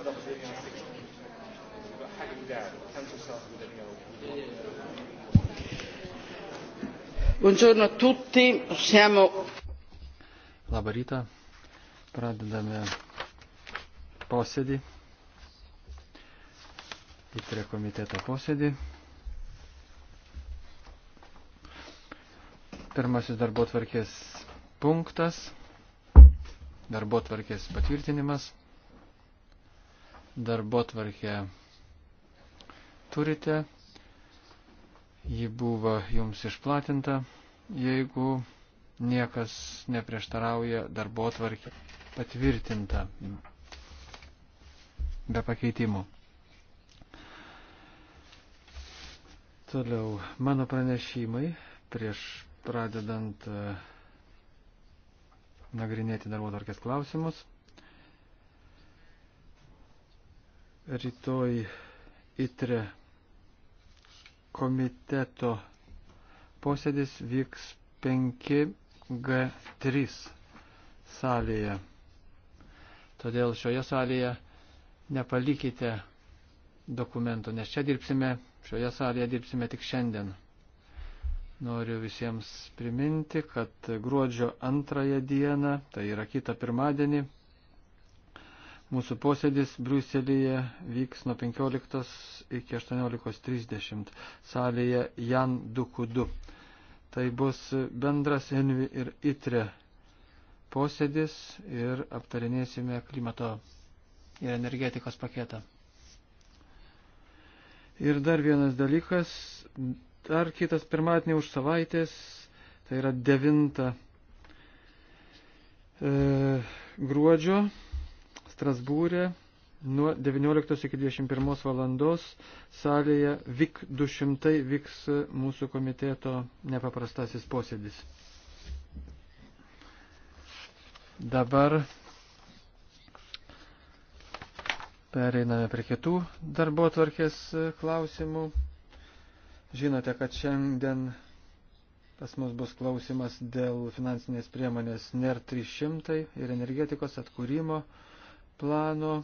أصدق الدنيا Buongiorno a tutti, siamo. Labą rytą, pradedame posėdį, įtrė komiteto posėdį. Pirmasis darbo tvarkės punktas, darbo tvarkės patvirtinimas darbo tvarkę turite. Ji buvo jums išplatinta. Jeigu niekas neprieštarauja, darbo tvarkė patvirtinta be pakeitimų. Toliau mano pranešimai prieš pradedant e, nagrinėti darbo tvarkės klausimus. rytoj ITRE komiteto posėdis vyks 5G3 salėje. Todėl šioje salėje nepalikite dokumentų, nes čia dirbsime, šioje salėje dirbsime tik šiandien. Noriu visiems priminti, kad gruodžio antrąją dieną, tai yra kitą pirmadienį, Mūsų posėdis Briuselėje vyks nuo 15 iki 18.30 salėje Jan Dukudu. Tai bus bendras Envi ir Itre posėdis ir aptarinėsime klimato ir energetikos paketą. Ir dar vienas dalykas, dar kitas pirmatinė už savaitės, tai yra 9 e, gruodžio Strasbūrė nuo 19 iki 21 valandos salėje VIK 200 vyks mūsų komiteto nepaprastasis posėdis. Dabar pereiname prie kitų darbo tvarkės klausimų. Žinote, kad šiandien pas mus bus klausimas dėl finansinės priemonės NER 300 ir energetikos atkūrimo plano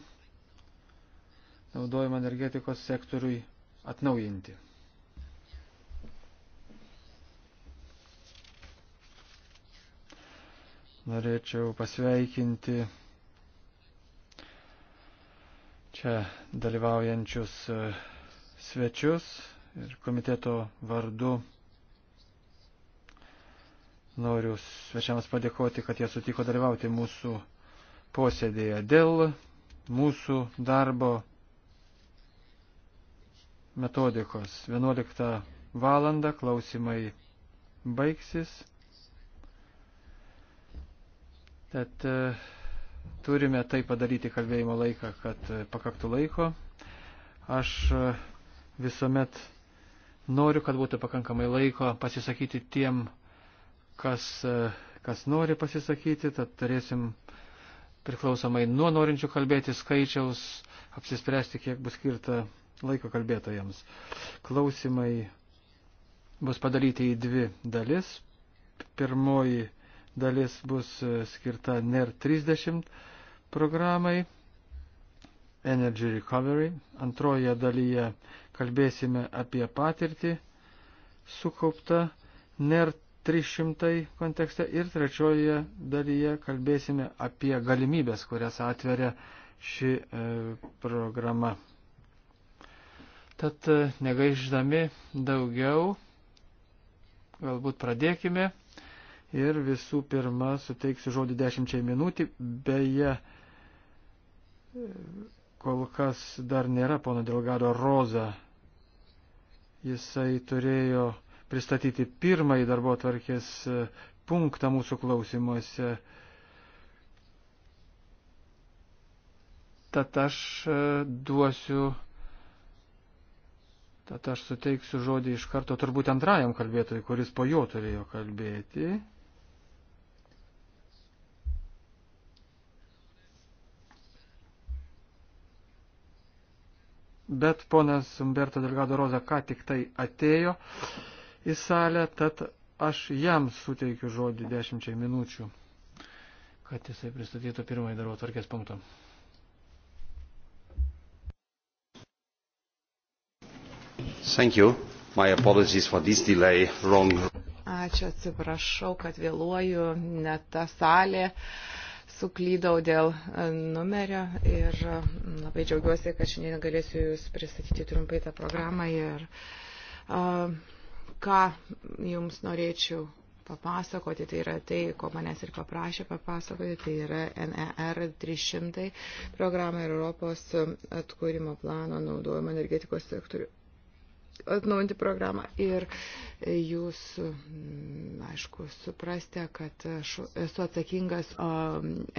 naudojimą energetikos sektoriui atnaujinti. Norėčiau pasveikinti čia dalyvaujančius e, svečius ir komiteto vardu noriu svečiams padėkoti, kad jie sutiko dalyvauti mūsų posėdėje dėl mūsų darbo metodikos. 11 valandą klausimai baigsis. Tad e, turime tai padaryti kalbėjimo laiką, kad e, pakaktų laiko. Aš e, visuomet noriu, kad būtų pakankamai laiko pasisakyti tiem, kas, kas nori pasisakyti, tad turėsim priklausomai nuo norinčių kalbėti skaičiaus, apsispręsti, kiek bus skirta laiko kalbėtojams. Klausimai bus padaryti į dvi dalis. Pirmoji dalis bus e, skirta NER 30 programai Energy Recovery. Antroje dalyje kalbėsime apie patirtį sukauptą NER 300 kontekste ir trečioje dalyje kalbėsime apie galimybės, kurias atveria ši e, programa. Tad e, negaiždami daugiau, galbūt pradėkime ir visų pirma suteiksiu žodį dešimčiai minutį, beje, e, kol kas dar nėra pono Delgado Roza. Jisai turėjo pristatyti pirmąjį darbo tvarkės e, punktą mūsų klausimuose. Tad aš e, duosiu, tad aš suteiksiu žodį iš karto turbūt antrajam kalbėtojui, kuris po jo turėjo kalbėti. bet ponas Umberto Delgado Roza ką tik tai atėjo į salę, tad aš jam suteikiu žodį dešimčiai minučių, kad jisai pristatytų pirmąjį darbo tvarkės punktą. Thank you. My apologies for this delay. Wrong. Ačiū, atsiprašau, kad vėluoju, ne ta salė. Uh, suklydau dėl e, numerio ir e, labai džiaugiuosi, kad šiandien galėsiu Jūs pristatyti trumpai tą programą ir uh, ką jums norėčiau papasakoti, tai yra tai, ko manęs ir paprašė papasakoti, tai yra NER 300 programa ir Europos atkūrimo plano naudojimo energetikos sektorių atnaujinti programą ir jūs, mm, aišku, suprastė, kad aš esu atsakingas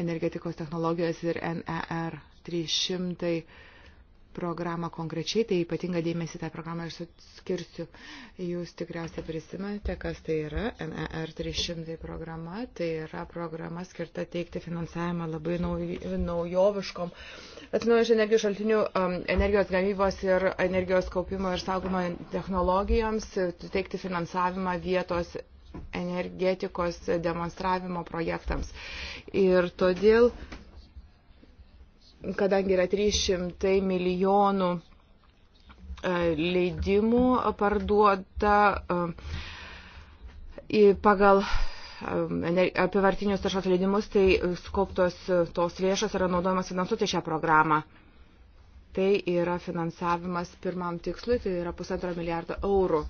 energetikos technologijos ir NER 300 programą konkrečiai, tai ypatinga dėmesį tą programą aš skirsiu. Jūs tikriausiai prisimenate, kas tai yra NER 300 programa. Tai yra programa skirta teikti finansavimą labai naujoviškom atsinaujančių energijos šaltinių, um, energijos gamybos ir energijos kaupimo ir saugumo technologijoms, teikti finansavimą vietos energetikos demonstravimo projektams. Ir todėl kadangi yra 300 milijonų e, leidimų parduota e, pagal e, apivartinius taršos leidimus, tai skoptos tos lėšos yra naudojamas finansuoti šią programą. Tai yra finansavimas pirmam tikslui, tai yra pusantro milijardo eurų.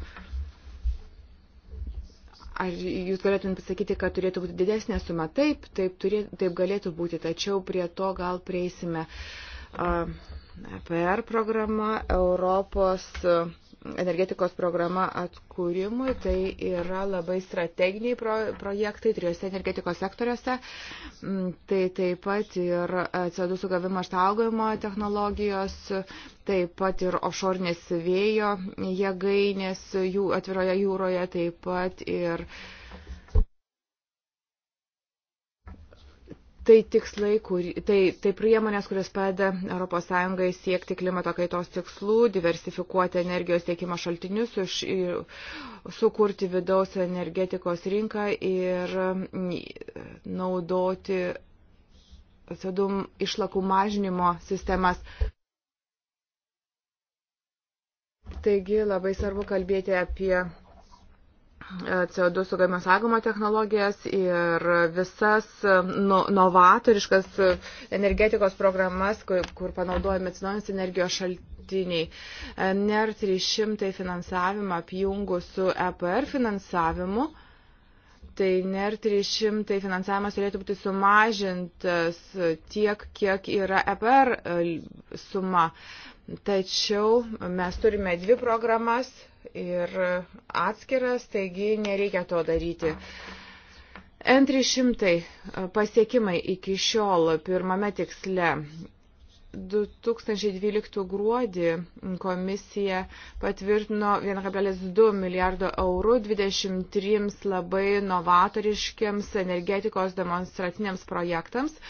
Ar jūs galėtumėt pasakyti, kad turėtų būti didesnė suma? Taip, taip, turė, taip galėtų būti, tačiau prie to gal prieisime. Uh, PR programa, Europos energetikos programa atkūrimui. Tai yra labai strateginiai pro, projektai trijose energetikos sektoriuose. Mm, tai taip pat ir e, CO2 sugavimo ištaugojimo technologijos, taip pat ir ošornės vėjo jėgainės jų atviroje jūroje, taip pat ir uh, tai tikslai, kur, tai, tai priemonės, kurios padeda ES siekti klimato kaitos tikslų, diversifikuoti energijos tiekimo šaltinius, už, sukurti vidaus energetikos rinką ir naudoti CO2 išlakų mažinimo sistemas. Taigi labai svarbu kalbėti apie CO2 sugamimo saugimo technologijas ir visas e, no, nu, novatoriškas e, energetikos programas, kur, kur panaudojami atsinaujinantis energijos šaltiniai. E, NER 300 finansavimą apjungus su EPR finansavimu tai NER 300 finansavimas turėtų būti sumažintas tiek, kiek yra EPR suma. Tačiau mes turime dvi programas ir atskiras, taigi nereikia to daryti. N300 pasiekimai iki šiol pirmame tiksle 2012 gruodį komisija patvirtino 1,2 milijardo eurų 23 labai novatoriškiams energetikos demonstraciniams projektams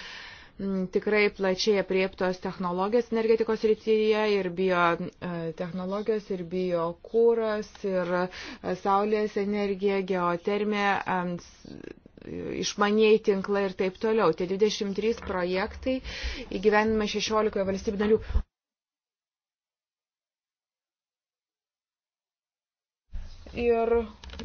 tikrai plačiai apriektos technologijos energetikos rytyje ir biotechnologijos, e, ir biokūras, ir e, saulės energija, geotermė, išmaniai tinklai ir taip toliau. Tie 23 projektai įgyvenime 16 valstybių narių. Ir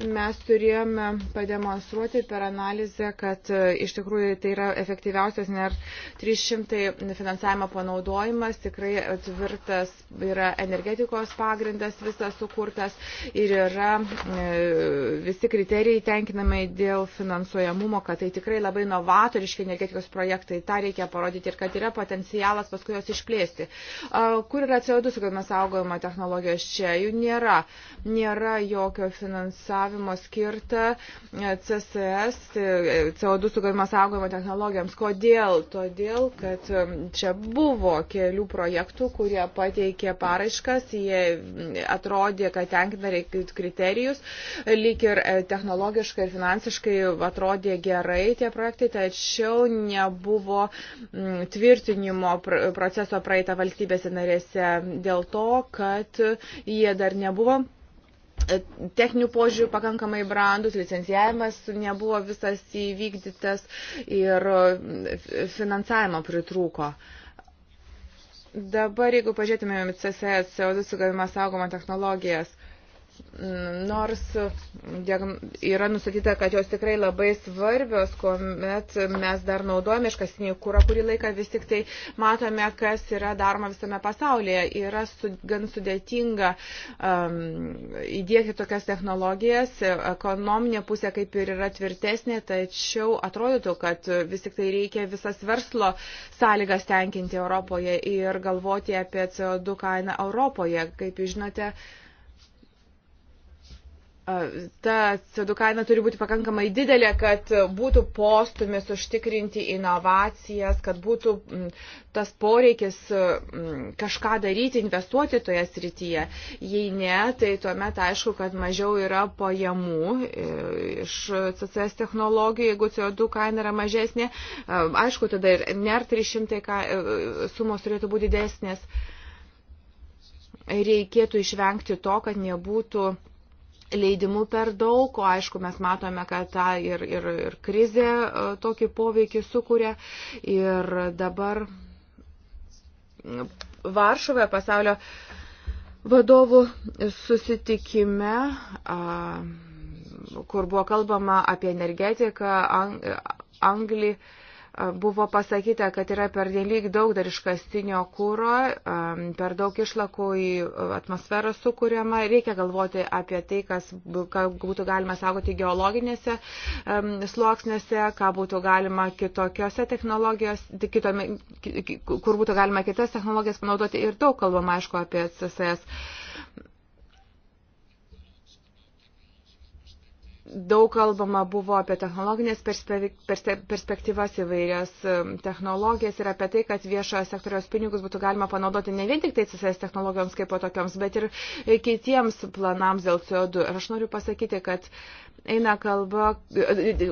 mes turėjome pademonstruoti per analizę, kad e, iš tikrųjų tai yra efektyviausias, nes 300 finansavimo panaudojimas tikrai tvirtas yra energetikos pagrindas visas sukurtas ir yra e, visi kriterijai tenkinamai dėl finansuojamumo, kad tai tikrai labai novatoriški energetikos projektai, tą reikia parodyti ir kad yra potencialas paskui jos išplėsti. Kur yra CO2 sugavimo saugojimo technologijos čia? Jų nėra. Nėra jokio finansavimo finansavimo skirta e, CSS, tai, e, CO2 sugavimo saugojimo technologijoms. Kodėl? Todėl, kad e, čia buvo kelių projektų, kurie pateikė paraiškas, jie atrodė, kad tenkina kriterijus, lyg ir technologiškai ir finansiškai atrodė gerai tie projektai, tačiau nebuvo tvirtinimo proceso praeitą valstybėse narėse dėl to, kad jie dar nebuvo E, techninių požiūrių pakankamai brandus, licencijavimas nebuvo visas įvykdytas ir e, finansavimo pritrūko. Dabar, jeigu pažiūrėtumėm CCS, CO2 sugavimą saugomą technologijas, nors yra nustatyta, kad jos tikrai labai svarbios, kuomet mes dar naudojame iškasinį kūrą, kurį laiką vis tik tai matome, kas yra daroma visame pasaulyje. Yra su, gan sudėtinga um, įdėkti tokias technologijas, ekonominė pusė kaip ir yra tvirtesnė, tačiau atrodytų, kad vis tik tai reikia visas verslo sąlygas tenkinti Europoje ir galvoti apie CO2 kainą Europoje. Kaip jūs žinote, uh, ta CO2 kaina turi būti pakankamai didelė, kad būtų postumis užtikrinti inovacijas, kad būtų tas poreikis kažką daryti, investuoti toje srityje. Jei ne, tai tuomet aišku, kad mažiau yra pajamų e, iš CCS technologijų, jeigu CO2 kaina yra mažesnė. Aišku, tada ir NER 300 e, sumos turėtų būti didesnės. Reikėtų išvengti to, kad nebūtų leidimų per daug, o aišku, mes matome, kad ta ir, ir, ir krizė e, tokį poveikį sukuria. Ir dabar Varšuvė pasaulio vadovų susitikime. A, kur buvo kalbama apie energetiką, ang, anglį, ang, buvo pasakyta, kad yra pernelyg daug dar iškastinio kūro, per daug išlakų į atmosferą sukūriama. Reikia galvoti apie tai, kas ką būtų galima saugoti geologinėse sluoksnėse, ką būtų galima kitokiose technologijose, kitome, kur būtų galima kitas technologijas panaudoti ir daug kalbama, aišku, apie CSS. Daug kalbama buvo apie technologinės perspektyvas įvairias um, technologijas ir apie tai, kad viešojo sektoriaus pinigus būtų galima panaudoti ne vien tik tai CCS technologijoms kaip po tokioms, bet ir e, kitiems planams dėl CO2. Ir aš noriu pasakyti, kad uh, eina kalba,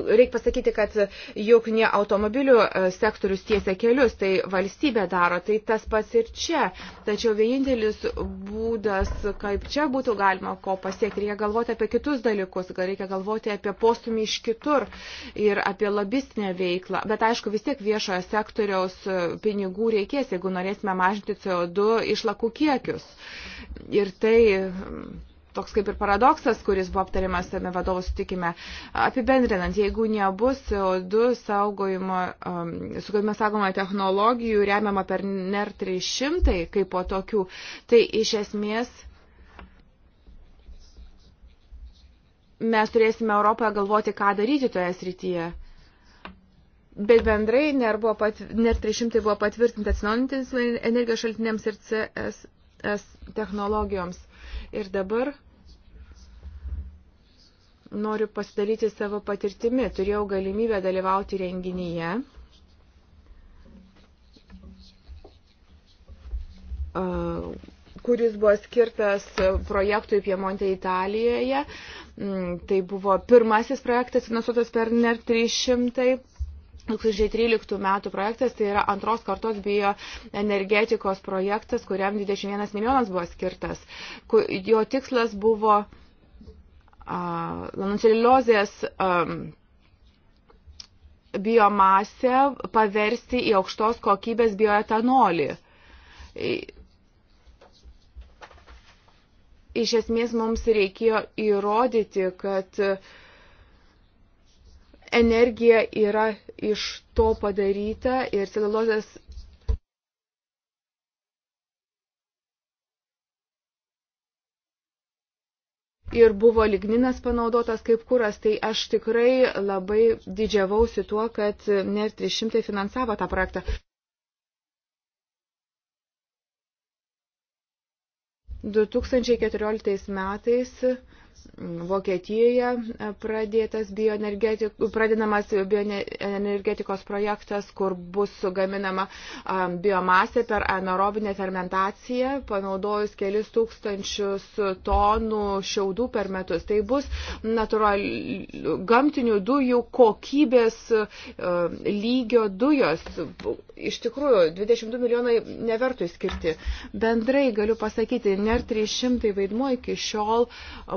reikia pasakyti, kad juk ne automobilių e, sektorius tiesia kelius, tai valstybė daro, tai tas pats ir čia. Tačiau vienintelis būdas, kaip čia būtų galima ko pasiekti, reikia galvoti apie kitus dalykus, gal reikia galvoti apie postumį iš kitur ir apie lobistinę veiklą. Bet aišku, vis tiek viešojo sektoriaus e, pinigų reikės, jeigu norėsime mažinti CO2 išlakų kiekius. Ir tai toks kaip ir paradoksas, kuris buvo aptariamas tame vadovų sutikime. Apibendrinant, jeigu nebus CO2 saugojimo, um, sugavimas saugojimo technologijų remiama per NER 300 kaip po tokių, tai iš esmės mes turėsime Europoje galvoti, ką daryti toje srityje. Bet bendrai NER, buvo pat, NER 300 buvo patvirtinti atsinaujantis energijos šaltiniams ir CS technologijoms. Ir dabar noriu pasidalyti savo patirtimi. Turėjau galimybę dalyvauti renginyje. kuris buvo skirtas projektui Piemonte Italijoje. Mm, tai buvo pirmasis projektas finansuotas per NER 300 2013 metų projektas tai yra antros kartos bioenergetikos projektas, kuriam 21 milijonas buvo skirtas. Jo tikslas buvo uh, lanuceliuliozės um, biomasę paversti į aukštos kokybės bioetanolį iš esmės mums reikėjo įrodyti, kad uh, energija yra iš to padaryta ir celiuliozės ir buvo ligninas panaudotas kaip kuras, tai aš tikrai labai didžiavausi tuo, kad NER 300 finansavo tą projektą. metais Vokietijoje e, pradėtas bioenergetik, pradedamas bioenergetikos projektas, kur bus sugaminama biomasė per anaerobinę fermentaciją, panaudojus kelis tūkstančius tonų šiaudų per metus. Tai bus natural, gamtinių dujų kokybės e, lygio dujos. Iš tikrųjų, 22 milijonai nevertų skirti. Bendrai galiu pasakyti, NER 300 vaidmuo iki šiol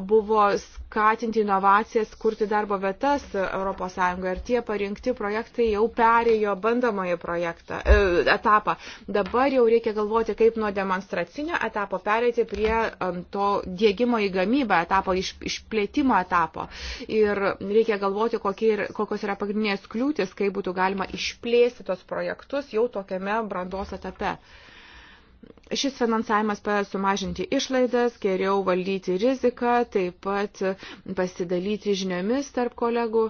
buvo skatinti inovacijas, kurti darbo vietas ES. Ir tie parinkti projektai jau perėjo bandomąjį projektą, e, etapą. Dabar jau reikia galvoti, kaip nuo demonstracinio etapo pereiti prie um, to dėgymo į gamybą etapo, iš, išplėtimo etapo. Ir reikia galvoti, ir, kokios yra pagrindinės kliūtis, kaip būtų galima išplėsti tos projektus jau tokiame brandos etape. Thank you. Šis finansavimas padeda sumažinti išlaidas, geriau valdyti riziką, taip pat pasidalyti žiniomis tarp kolegų.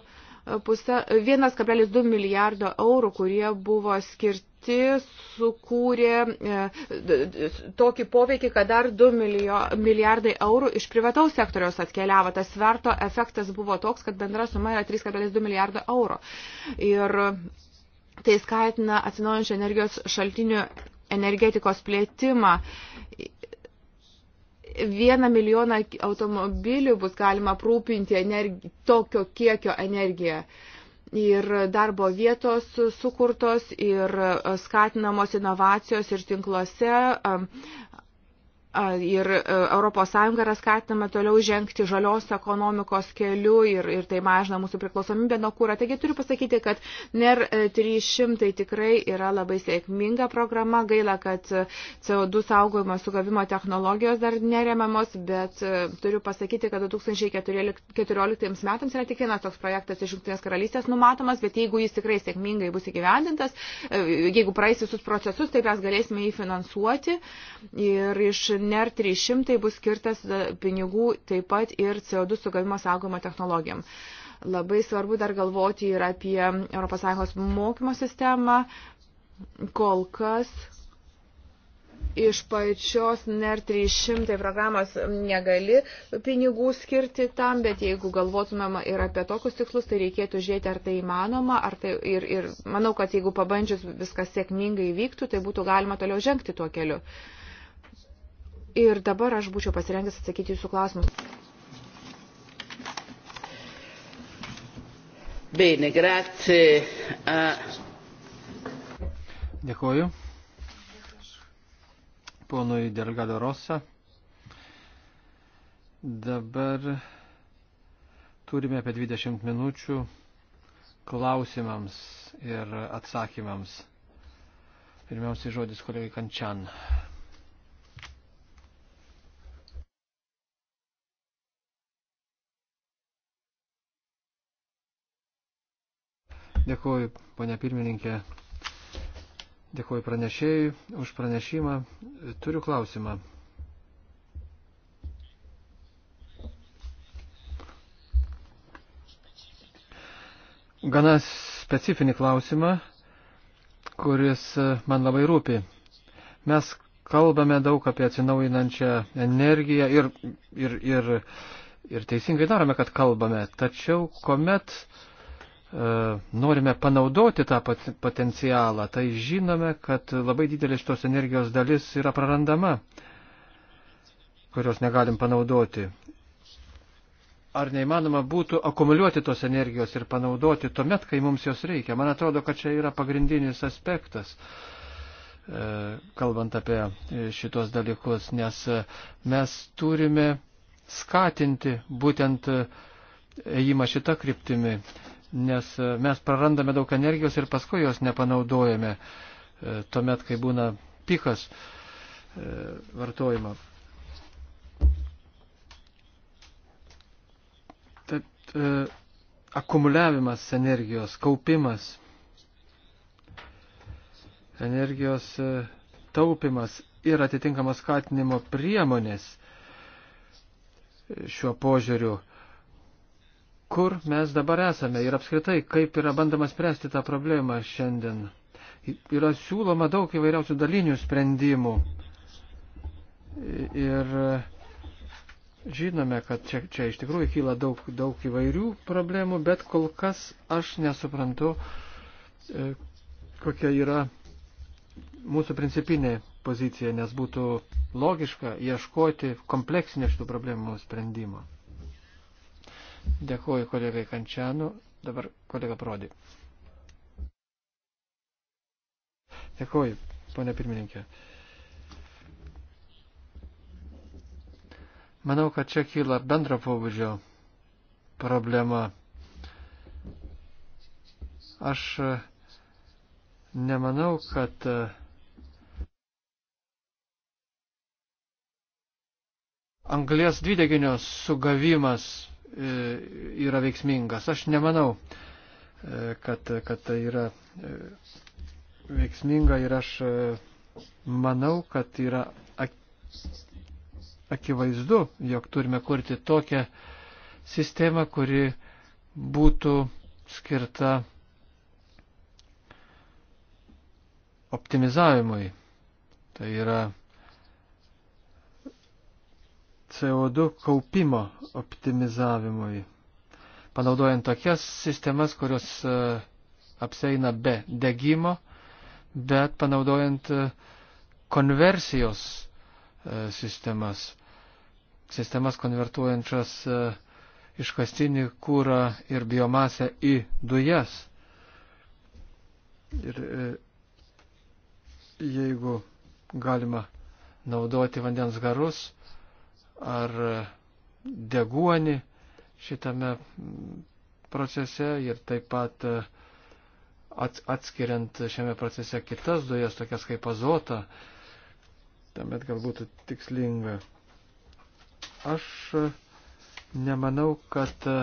1,2 milijardo eurų, kurie buvo skirti, sukūrė e, tokį poveikį, kad dar 2 milijo, milijardai eurų iš privataus sektoriaus atkeliavo. Tas sverto efektas buvo toks, kad bendra suma yra 3,2 milijardo eurų. Ir tai skatina atsinaujančio energijos šaltinių energetikos plėtimą. Vieną milijoną automobilių bus galima aprūpinti energi, tokio kiekio energiją. Ir darbo vietos sukurtos, ir skatinamos inovacijos ir tinkluose Ir ES yra skatinama toliau žengti žalios ekonomikos keliu ir, ir tai mažina mūsų priklausomybę nuo kūro. Taigi turiu pasakyti, kad NER 300 e, tikrai yra labai sėkminga programa. Gaila, kad e, CO2 saugojimo sugavimo technologijos dar neremiamos, bet e, turiu pasakyti, kad 2014 metams yra tik vienas toks projektas iš Junktinės karalystės numatomas, bet jeigu jis tikrai sėkmingai bus įgyvendintas, jeigu praeis visus procesus, tai mes galėsime jį finansuoti. Ir iš NER 300 bus skirtas e, pinigų taip pat ir CO2 sugavimo saugojimo technologijom. Labai svarbu dar galvoti ir apie ES mokymo sistemą. Kol kas iš pačios NER 300 programos negali pinigų skirti tam, bet jeigu galvotumėm ir apie tokius tikslus, tai reikėtų žiūrėti, ar tai įmanoma, ar tai ir, ir manau, kad jeigu pabandžius viskas sėkmingai vyktų, tai būtų galima toliau žengti tuo keliu. Uh, Ir dabar aš būčiau pasirengęs atsakyti jūsų klausimus. Bene, grazie. A... Dėkuoju. Ponui Delgado Rosa. Dabar turime apie 20 minučių klausimams ir atsakymams. Pirmiausiai žodis kolegai Kančian. Dėkuoju, ponia pirmininkė. Dėkuoju pranešėjui už pranešimą. Turiu klausimą. Gana specifinį klausimą, kuris man labai rūpi. Mes kalbame daug apie atsinaujinančią energiją ir, ir, ir, ir teisingai darome, kad kalbame. Tačiau, kuomet uh, E, norime panaudoti tą potencialą, tai žinome, kad labai didelis tos energijos dalis yra prarandama, kurios negalim panaudoti. Ar neįmanoma būtų akumuliuoti tos energijos ir panaudoti tuomet, kai mums jos reikia? Man atrodo, kad čia yra pagrindinis aspektas, e, kalbant apie šitos dalykus, nes mes turime skatinti būtent ėjimą šitą kryptimį nes e, mes prarandame daug energijos ir paskui jos nepanaudojame e, tuomet, kai būna pikas e, vartojimo. Tad akumuliavimas energijos, kaupimas, energijos taupimas ir atitinkamas skatinimo priemonės šiuo požiūriu kur mes dabar esame ir apskritai, kaip yra bandama spręsti tą problemą šiandien. Yra siūloma daug įvairiausių dalinių sprendimų. Ir žinome, kad čia, čia iš tikrųjų kyla daug, daug įvairių problemų, bet kol kas aš nesuprantu, e, kokia yra mūsų principinė pozicija, nes būtų logiška ieškoti kompleksinio šitų problemų sprendimo. Dėkuoju kolegai Kančianu, dabar kolega Prodi. Dėkuoju, ponė pirmininkė. Manau, kad čia kyla bendro pobūdžio problema. Aš e, nemanau, kad e, anglės dvideginio sugavimas E, yra veiksmingas. Aš nemanau, e, kad, kad tai yra e, veiksminga ir aš manau, kad yra akivaizdu, jog turime kurti tokią sistemą, kuri būtų skirta optimizavimui. Tai yra CO2 kaupimo optimizavimui, panaudojant tokias sistemas, kurios e, apseina be degimo, bet panaudojant e, konversijos e, sistemas, sistemas konvertuojančias iškastinį kūrą ir biomasę į dujas. Ir jeigu galima naudoti vandens garus, ar deguonį šitame procese ir taip pat e, atskiriant šiame procese kitas dujas, tokias kaip azotą, tamet gal būtų tikslinga. Aš e, nemanau, kad e,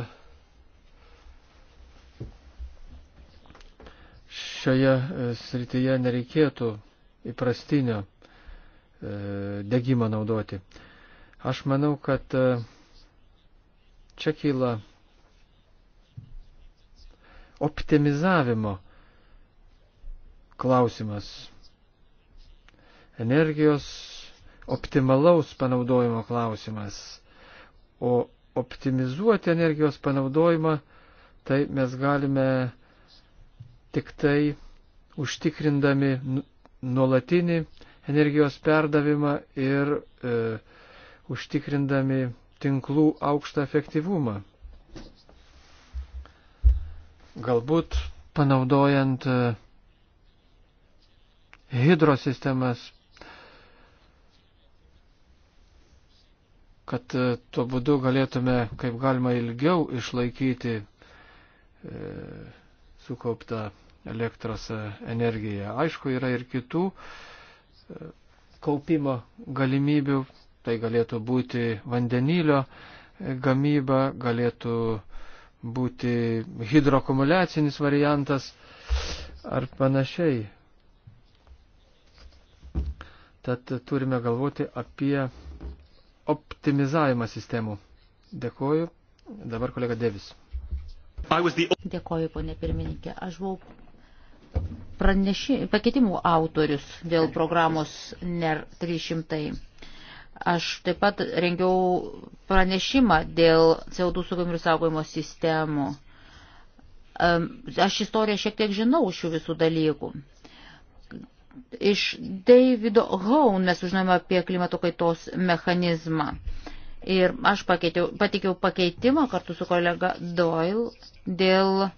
šioje srityje nereikėtų įprastinio degimą naudoti. Aš manau, kad e, čia kyla optimizavimo klausimas. Energijos optimalaus panaudojimo klausimas. O optimizuoti energijos panaudojimą, tai mes galime tik tai užtikrindami nu-, nuolatinį energijos perdavimą ir e, užtikrindami tinklų aukštą efektyvumą. Galbūt panaudojant e, hidrosistemas, kad e, tuo būdu galėtume kaip galima ilgiau išlaikyti e, sukauptą elektros e, energiją. Aišku, yra ir kitų e, kaupimo galimybių Tai galėtų būti vandenilio gamyba, galėtų būti hidroakumuliacinis variantas ar panašiai. Tad turime galvoti apie optimizavimą sistemų. Dėkuoju. Dabar kolega Devis. The... Dėkoju, ponė pirmininkė. Aš buvau praneši, pakeitimų autorius dėl programos NER 300. Aš taip pat rengiau pranešimą dėl CO2 sugamirių saugojimo sistemų. Aš istoriją šiek tiek žinau šių visų dalykų. Iš Davido Haun mes sužinojome apie klimato kaitos mechanizmą. Ir aš pateikiau pakeitimą kartu su kolega Doyle dėl e,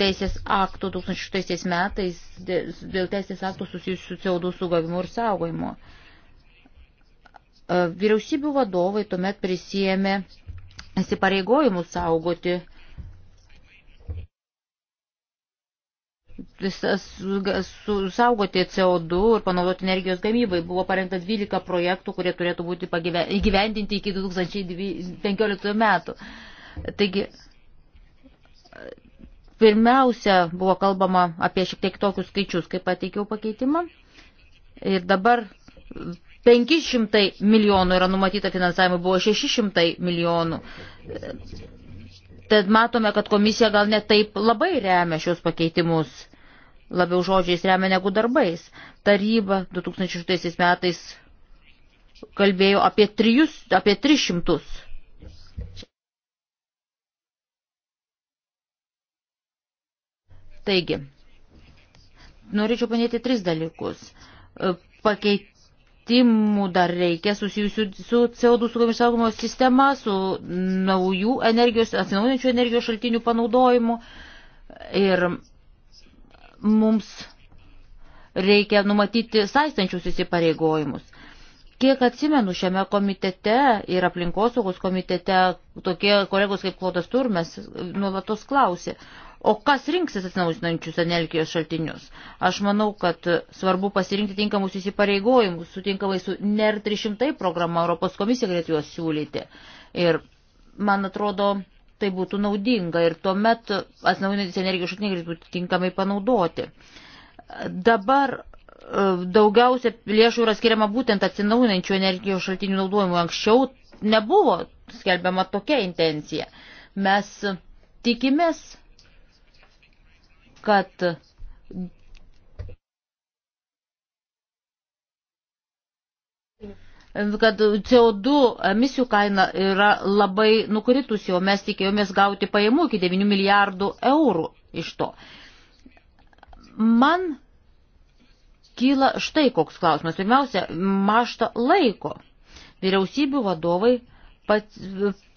teisės aktų 2006 metais, dėl teisės aktų susijusių su CO2 sugavimu ir saugojimu. Uh, E, vyriausybių vadovai tuomet prisijėmė įsipareigojimus saugoti saugoti CO2 ir panaudoti energijos gamybai. Buvo parengta 12 projektų, kurie turėtų būti įgyvendinti iki 2015 metų. Taigi, pirmiausia, buvo kalbama apie šiek tiek tokius skaičius, kaip pateikiau pakeitimą. Ir dabar 500 milijonų yra numatyta finansavimo, buvo 600 milijonų. Tad matome, kad komisija gal netaip labai remia šios pakeitimus, labiau žodžiais remia negu darbais. Taryba 2006 metais kalbėjo apie, trijus, apie 300. Taigi, norėčiau panėti tris dalykus. Pakeit, pakeitimų dar reikia susijusių su CO2 sugamų išsaugojimo sistema, su naujų energijos, atsinaujinančių energijos šaltinių panaudojimu. Ir mums reikia numatyti saistančius įsipareigojimus. Kiek atsimenu, šiame komitete ir aplinkosaugos komitete tokie kolegos kaip Klodas Turmes nuolatos klausė, O kas rinksis atsinaujinančius energijos šaltinius? Aš manau, kad svarbu pasirinkti tinkamus įsipareigojimus, sutinkamai su NER 300 programa Europos komisija galėtų juos siūlyti. Ir man atrodo, tai būtų naudinga ir tuomet atsinaujinantis energijos šaltiniai galėtų būti tinkamai panaudoti. Dabar e, daugiausia lėšų yra skiriama būtent atsinaujinančių energijos šaltinių naudojimui. Anksčiau nebuvo skelbiama tokia intencija. Mes tikimės, kad kad CO2 emisijų kaina yra labai nukritusi, o mes tikėjomės gauti pajamų iki 9 milijardų eurų iš to. Man kyla štai koks klausimas. Pirmiausia, mašta laiko. Vyriausybių vadovai pat,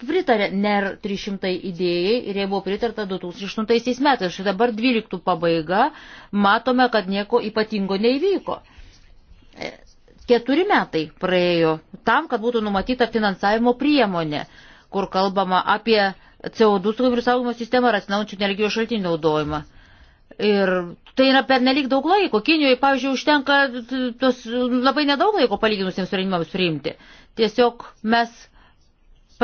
pritarė NER 300 idėjai ir jie buvo pritarta 2008 metais. Štai dabar 12 pabaiga, matome, kad nieko ypatingo neįvyko. E, keturi metai praėjo tam, kad būtų numatyta finansavimo priemonė, kur kalbama apie CO2 sugavimus saugimo sistemą ir atsinaujančių energijos šaltinių naudojimą. Ir tai yra per nelik daug laiko. Kinijoje, pavyzdžiui, užtenka tos labai nedaug laiko palyginusiems sprendimams priimti. Tiesiog mes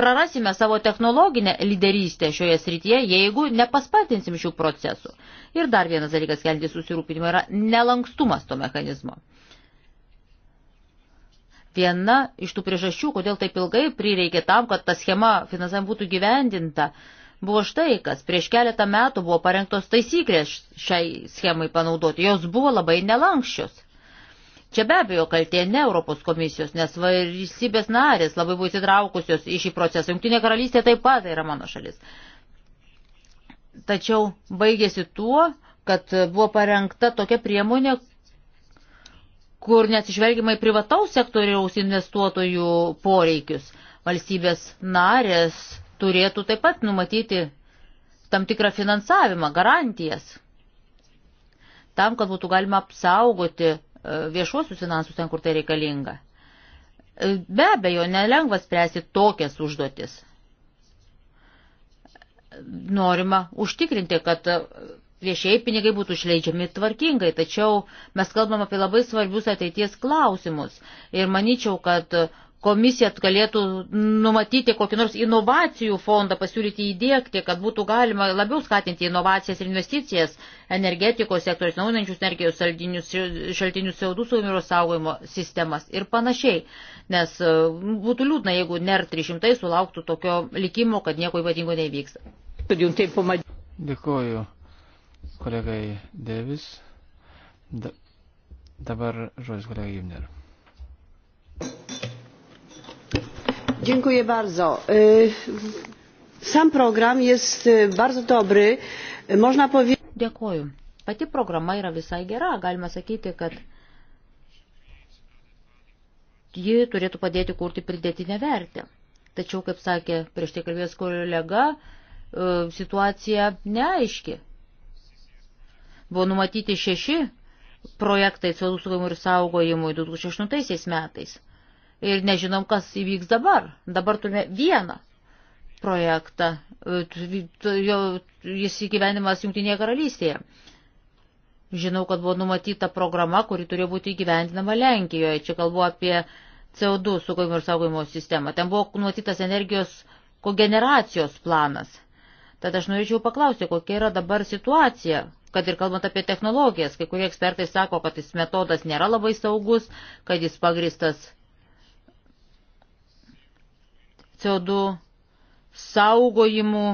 prarasime savo technologinę lyderystę šioje srityje, jeigu nepaspatinsim šių procesų. Ir dar vienas dalykas kelti susirūpinimą yra nelankstumas to mechanizmo. Viena iš tų priežasčių, kodėl taip ilgai prireikė tam, kad ta schema finansavim būtų gyvendinta, buvo štai kas. Prieš keletą metų buvo parengtos taisyklės šiai schemai panaudoti. Jos buvo labai nelankščios. Čia be abejo kaltė ne Europos komisijos, nes valstybės narės labai buvo įsitraukusios į šį procesą. Junktinė karalystė taip pat tai yra mano šalis. Tačiau baigėsi tuo, kad buvo parengta tokia priemonė, kur neatsižvelgiamai privataus sektoriaus investuotojų poreikius. Valstybės narės turėtų taip pat numatyti tam tikrą finansavimą, garantijas, tam, kad būtų galima apsaugoti viešuosius finansus ten, kur tai reikalinga. Be abejo, nelengva spręsti tokias užduotis. Norima užtikrinti, kad viešieji pinigai būtų išleidžiami tvarkingai, tačiau mes kalbam apie labai svarbius ateities klausimus ir manyčiau, kad komisija galėtų numatyti kokį nors inovacijų fondą, pasiūlyti įdėkti, kad būtų galima labiau skatinti inovacijas ir investicijas energetikos sektorius, naunančius energijos šaltinius, šaltinius CO2 sumirų saugojimo sistemas ir panašiai. Nes e, būtų liūdna, jeigu NER 300 sulauktų tokio likimo, kad nieko ypatingo nevyks. Dėkuoju kolegai Devis. Da, dabar žodis kolegai Jimnerui. Dziękuję bardzo. Sam program jest bardzo dobry. Można powiedzieć. Dėkuoju. Pati programa yra visai gera. Galima sakyti, kad ji turėtų padėti kurti pridėtinę vertę. Tačiau, kaip sakė prieš tai kalbėjęs kolega, situacija neaiški. Buvo numatyti šeši projektai CO2 saugojimui ir saugojimui 2008 metais ir nežinom, kas įvyks dabar. Dabar turime vieną projektą, e, jis įgyvenimas Junktinėje karalystėje. Žinau, kad buvo numatyta programa, kuri turėjo būti įgyvendinama Lenkijoje. Čia kalbu apie CO2 sukaimo ir saugojimo sistemą. Ten buvo numatytas energijos kogeneracijos planas. Tad aš norėčiau paklausti, kokia yra dabar situacija, kad ir kalbant apie technologijas, kai kurie ekspertai sako, kad jis metodas nėra labai saugus, kad jis pagristas CO2 saugojimu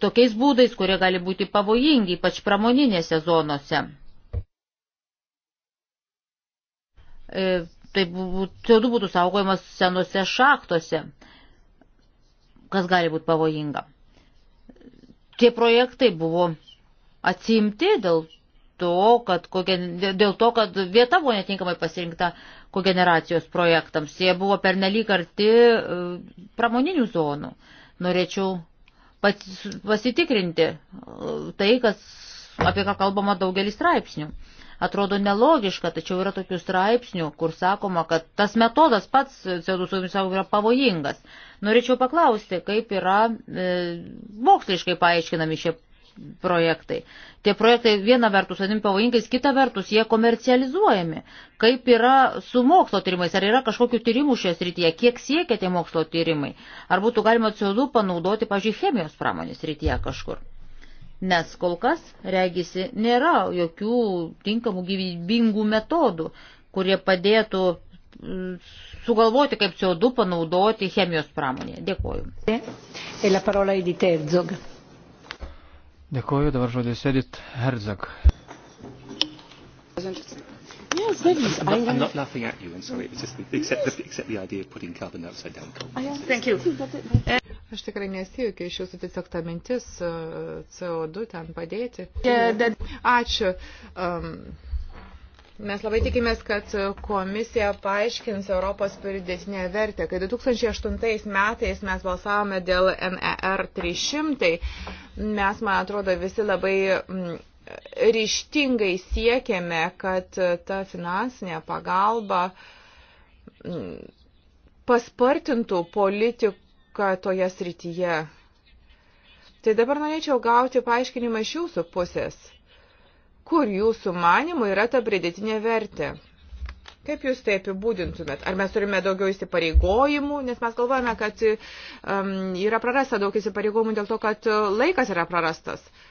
tokiais būdais, kurie gali būti pavojingi, ypač pramoninėse zonose. E, tai CO2 būtų saugojimas senose šaktose, kas gali būti pavojinga. Tie projektai buvo atsimti dėl to, kad, kokia, dėl to, kad vieta buvo netinkamai pasirinkta kogeneracijos projektams. Jie buvo pernelyg arti e, pramoninių zonų. Norėčiau pasitikrinti e, tai, kas, apie ką kalbama daugelį straipsnių. Atrodo nelogiška, tačiau yra tokių straipsnių, kur sakoma, kad tas metodas pats CO2 savo yra pavojingas. Norėčiau paklausti, kaip yra e, moksliškai paaiškinami šie projektai. Tie projektai viena vertus vadinami pavojingais, kita vertus jie komercializuojami. Kaip yra su mokslo tyrimais, ar yra kažkokių tyrimų šioje srityje, kiek siekia tie mokslo tyrimai, ar būtų galima CO2 panaudoti, pažiūrėjau, chemijos pramonės srityje kažkur. Nes kol kas, regisi, nėra jokių tinkamų gyvybingų metodų, kurie padėtų mm, sugalvoti, kaip CO2 panaudoti chemijos pramonėje. Dėkuoju. E la parola Edith Herzog. Dėkuoju, dabar žodis Edit Herzog. Yes, that is. I'm, not, I'm not laughing at you, I'm sorry. It's just the, except, the, except the idea of putting carbon dioxide down coal. Thank you. Eh, aš tikrai nesijaukiu iš jūsų tiesiog ta mintis eh, CO2 ten padėti. Ačiū. Um, Mes labai tikimės, kad komisija paaiškins Europos pridėtinę vertę. Kai 2008 metais mes balsavome dėl NER 300, mes, man atrodo, visi labai mm, ryštingai siekėme, kad ta finansinė pagalba mm, paspartintų politiką toje srityje. Tai dabar norėčiau gauti paaiškinimą iš jūsų pusės Kur jūsų manimų yra ta pridėtinė vertė? Kaip jūs tai apibūdintumėt? Ar mes turime daugiau įsipareigojimų? Nes mes galvojame, kad um, yra prarasta daug įsipareigojimų dėl to, kad laikas yra prarastas. Uh,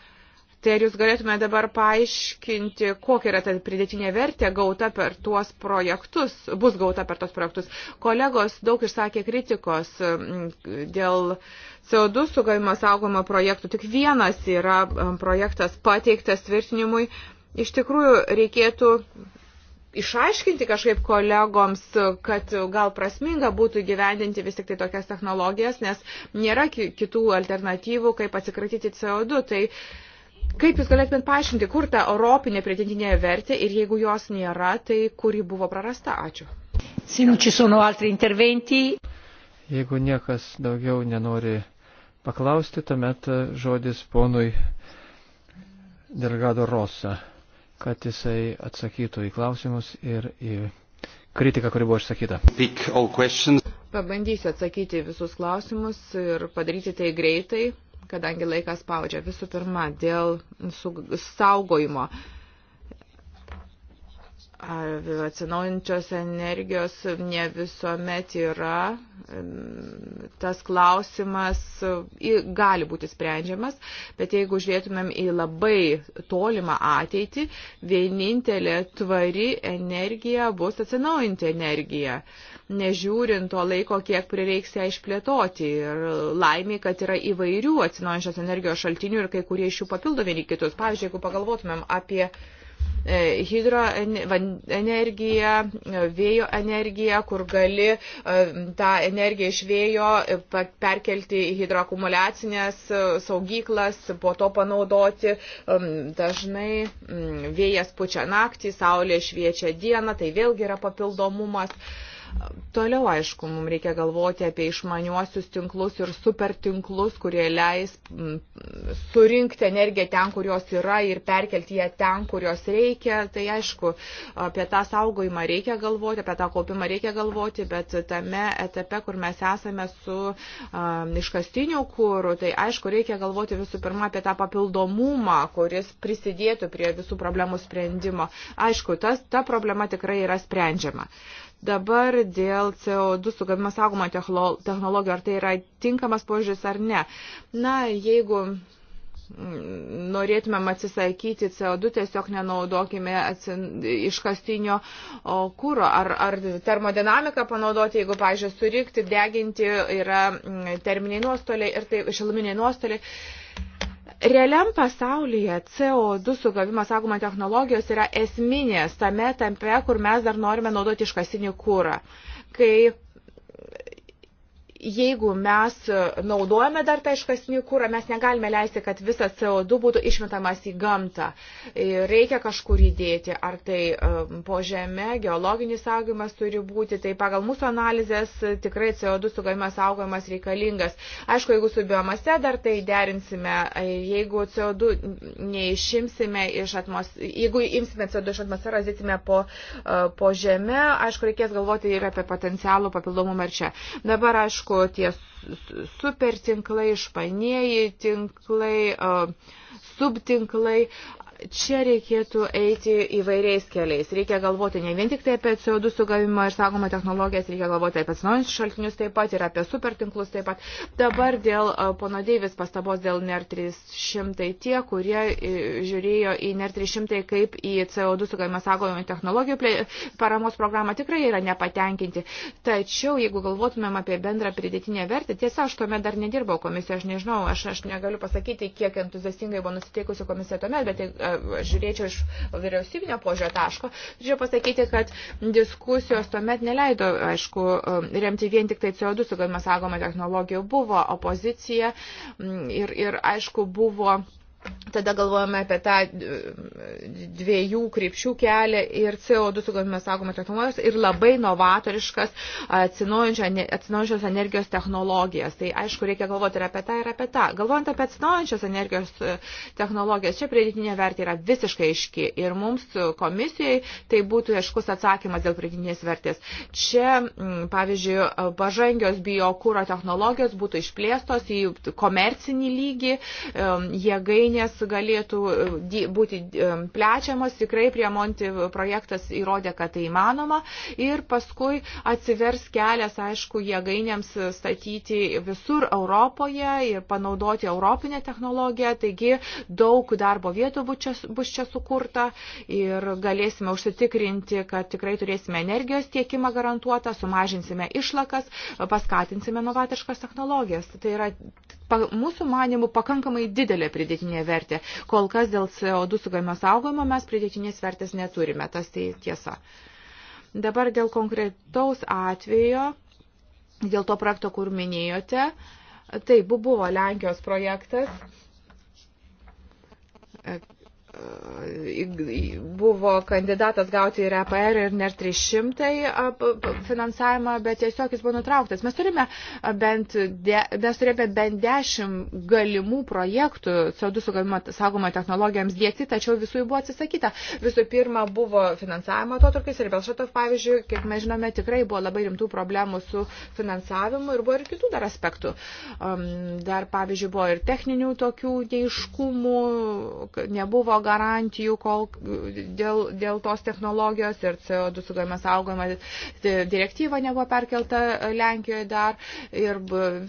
Tai ar jūs galėtume dabar paaiškinti, kokia yra ta pridėtinė vertė gauta per tuos projektus, bus gauta per tuos projektus. Kolegos daug išsakė kritikos mm, dėl CO2 sugavimo saugomo projektų. Tik vienas yra mm, projektas pateiktas tvirtinimui. Iš tikrųjų, reikėtų išaiškinti kažkaip kolegoms, kad gal prasminga būtų gyvendinti vis tik tai tokias technologijas, nes nėra kitų alternatyvų, kaip atsikratyti CO2. Tai Kaip Jūs galėtumėt paaiškinti, kur ta europinė pridėtinė vertė ir jeigu jos nėra, tai kuri buvo prarasta? Ačiū. Jeigu niekas daugiau nenori paklausti, tuomet žodis ponui Delgado Rosa, kad jisai atsakytų į klausimus ir į kritiką, kuri buvo išsakyta. Pabandysiu atsakyti visus klausimus ir padaryti tai greitai kadangi laikas spaudžia. Visų pirma, dėl saugojimo. Uh, atsinaujančios energijos ne visuomet yra. Tas klausimas gali būti sprendžiamas, bet jeigu žiūrėtumėm į labai tolimą ateitį, vienintelė tvari energija bus atsinaujanti energija, nežiūrint to laiko, kiek prireiks ją išplėtoti. Ir laimė, kad yra įvairių atsinaujančios energijos šaltinių ir kai kurie iš jų papildo vieni kitus. Pavyzdžiui, jeigu pagalvotumėm apie uh, E, hidroenergija, e, vėjo energija, kur gali e, tą energiją iš vėjo perkelti į hidroakumulacinės saugyklas, po to panaudoti. Dažnai vėjas pučia naktį, saulė šviečia dieną, tai vėlgi yra papildomumas. Toliau, aišku, mums reikia galvoti apie išmaniuosius tinklus ir supertinklus, kurie leis mm, surinkti energiją ten, kur jos yra ir perkelti ją ten, kur jos reikia. Tai aišku, apie tą saugojimą reikia galvoti, apie tą kaupimą reikia galvoti, bet tame etape, kur mes esame su um, iškastiniu kūru, tai aišku, reikia galvoti visų pirma apie tą papildomumą, kuris prisidėtų prie visų problemų sprendimo. Aišku, tas, ta problema tikrai yra sprendžiama. Uh, Dabar dėl CO2 sugamimo saugumo technologijų, ar tai yra tinkamas požiūris ar ne. Na, jeigu mm, norėtumėm atsisakyti CO2, tiesiog nenaudokime iškastinio kūro. Ar, ar termodinamiką panaudoti, jeigu, pažiūrėjau, surikti, deginti yra mm, terminiai nuostoliai ir tai šiluminiai nuostoliai. Realiam pasaulyje CO2 sugavimo saugoma technologijos yra esminės tame tampe, kur mes dar norime naudoti iškasinį kūrą. Kai jeigu mes naudojame dar tą iškasnį kūrą, mes negalime leisti, kad visas CO2 būtų išmetamas į gamtą. Reikia kažkur įdėti, ar tai um, po žemė, geologinis saugimas turi būti, tai pagal mūsų analizės e, tikrai CO2 sugamimas saugojimas reikalingas. Aišku, jeigu su biomase dar tai derinsime, e, jeigu CO2 neišimsime iš atmosferos, jeigu imsime CO2 iš atmosferos, dėsime po, e, po žemę, aišku, reikės galvoti ir apie potencialų papildomumą ir čia. Dabar, aišku, aišku, tie supertinklai, išmanieji tinklai, subtinklai. Čia reikėtų eiti įvairiais keliais. Reikia galvoti ne vien tik tai apie CO2 sugavimą ir saugomą technologijas, reikia galvoti apie atsinaujinčius šaltinius taip pat ir apie supertinklus taip pat. Dabar dėl pono Deivis pastabos dėl NER 300 tie, kurie žiūrėjo į NER 300 kaip į CO2 sugavimą saugomą technologijų paramos programą, tikrai yra nepatenkinti. Tačiau, jeigu galvotumėm apie bendrą pridėtinę vertę, tiesa, aš tuomet dar nedirbau komisijoje, aš nežinau, aš, aš negaliu pasakyti, kiek entuziastingai buvo nusiteikusi komisija tuomet, bet žiūrėčiau iš vyriausybinio požiūrio taško, tačiau pasakyti, kad diskusijos tuomet neleido, aišku, remti vien tik tai CO2 sugalima sagoma technologijų. Buvo opozicija ir, ir aišku, buvo Tada galvojame apie tą e, dviejų krypčių kelią ir CO2 sugamimą saugomą technologijos ir labai novatoriškas atsinaujančios energijos technologijas. Tai aišku, reikia galvoti ir apie tą, ir apie tą. Galvojant apie atsinaujančios energijos e, technologijas, čia pridėtinė vertė yra visiškai aiški ir mums komisijai tai būtų aiškus atsakymas dėl pridėtinės vertės. Čia, pavyzdžiui, pažangios biokūro technologijos būtų išplėstos į komercinį lygį, e, jėgainį linijas galėtų e, būti e, plečiamos. Tikrai prie Monti projektas įrodė, kad tai įmanoma. Ir paskui atsivers kelias, aišku, jėgainėms statyti visur Europoje ir panaudoti europinę technologiją. Taigi daug darbo vietų bus čia sukurta ir galėsime užsitikrinti, kad tikrai turėsime energijos tiekimą garantuotą, sumažinsime išlakas, paskatinsime novatiškas technologijas. Tai yra pa, mūsų manimų pakankamai didelė pridėtinė vertė. Kol kas dėl CO2 sugamio saugojimo mes pridėtinės vertės neturime, tas tai tiesa. Dabar dėl konkretaus atvejo, dėl to projekto, kur minėjote, tai buvo Lenkijos projektas buvo kandidatas gauti ir EPR ir NER 300 finansavimą, bet tiesiog jis buvo nutrauktas. Mes turime bent, de, mes turime bent 10 galimų projektų CO2 sugavimo saugomo technologijoms dėkti, tačiau visų jų buvo atsisakyta. Visų pirma, buvo finansavimo atotrukis ir Belšatov, pavyzdžiui, kiek mes žinome, tikrai buvo labai rimtų problemų su finansavimu ir buvo ir kitų dar aspektų. Um, dar, pavyzdžiui, buvo ir techninių tokių neiškumų, nebuvo garantijų kol, dėl, dėl tos technologijos ir CO2 sugavimas saugojama direktyva nebuvo perkelta Lenkijoje dar ir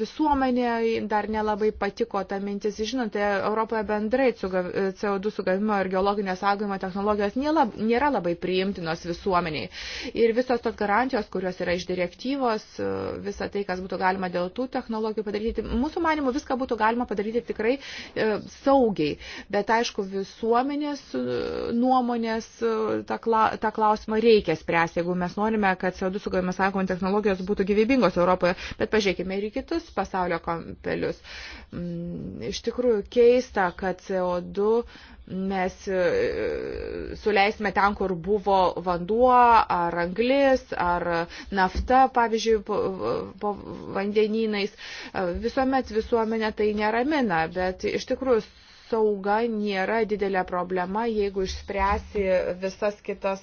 visuomenė dar nelabai patiko ta mintis. Žinote, Europoje bendrai CO2 sugavimo ir geologinio saugojimo technologijos nėra labai priimtinos visuomeniai. Ir visos tos garantijos, kurios yra iš direktyvos, visa tai, kas būtų galima dėl tų technologijų padaryti, mūsų manimų viską būtų galima padaryti tikrai e, saugiai. Bet aišku, visuomenė visuomenės e, nuomonės e, tą, kla, tą klausimą reikia spręsti, jeigu mes norime, kad CO2 sugavimas sakomų technologijos būtų gyvybingos Europoje, bet pažiūrėkime ir į kitus pasaulio kampelius. Mm, iš tikrųjų keista, kad CO2 mes e, suleisime ten, kur buvo vanduo, ar anglis, ar nafta, pavyzdžiui, po, po vandenynais. Visuomet visuomenė tai neramina, bet iš tikrųjų sauga nėra didelė problema, jeigu išspręsi visas kitas,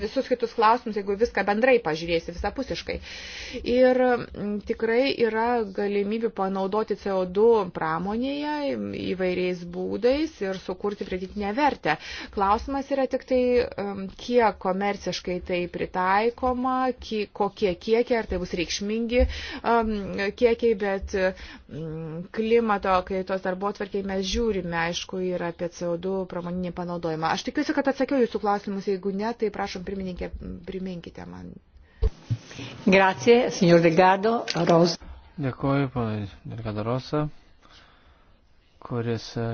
visus kitus klausimus, jeigu viską bendrai pažiūrėsi visapusiškai. Ir tikrai yra galimybių panaudoti CO2 pramonėje įvairiais būdais ir sukurti pridėtinę vertę. Klausimas yra tik tai, kiek komerciškai tai pritaikoma, kokie kiekiai, ar tai bus reikšmingi kiekiai, bet klimato kaitos darbo atvarkiai mes žiūrime kalbėjome, aišku, ir apie CO2 pramoninį panaudojimą. Aš tikiuosi, kad atsakiau jūsų klausimus, jeigu ne, tai prašom pirmininkė, priminkite man. Grazie, signor Delgado Rosa. Dėkuoju, ponai Delgado Rosa, kuris e,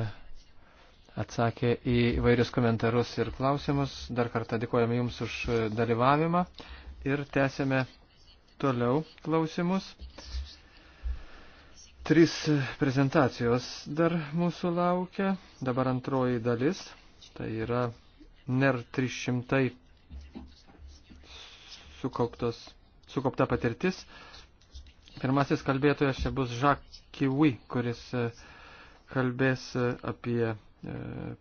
atsakė į vairius komentarus ir klausimus. Dar kartą dėkojame Jums už e, dalyvavimą ir tęsėme toliau klausimus. Tris prezentacijos dar mūsų laukia. Dabar antroji dalis. Tai yra NER 300 sukauptos, sukaupta patirtis. Pirmasis kalbėtojas čia bus Jacques Kiwi, kuris e, kalbės e, apie e,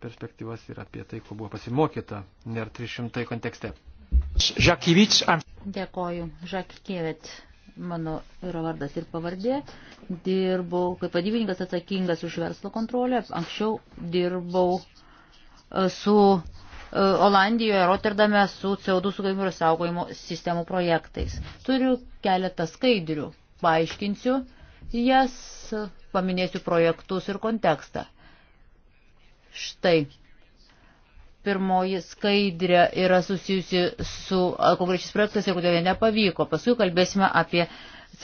perspektyvas ir apie tai, ko buvo pasimokyta NER 300 kontekste. Dėkoju, Žakievič mano yra vardas ir pavardė, dirbau kaip vadybininkas atsakingas už verslo kontrolę, anksčiau dirbau e, su e, Olandijoje, Rotterdame su CO2 sugavimo ir saugojimo sistemų projektais. Turiu keletą skaidrių, paaiškinsiu jas, paminėsiu projektus ir kontekstą. Štai Pirmoji skaidrė yra susijusi su konkrečiais projektais ir kodėl jie nepavyko. Paskui kalbėsime apie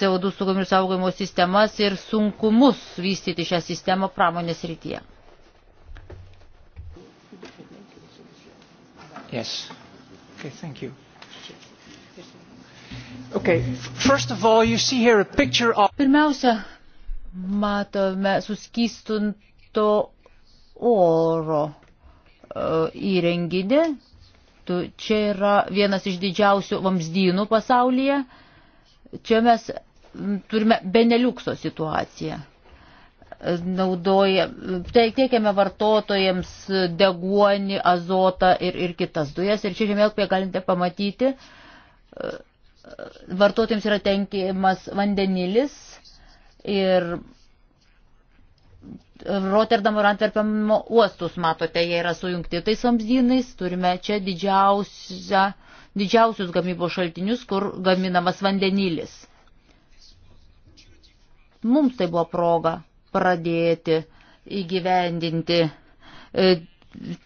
CO2 saugomų ir saugojimo sistemas ir sunkumus vystyti šią sistemą pramonės rytyje. Yes. Okay, thank you. Okay, first of all, you see here a picture of... Pirmiausia, matome suskystunto oro įrenginį. Tu, čia yra vienas iš didžiausių vamzdynų pasaulyje. Čia mes turime Beneliukso situaciją. Naudoja, tiekiame vartotojams deguonį, azotą ir, ir kitas dujas. Ir čia žemėlapyje galite pamatyti, e, e, vartotojams yra tenkimas vandenilis ir Rotterdamo ir Antwerpeno uostus, matote, jie yra sujungti tais vamzdynais, turime čia didžiausius gamybos šaltinius, kur gaminamas vandenilis. Mums tai buvo proga pradėti įgyvendinti e,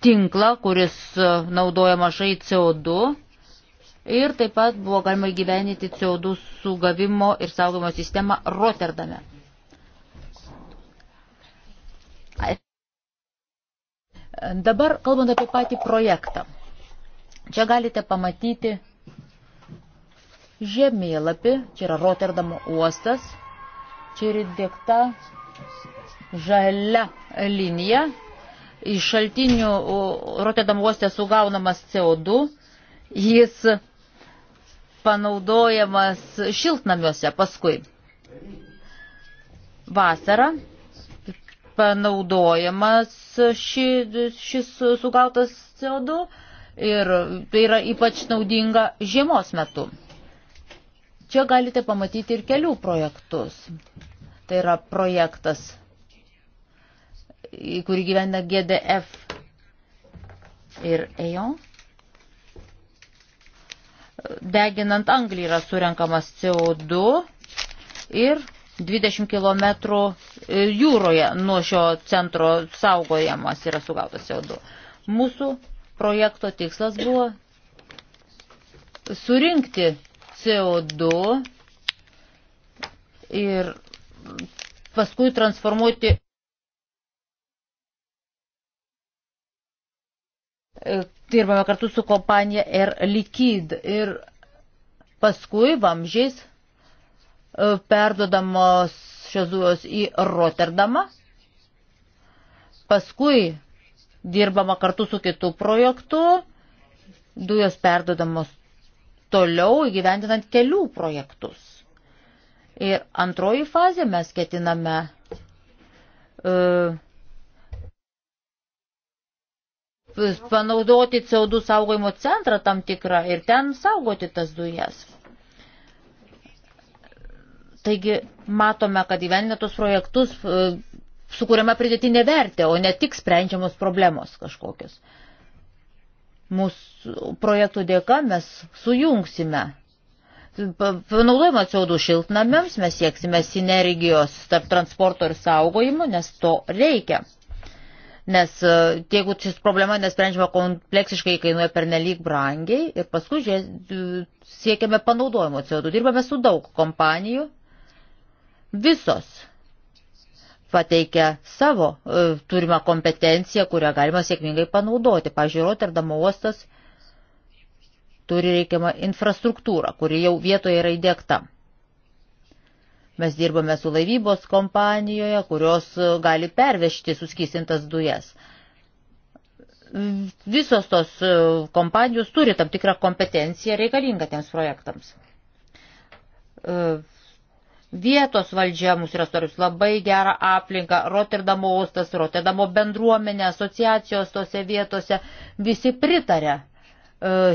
tinklą, kuris e, naudoja mažai CO2 ir taip pat buvo galima įgyvendinti CO2 sugavimo ir saugojimo sistemą Rotterdame. Dabar, kalbant apie patį projektą, čia galite pamatyti žemėlapį, čia yra Rotterdamo uostas, čia yra dėkta žalia linija, iš šaltinių Rotterdamo uoste sugaunamas CO2, jis panaudojamas šiltnamiuose paskui. Vasarą panaudojamas ši, šis sugautas CO2 ir tai yra ypač naudinga žiemos metu. Čia galite pamatyti ir kelių projektus. Tai yra projektas, į kurį gyvena GDF ir EJO. Deginant anglį yra surenkamas CO2 ir 20 km jūroje nuo šio centro saugojamas yra sugautas CO2. Mūsų projekto tikslas buvo surinkti CO2 ir paskui transformuoti dirbame kartu su kompanija Air Liquid ir paskui vamžiais e, perdodamos šios dujos į Rotterdamą. Paskui dirbama kartu su kitu projektu, dujos perdodamos toliau įgyvendinant kelių projektus. Ir antroji fazė mes ketiname uh, panaudoti CO2 saugojimo centrą tam tikrą ir ten saugoti tas dujas. Taigi matome, kad įvendintus projektus e, sukūrėme pridėtinė vertė, o ne tik sprendžiamos problemos kažkokios. Mūsų projektų dėka mes sujungsime. Panaudojimą CO2 šiltnamiams mes sieksime sinergijos tarp transporto ir saugojimo, nes to reikia. Nes e, jeigu šis problema nesprendžiama kompleksiškai, kainuoja pernelyg brangiai ir paskui siekiame panaudojimo CO2. Dirbame su daug kompanijų, visos pateikia savo e, turimą kompetenciją, kurią galima sėkmingai panaudoti. Pavyzdžiui, Rotterdamo uostas turi reikiamą infrastruktūrą, kuri jau vietoje yra įdėkta. Mes dirbame su laivybos kompanijoje, kurios e, gali pervežti suskystintas dujas. Visos tos e, kompanijos turi tam tikrą kompetenciją reikalingą tiems projektams. E, Vietos valdžia mums yra svarbus labai gerą aplinką, Rotterdamo uostas, Rotterdamo bendruomenė, asociacijos tose vietose visi pritarė e,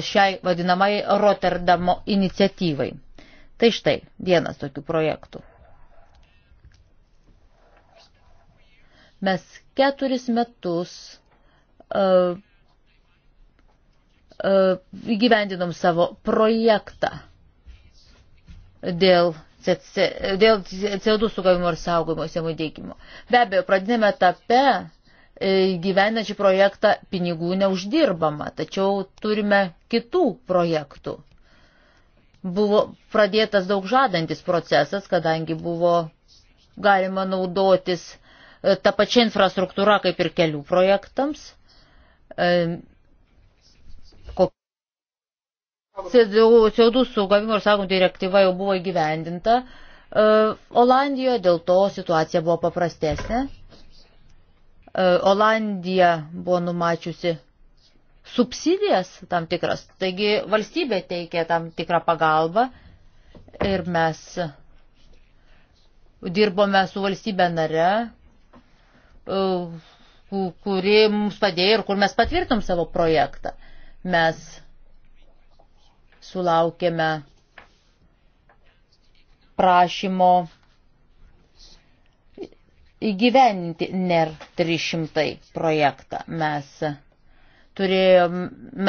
šiai vadinamai Rotterdamo iniciatyvai. Tai štai vienas tokių projektų. Mes keturis metus uh, uh, įgyvendinom savo projektą dėl CC, dėl CO2 sugavimo ir saugojimo sienų dėgymo. Be abejo, pradinėme etape e, gyvenančių projektą pinigų neuždirbama, tačiau turime kitų projektų. Buvo pradėtas daug žadantis procesas, kadangi buvo galima naudotis e, tą pačią infrastruktūrą kaip ir kelių projektams e, CO2 sugavimo ir saugom direktyva jau buvo įgyvendinta. E, Olandijoje dėl to situacija buvo paprastesnė. E, Olandija buvo numačiusi subsidijas tam tikras, taigi valstybė teikė tam tikrą pagalbą ir mes dirbome su valstybė nare, e, kuri mums padėjo ir kur mes patvirtum savo projektą. Mes sulaukėme prašymo įgyveninti NER 300 projektą. Mes turėjom,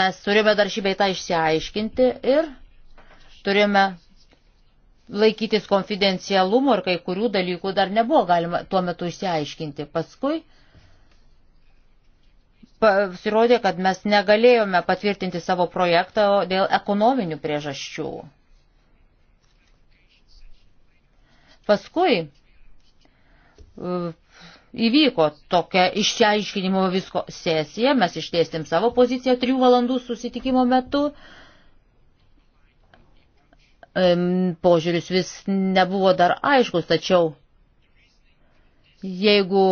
mes turėjome dar šį beitą išsiaiškinti ir turėjome laikytis konfidencialumo ir kai kurių dalykų dar nebuvo galima tuo metu išsiaiškinti. Paskui uh, pasirodė, kad mes negalėjome patvirtinti savo projektą dėl ekonominių priežasčių. Paskui e, įvyko tokia išsiaiškinimo visko sesija, mes išdėstėm savo poziciją trijų valandų susitikimo metu. Požiūris vis nebuvo dar aiškus, tačiau jeigu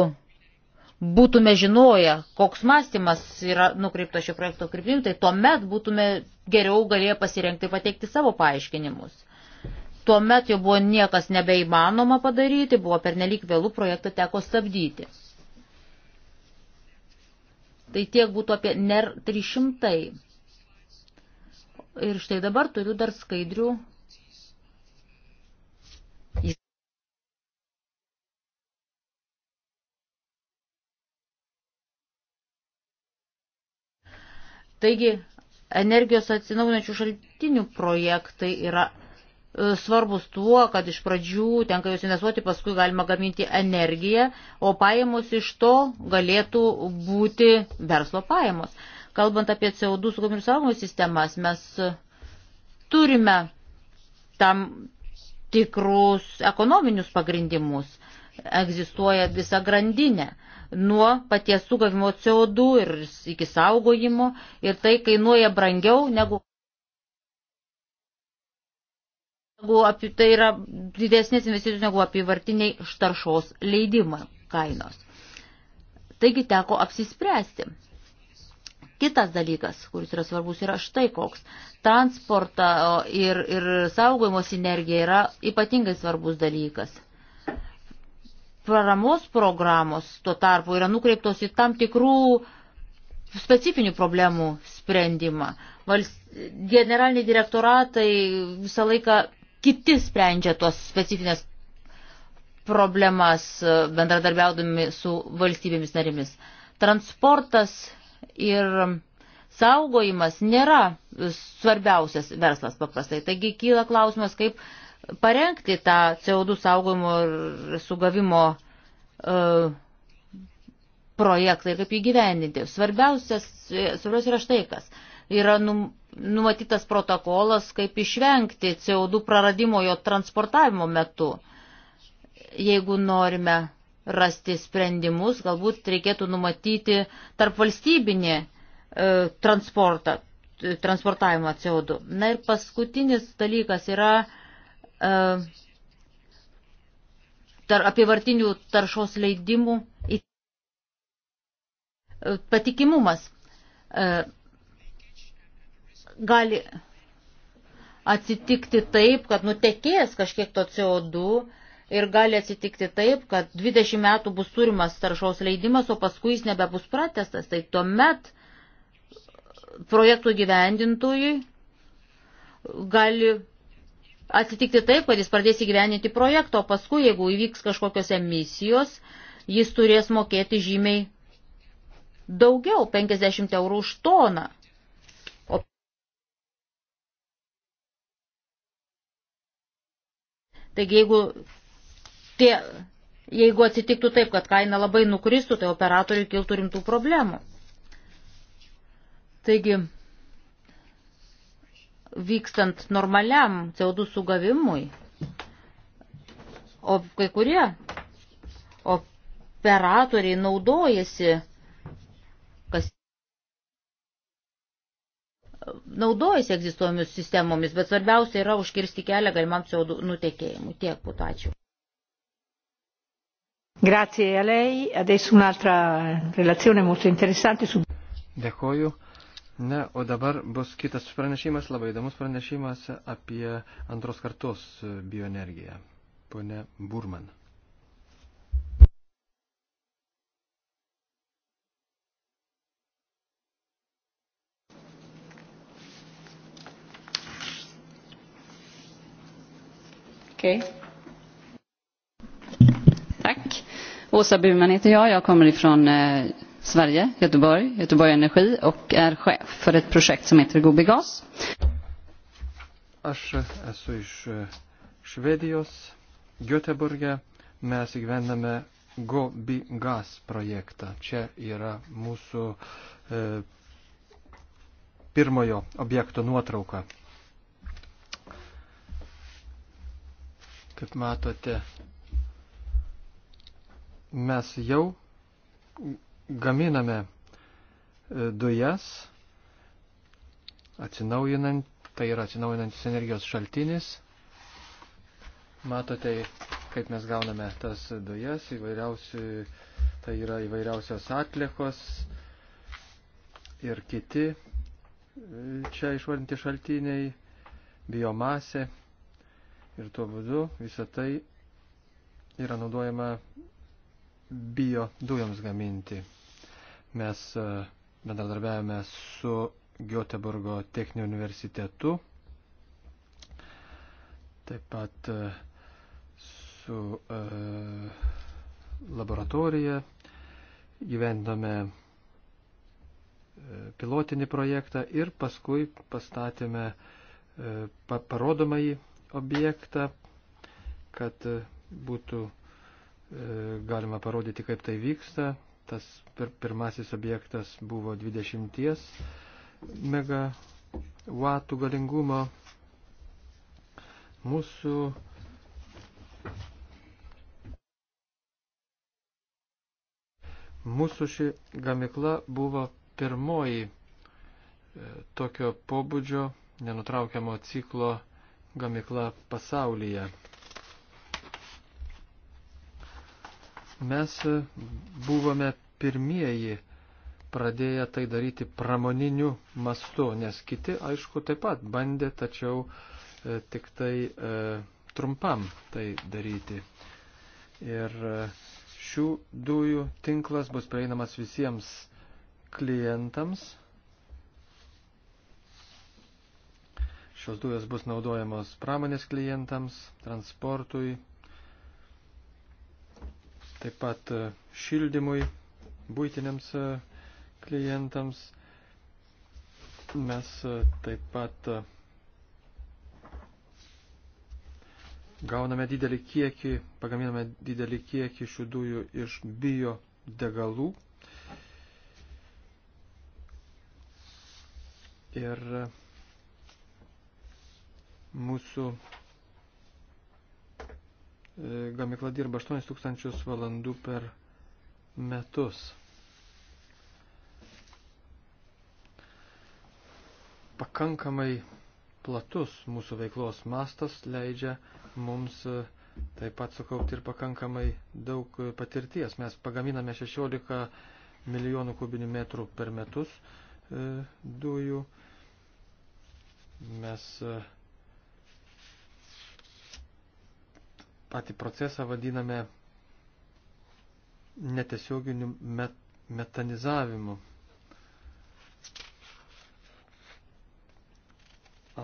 būtume žinoję, koks mąstymas yra nukreiptas šio projekto kryptim, tai tuomet būtume geriau galėję pasirengti pateikti savo paaiškinimus. Tuomet jau buvo niekas nebeįmanoma padaryti, buvo pernelyg vėlų projektą teko stabdyti. Tai tiek būtų apie NER 300. Ir štai dabar turiu dar skaidrių Taigi, energijos atsinaujinančių šaltinių projektai yra e, svarbus tuo, kad iš pradžių tenka juos investuoti, paskui galima gaminti energiją, o pajamos iš to galėtų būti verslo pajamos. Kalbant apie CO2 sugaminių saugomų sistemas, mes turime tam tikrus ekonominius pagrindimus egzistuoja visa grandinė nuo paties sugavimo CO2 ir iki saugojimo ir tai kainuoja brangiau negu apie, tai yra didesnės investicijos negu apivartiniai štaršos leidimai kainos. Taigi teko apsispręsti. Kitas dalykas, kuris yra svarbus, yra štai koks. Transporta ir, ir saugojimo sinergija yra ypatingai svarbus dalykas paramos programos tuo tarpu yra nukreiptos į tam tikrų specifinių problemų sprendimą. Valst... Generaliniai direktoratai visą laiką kiti sprendžia tuos specifinės problemas e, bendradarbiaudami su valstybėmis narimis. Transportas ir saugojimas nėra svarbiausias verslas paprastai. Taigi kyla klausimas, kaip parengti tą CO2 saugojimo ir sugavimo uh, projektą ir kaip jį gyvendinti. Svarbiausias, svarbiausia yra štai kas. Yra num, numatytas protokolas, kaip išvengti CO2 praradimo jo transportavimo metu. Jeigu norime rasti sprendimus, galbūt reikėtų numatyti tarp valstybinį e, transportą, transportavimą CO2. Na ir paskutinis dalykas yra E, tar, apivartinių taršos leidimų e, patikimumas e, gali atsitikti taip, kad nutekės kažkiek to CO2 ir gali atsitikti taip, kad 20 metų bus turimas taršos leidimas, o paskui jis nebebus pratestas. Tai tuomet projektų gyvendintojui gali atsitikti taip, kad jis pradės įgyveninti projektą, o paskui, jeigu įvyks kažkokios emisijos, jis turės mokėti žymiai daugiau, 50 eurų už toną. O... Taigi, jeigu, tie, jeigu atsitiktų taip, kad kaina labai nukristų, tai operatoriui kiltų rimtų problemų. Taigi, vykstant normaliam CO2 sugavimui, o kai kurie operatoriai naudojasi, kas naudojasi egzistuomis sistemomis, bet svarbiausia yra užkirsti kelią galimam CO2 nutekėjimui. Tiek būtų ačiū. Grazie a lei. Adesso un'altra relazione molto interessante su. Dėkoju. Na, o dabar bus kitas pranešimas, labai įdomus pranešimas apie antros kartos bioenergiją. Pone Burman. Okej. Okay. Tack. Åsa Burman heter jag. Jag kommer ifrån eh, Sverige, Göteborg, Göteborg Energi och är chef för ett projekt som heter Gobigas. Aš esu iš eh, Švedijos, Göteborge. Mes gyvename Gobigas projektą. Čia yra mūsų e, pirmojo objekto nuotrauka. Kaip matote, mes jau gaminame e, dujas, atsinaujinant, tai yra atsinaujinantis energijos šaltinis. Matote, kaip mes gauname tas dujas, tai yra įvairiausios atliekos ir kiti e, čia išvardinti šaltiniai, biomasė ir tuo būdu visą tai yra naudojama bio dujoms gaminti. Mes e, bendradarbiavome su Göteborgo techninio universitetu, taip pat e, su e, laboratorija, gyvendome e, pilotinį projektą ir paskui pastatėme parodomąjį objektą, kad būtų galima parodyti, kaip tai vyksta tas pir pirmasis objektas buvo 20 megavatų galingumo. Mūsų Mūsų ši gamikla buvo pirmoji e, tokio pobūdžio nenutraukiamo ciklo gamikla pasaulyje. mes e, buvome pirmieji pradėję tai daryti pramoniniu mastu, nes kiti, aišku, taip pat bandė, tačiau e, tik tai e, trumpam tai daryti. Ir e, šių dujų tinklas bus prieinamas visiems klientams. Šios dujos bus naudojamos pramonės klientams, transportui, taip pat e, šildymui, būtiniams e, klientams. Mes e, taip pat gauname didelį kiekį, pagaminame didelį kiekį šių dujų iš bio degalų. Ir mūsų E, gamikla dirba 8000 valandų per metus. Pakankamai platus mūsų veiklos mastas leidžia mums e, taip pat sukaupti ir pakankamai daug patirties. Mes pagaminame 16 milijonų kubinių metrų per metus e, dujų. Mes uh, patį procesą vadiname netiesioginiu met, metanizavimu.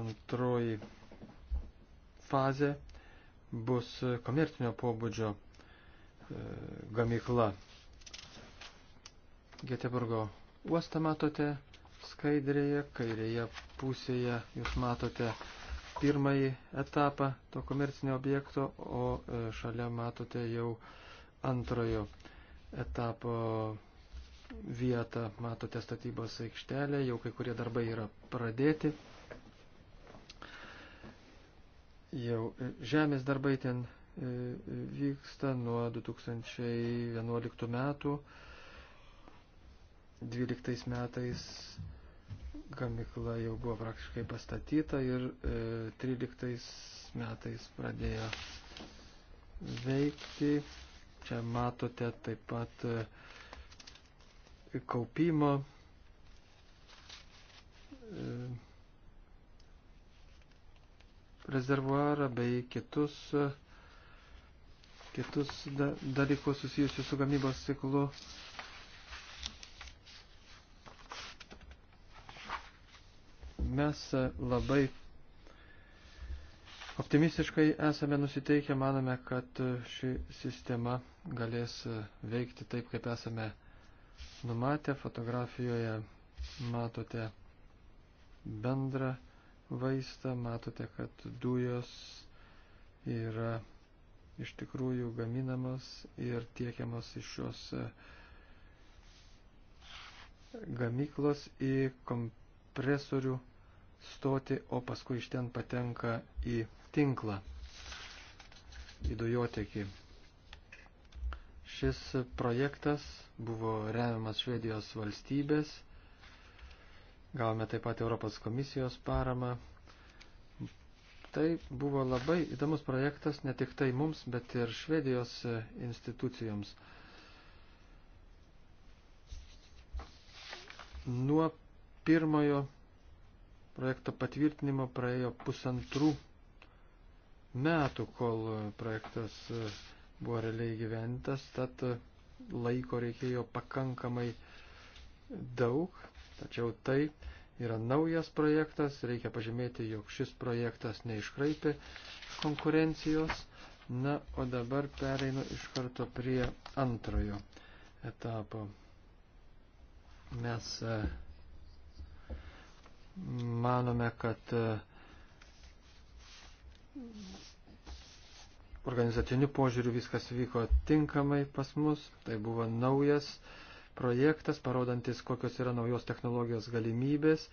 Antroji fazė bus komercinio pobūdžio e, gamykla. Geteburgo uostą matote skaidrėje, kairėje pusėje jūs matote pirmąjį etapą to komercinio objekto, o e, šalia matote jau antrojo etapo vietą, matote statybos aikštelę, jau kai kurie darbai yra pradėti. Jau e, žemės darbai ten e, vyksta nuo 2011 metų. 12 metais gamikla jau buvo praktiškai pastatyta ir e, 13 metais pradėjo veikti. Čia matote taip pat e, kaupimo e, rezervuarą bei kitus, e, kitus da, dalykus susijusius su gamybos ciklu. E, Mes labai optimistiškai esame nusiteikę, manome, kad ši sistema galės veikti taip, kaip esame numatę. Fotografijoje matote bendrą vaistą, matote, kad dujos yra iš tikrųjų gaminamos ir tiekiamos iš šios e, gamyklos į kompresorių stotį, o paskui iš ten patenka į tinklą, į dujotekį. Šis projektas buvo remiamas Švedijos valstybės, gavome taip pat Europos komisijos paramą. Tai buvo labai įdomus projektas ne tik tai mums, bet ir Švedijos institucijoms. Nuo pirmojo projekto patvirtinimo praėjo pusantrų metų, kol projektas e, buvo realiai gyventas, tad e, laiko reikėjo pakankamai daug, tačiau tai yra naujas projektas, reikia pažymėti, jog šis projektas neiškraipė konkurencijos. Na, o dabar pereinu iš karto prie antrojo etapo. Mes uh, manome, kad e, organizaciniu požiūriu viskas vyko tinkamai pas mus. Tai buvo naujas projektas, parodantis, kokios yra naujos technologijos galimybės.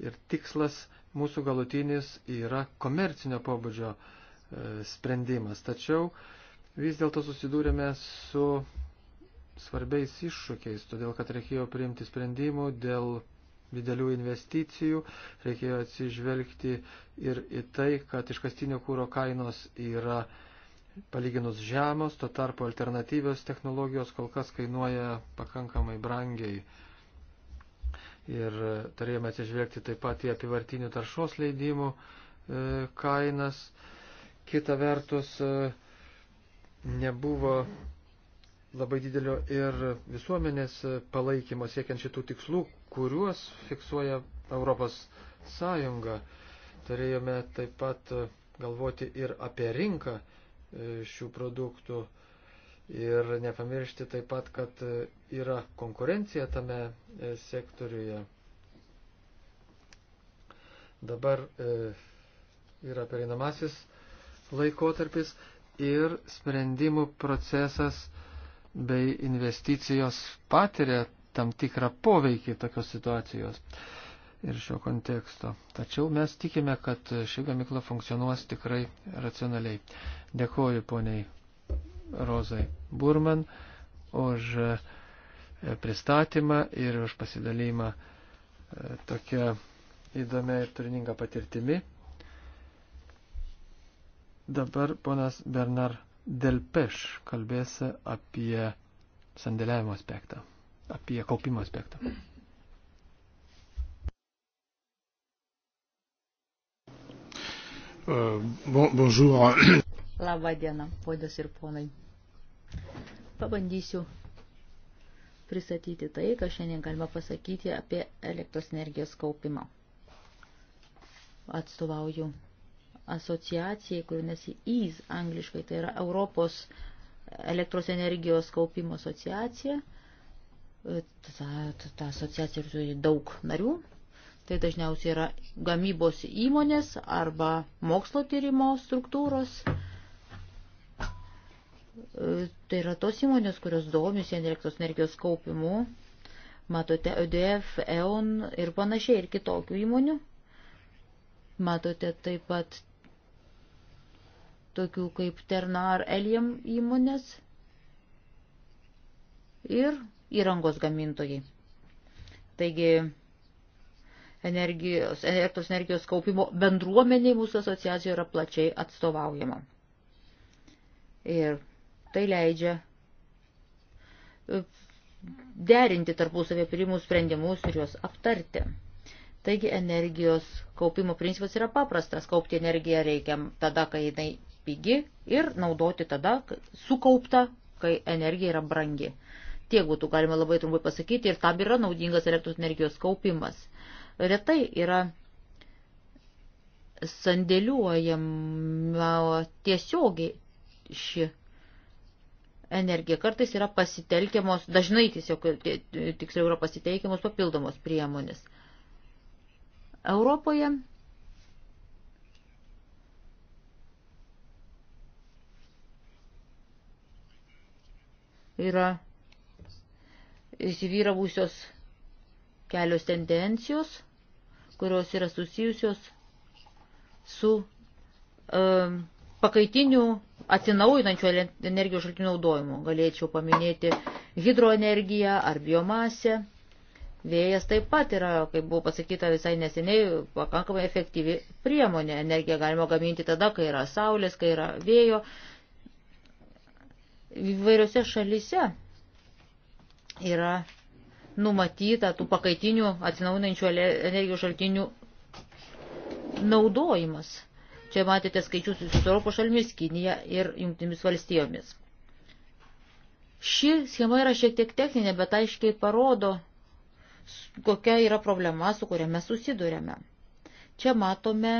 Ir tikslas mūsų galutinis yra komercinio pobūdžio e, sprendimas. Tačiau vis dėlto susidūrėme su svarbiais iššūkiais, todėl kad reikėjo priimti sprendimų dėl didelių investicijų, reikėjo atsižvelgti ir į tai, kad iškastinio kūro kainos yra palyginus žemos, tuo tarpu alternatyvios technologijos kol kas kainuoja pakankamai brangiai. Ir turėjome atsižvelgti taip pat į apivartinių taršos leidimų e, kainas. Kita vertus, e, nebuvo labai didelio ir visuomenės palaikymo siekiant šitų tikslų, kuriuos fiksuoja Europos Sąjunga. Turėjome taip pat e, galvoti ir apie rinką e, šių produktų ir nepamiršti taip pat, kad e, yra konkurencija tame sektoriuje. Dabar yra pereinamasis laikotarpis ir sprendimų procesas bei investicijos patiria tam tikrą poveikį tokios situacijos ir šio konteksto. Tačiau mes tikime, kad ši gamykla funkcionuos tikrai racionaliai. Dėkoju poniai Rozai Burman už e, pristatymą ir už pasidalymą e, tokia įdomia ir turininga patirtimi. Dabar ponas Bernard Delpeš kalbės apie sandėliavimo aspektą apie kaupimo aspektą. Uh, bon, bonjour. Labą dieną, podas ir ponai. Pabandysiu pristatyti tai, ką šiandien galima pasakyti apie elektros energijos kaupimą. Atstovauju asociacijai, kuri nesi EAS angliškai, tai yra Europos elektros energijos kaupimo asociacija. Uh, ta, ta asociacija turi daug narių. Tai dažniausiai yra gamybos įmonės arba mokslo tyrimo struktūros. Tai yra tos įmonės, kurios domisi elektros energijos kaupimu. Matote EDF, EON ir panašiai ir kitokių įmonių. Matote taip pat tokių kaip Ternar Eliam įmonės. Ir įrangos gamintojai. Taigi energijos, elektros energijos kaupimo bendruomeniai mūsų asociacijoje yra plačiai atstovaujama. Ir tai leidžia e, derinti tarpusavė priimų sprendimus ir juos aptarti. Taigi energijos kaupimo principas yra paprastas. Kaupti energiją reikia tada, kai jinai pigi ir naudoti tada sukaupta, kai energija yra brangi. Tiek būtų galima labai trumpai pasakyti ir tam yra naudingas elektros energijos kaupimas. Retai yra sandėliuojama tiesiogiai ši energija. Kartais yra pasitelkiamos, dažnai tiesiog tiksliau yra pasitelkiamos papildomos priemonės. Europoje yra įsivyravusios kelios tendencijos, kurios yra susijusios su e, pakaitiniu atsinaujinančių energijos šaltinių naudojimu. Galėčiau paminėti hidroenergiją ar biomasę. Vėjas taip pat yra, kaip buvo pasakyta visai neseniai, pakankamai efektyvi priemonė. Energiją galima gaminti tada, kai yra saulės, kai yra vėjo. Įvairiose šalise yra numatyta tų pakaitinių atsinaujinančių energijos šaltinių naudojimas. Čia matėte skaičius su Europos šalimis, Kinija ir jungtimis valstijomis. Ši schema yra šiek tiek techninė, bet aiškiai parodo, kokia yra problema, su kuria mes susidurėme. Čia matome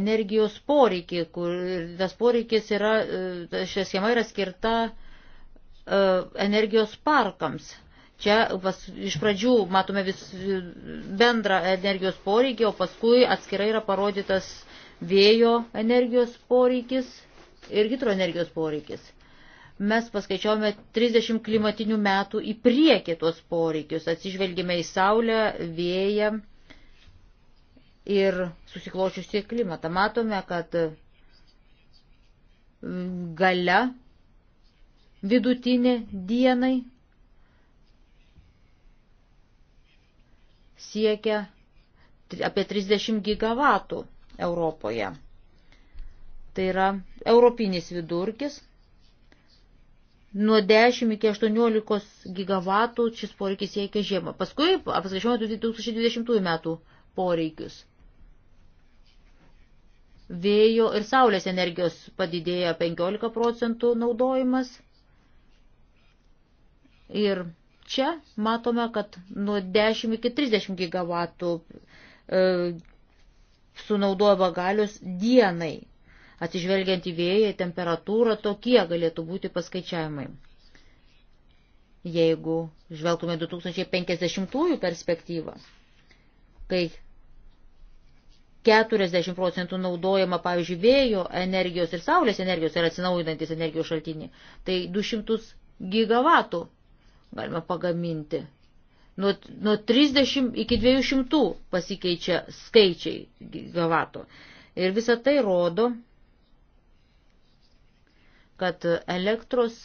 energijos poreikį, kur tas poreikis yra, e, ši schema yra skirta E, energijos parkams. Čia pas, iš pradžių matome vis bendrą energijos poreikį, o paskui atskirai yra parodytas vėjo energijos poreikis ir hidroenergijos poreikis. Mes paskaičiavome 30 klimatinių metų į priekį tuos poreikius, atsižvelgėme į saulę, vėją ir susiklošiusi klimatą. Matome, kad gale vidutinė dienai siekia apie 30 gigavatų Europoje. Tai yra europinis vidurkis. Nuo 10 iki 18 gigavatų šis poreikis siekia žiemą. Paskui apskaičiuojame 2020 metų poreikius. Vėjo ir saulės energijos padidėjo 15 procentų naudojimas – Ir čia matome, kad nuo 10 iki 30 gigavatų e, sunaudojama galios dienai. Atsižvelgiant į vėją, į temperatūrą, tokie galėtų būti paskaičiavimai. Jeigu žvelgtume 2050 perspektyvą, kai 40 procentų naudojama, pavyzdžiui, vėjo energijos ir saulės energijos ir atsinaujinantis energijos šaltiniai, tai 200 gigavatų galima pagaminti. Nuo, nuo 30 iki 200 pasikeičia skaičiai gigavato. Ir visa tai rodo, kad elektros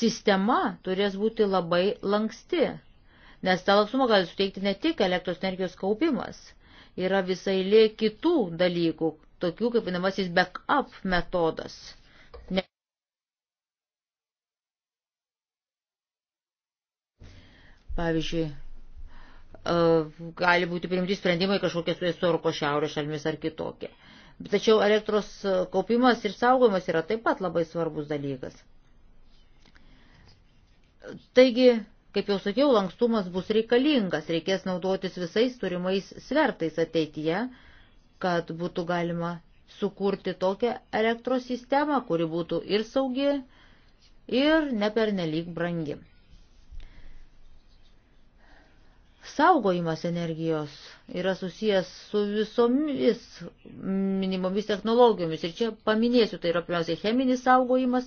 sistema turės būti labai lanksti, nes tą lankstumą gali suteikti ne tik elektros energijos kaupimas, yra visai lė kitų dalykų, tokių kaip vadinamasis backup metodas Pavyzdžiui, e, gali būti priimti sprendimai kažkokie su Europos šiaurės šalmis ar kitokie. Tačiau elektros kaupimas ir saugomas yra taip pat labai svarbus dalykas. Taigi, kaip jau sakiau, lankstumas bus reikalingas, reikės naudotis visais turimais svertais ateityje, kad būtų galima sukurti tokią elektros sistemą, kuri būtų ir saugi, ir nepernelyg brangi. Saugojimas energijos yra susijęs su visomis minimomis technologijomis. Ir čia paminėsiu, tai yra pirmiausiai cheminis saugojimas,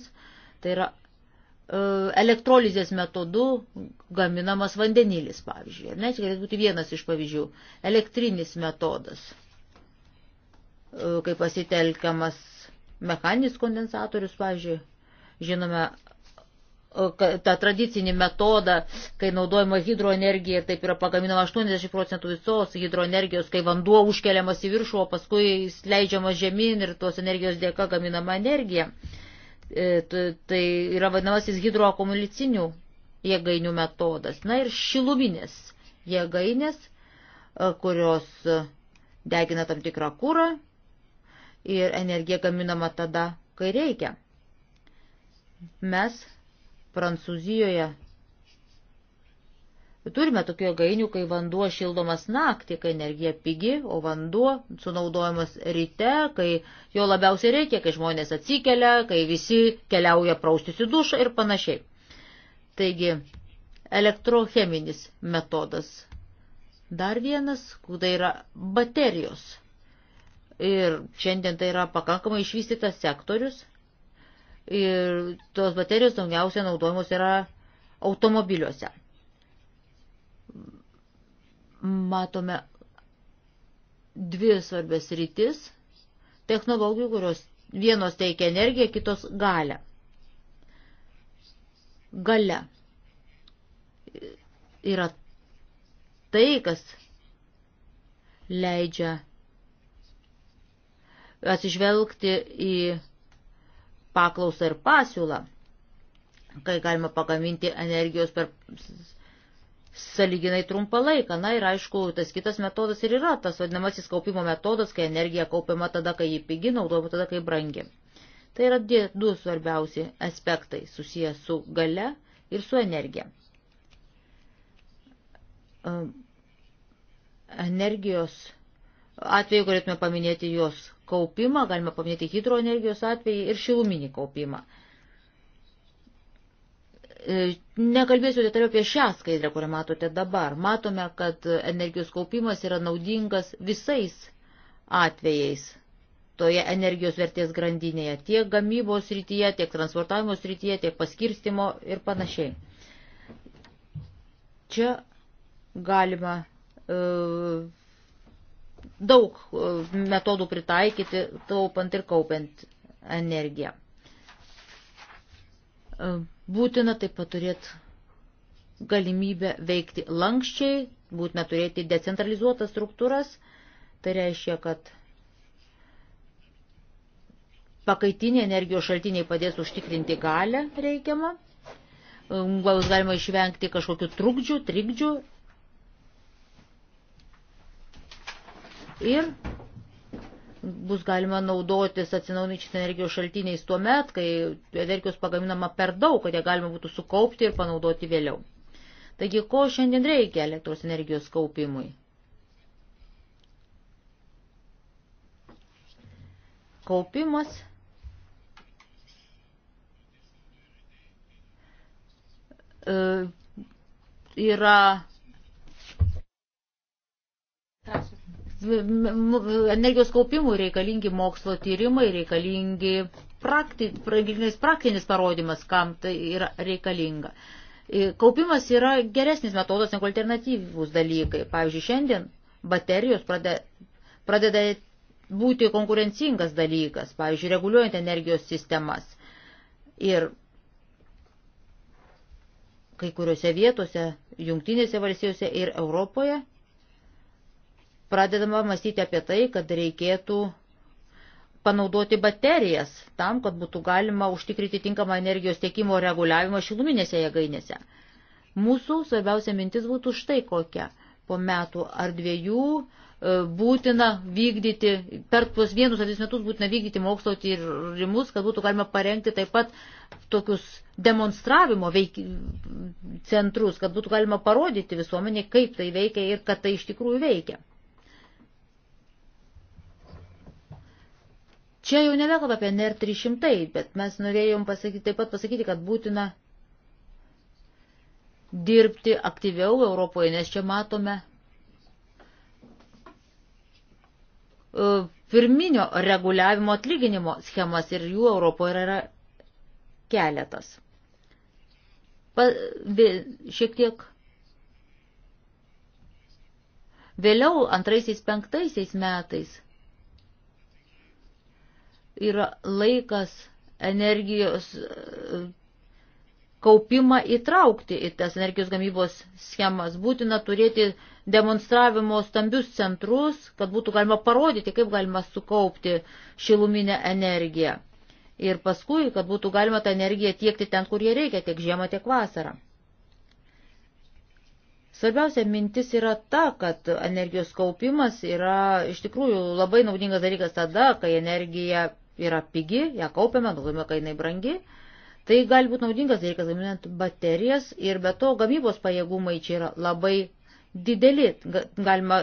tai yra e, elektrolizės metodu gaminamas vandenilis, pavyzdžiui. Ne, čia galėtų būti vienas iš pavyzdžių. Elektrinis metodas, e, kai pasitelkiamas mechaninis kondensatorius, pavyzdžiui. Žinome tą tradicinį metodą, kai naudojama hidroenergija ir taip yra pagaminama 80 procentų visos hidroenergijos, kai vanduo užkeliamas į viršų, o paskui leidžiamas žemyn ir tos energijos dėka gaminama energija. E, tai yra vadinamasis hidroakumulicinių jėgainių metodas. Na ir šiluminės jėgainės, e, kurios degina tam tikrą kūrą ir energija gaminama tada, kai reikia. Mes Prancūzijoje Turime tokių jėgainių, kai vanduo šildomas naktį, kai energija pigi, o vanduo sunaudojamas ryte, kai jo labiausiai reikia, kai žmonės atsikelia, kai visi keliauja praustis į dušą ir panašiai. Taigi, elektrocheminis metodas. Dar vienas, tai yra baterijos. Ir šiandien tai yra pakankamai išvystytas sektorius, ir tos baterijos daugiausia naudojamos yra automobiliuose. Matome dvi svarbės rytis technologijų, kurios vienos teikia energiją, kitos galę. Gale yra tai, kas leidžia atsižvelgti į paklausą ir pasiūlą, kai galima pagaminti energijos per saliginai trumpą laiką. Na ir aišku, tas kitas metodas ir yra tas vadinamasis kaupimo metodas, kai energija kaupiama tada, kai ji pigi, naudojama tada, kai brangi. Tai yra du svarbiausi aspektai susiję su gale ir su energija. Ehm, energijos atveju galėtume paminėti jos kaupimą, galime paminėti hidroenergijos atvejį ir šiluminį kaupimą. E, nekalbėsiu detaliau apie šią skaidrę, kurią matote dabar. Matome, kad energijos kaupimas yra naudingas visais atvejais toje energijos vertės grandinėje, tiek gamybos srityje, tiek transportavimo srityje, tiek paskirstimo ir panašiai. Čia galima uh, daug e, metodų pritaikyti, taupant ir kaupiant energiją. E, būtina taip pat turėti galimybę veikti lankščiai, būtina turėti decentralizuotas struktūras. Tai reiškia, kad pakaitiniai energijos šaltiniai padės užtikrinti galę reikiamą. E, Galus galima išvengti kažkokių trukdžių, trikdžių ir bus galima naudotis atsinaujinančiais energijos šaltiniais tuo met, kai energijos pagaminama per daug, kad ją galima būtų sukaupti ir panaudoti vėliau. Taigi, ko šiandien reikia elektros energijos kaupimui? Kaupimas e, yra. Transfer energijos kaupimui reikalingi mokslo tyrimai, reikalingi praktinis, praktinis parodymas, kam tai yra reikalinga. E, kaupimas yra geresnis metodas negu alternatyvus dalykai. Pavyzdžiui, šiandien baterijos pradeda, pradeda būti konkurencingas dalykas, pavyzdžiui, reguliuojant energijos sistemas. Ir kai kuriuose vietose, jungtinėse valstijose ir Europoje pradedama mąstyti apie tai, kad reikėtų panaudoti baterijas tam, kad būtų galima užtikrinti tinkamą energijos tiekimo reguliavimą šiluminėse jėgainėse. Mūsų svarbiausia mintis būtų štai kokia. Po metų ar dviejų e, būtina vykdyti, per tuos vienus ar tris metus būtina vykdyti mokslo tyrimus, kad būtų galima parengti taip pat tokius demonstravimo veik... centrus, kad būtų galima parodyti visuomenė, kaip tai veikia ir kad tai iš tikrųjų veikia. Čia jau nebekalba apie NR 300, bet mes norėjom pasakyti, taip pat pasakyti, kad būtina dirbti aktyviau Europoje, nes čia matome e, pirminio reguliavimo atlyginimo schemas ir jų Europoje yra keletas. Pa, vė, šiek tiek vėliau antraisiais penktaisiais metais yra laikas energijos kaupimą įtraukti į tas energijos gamybos schemas. Būtina turėti demonstravimo stambius centrus, kad būtų galima parodyti, kaip galima sukaupti šiluminę energiją. Ir paskui, kad būtų galima tą energiją tiekti ten, kur jie reikia, tiek žiemą, tiek vasarą. Svarbiausia mintis yra ta, kad energijos kaupimas yra iš tikrųjų labai naudingas dalykas tada, kai energija yra pigi, ją kaupiame, naudojame, kai jinai brangi. Tai gali būti naudingas dalykas gaminant baterijas ir be to gamybos pajėgumai čia yra labai dideli. Galima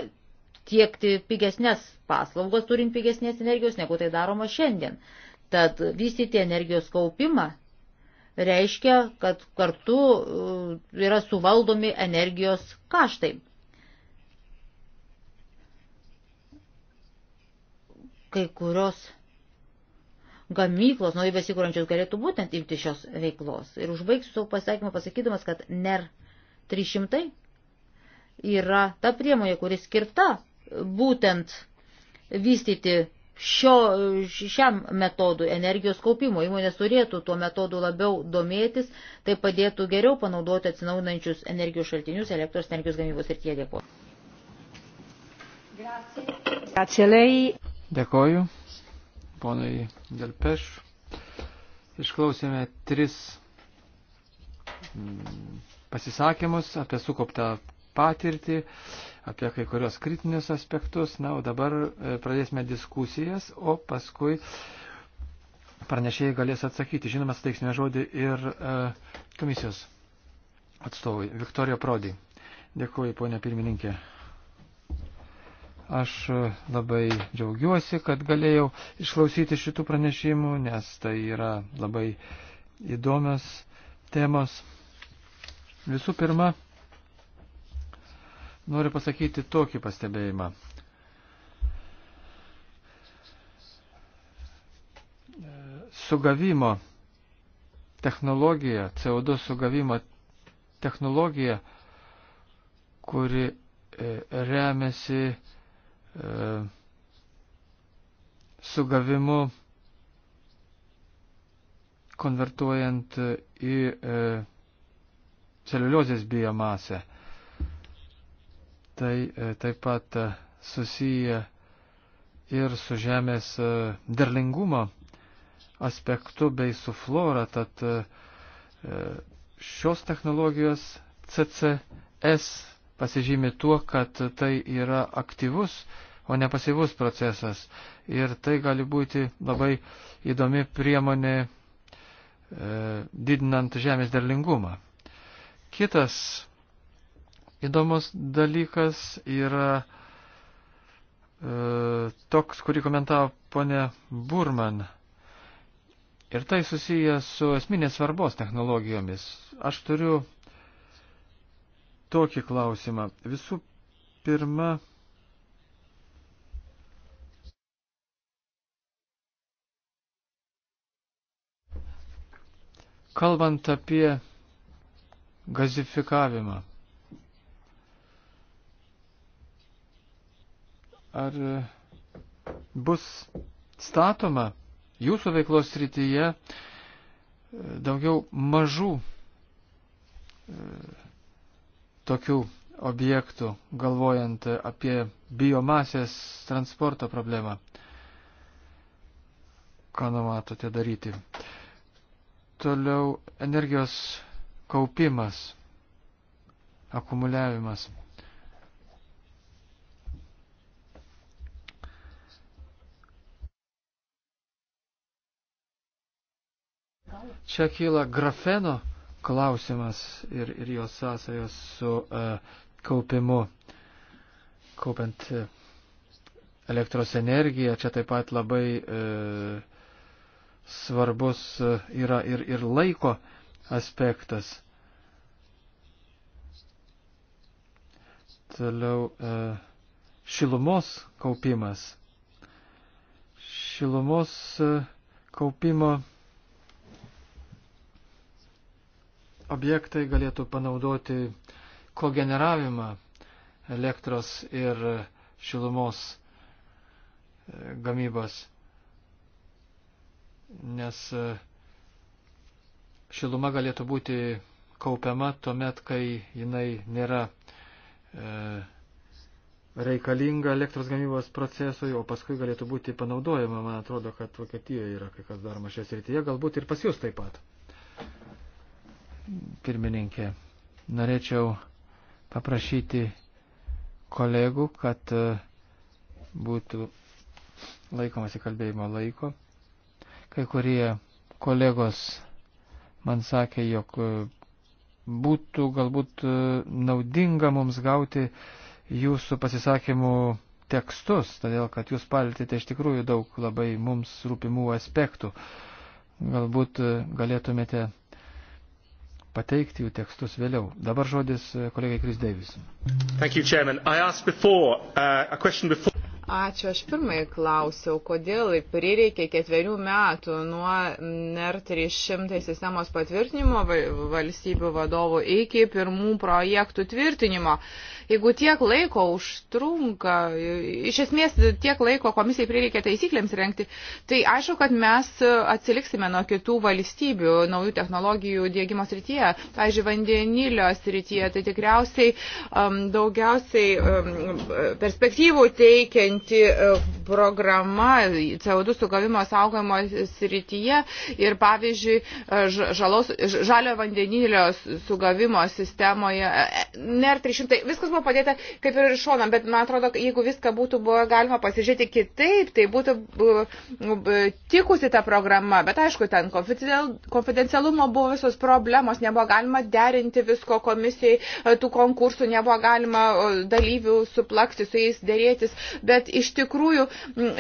tiekti pigesnės paslaugas, turint pigesnės energijos, negu tai daroma šiandien. Tad vystyti energijos kaupimą reiškia, kad kartu uh, yra suvaldomi energijos kaštai. Kai kurios gamyklos, nuo įbesikūrančios galėtų būtent imti šios veiklos. Ir užbaigsiu savo pasakymą pasakydamas, kad NER 300 yra ta priemonė, kuri skirta būtent vystyti šio, šiam metodui energijos kaupimo. Įmonės turėtų tuo metodu labiau domėtis, tai padėtų geriau panaudoti atsinaunančius energijos šaltinius elektros energijos gamybos ir tie dėkuoju. Dėkoju ponai Delpeš. Išklausėme tris mm, pasisakymus apie sukauptą patirtį, apie kai kurios kritinius aspektus. Na, o dabar e, pradėsime diskusijas, o paskui pranešėjai galės atsakyti. Žinoma, suteiksime žodį ir e, komisijos atstovui Viktorija Prodi. Dėkuoju, ponia pirmininkė. Aš labai džiaugiuosi, kad galėjau išklausyti šitų pranešimų, nes tai yra labai įdomios temos. Visų pirma, noriu pasakyti tokį pastebėjimą. Sugavimo technologija, CO2 sugavimo technologija, kuri e, remiasi E, sugavimu konvertuojant į e, celiuliozės biomasę. Tai e, taip pat susiję ir su žemės derlingumo aspektu bei su flora, tad šios technologijos CCS pasižymi tuo, kad tai yra aktyvus o ne pasivus procesas. Ir tai gali būti labai įdomi priemonė e, didinant žemės derlingumą. Kitas įdomus dalykas yra e, toks, kurį komentavo ponė Burman. Ir tai susijęs su esminės svarbos technologijomis. Aš turiu tokį klausimą. Visų pirma, Kalbant apie gazifikavimą, ar bus statoma jūsų veiklos rytyje e, daugiau mažų e, tokių objektų, galvojant apie biomasės transporto problemą. Ką numatote daryti? Toliau energijos kaupimas, akumuliavimas. Čia kyla grafeno klausimas ir, ir jos sąsajos su uh, kaupimu, kaupiant uh, elektros energiją. Čia taip pat labai uh, svarbus e, yra ir, ir laiko aspektas. Toliau e, šilumos kaupimas. Šilumos e, kaupimo objektai galėtų panaudoti kogeneravimą elektros ir šilumos gamybos nes e, šiluma galėtų būti kaupiama tuomet, kai jinai nėra e, reikalinga elektros gamybos procesui, o paskui galėtų būti panaudojama. Man atrodo, kad Vokietijoje yra kai kas daroma šioje srityje, galbūt ir pas jūs taip pat. Pirmininkė, norėčiau paprašyti kolegų, kad e, būtų laikomasi kalbėjimo laiko. Kai kurie kolegos man sakė, jog e, būtų galbūt e, naudinga mums gauti jūsų pasisakymų tekstus, todėl kad jūs palėtėte iš tikrųjų daug labai mums rūpimų aspektų. Galbūt e, galėtumėte pateikti jų tekstus vėliau. Dabar žodis kolegai Kris Deivis. Before, uh, before... Ačiū, aš pirmai klausiau, kodėl prireikė ketverių metų nuo NER 300 sistemos patvirtinimo valstybių vadovų iki pirmų projektų tvirtinimo. Uh, Jeigu tiek laiko užtrunka, iš esmės tiek laiko komisijai prireikia taisyklėms renkti, tai aišku, kad mes atsiliksime nuo kitų valstybių naujų technologijų dėgymo srityje. Pavyzdžiui, vandenilio srityje tai tikriausiai um, daugiausiai um, perspektyvų teikianti uh, programa CO2 sugavimo saugojimo srityje ir pavyzdžiui uh, žalos, žalio vandenilio sugavimo sistemoje e, e, NR300. Viskas buvo buvo padėta kaip ir iš šono, bet man atrodo, jeigu viską būtų buvo galima pasižiūrėti kitaip, tai būtų tikusi ta programa, bet aišku, ten konfidencialumo buvo visos problemos, nebuvo galima derinti visko komisijai, e, tų konkursų nebuvo galima dalyvių suplakti, su jais dėrėtis, bet iš tikrųjų,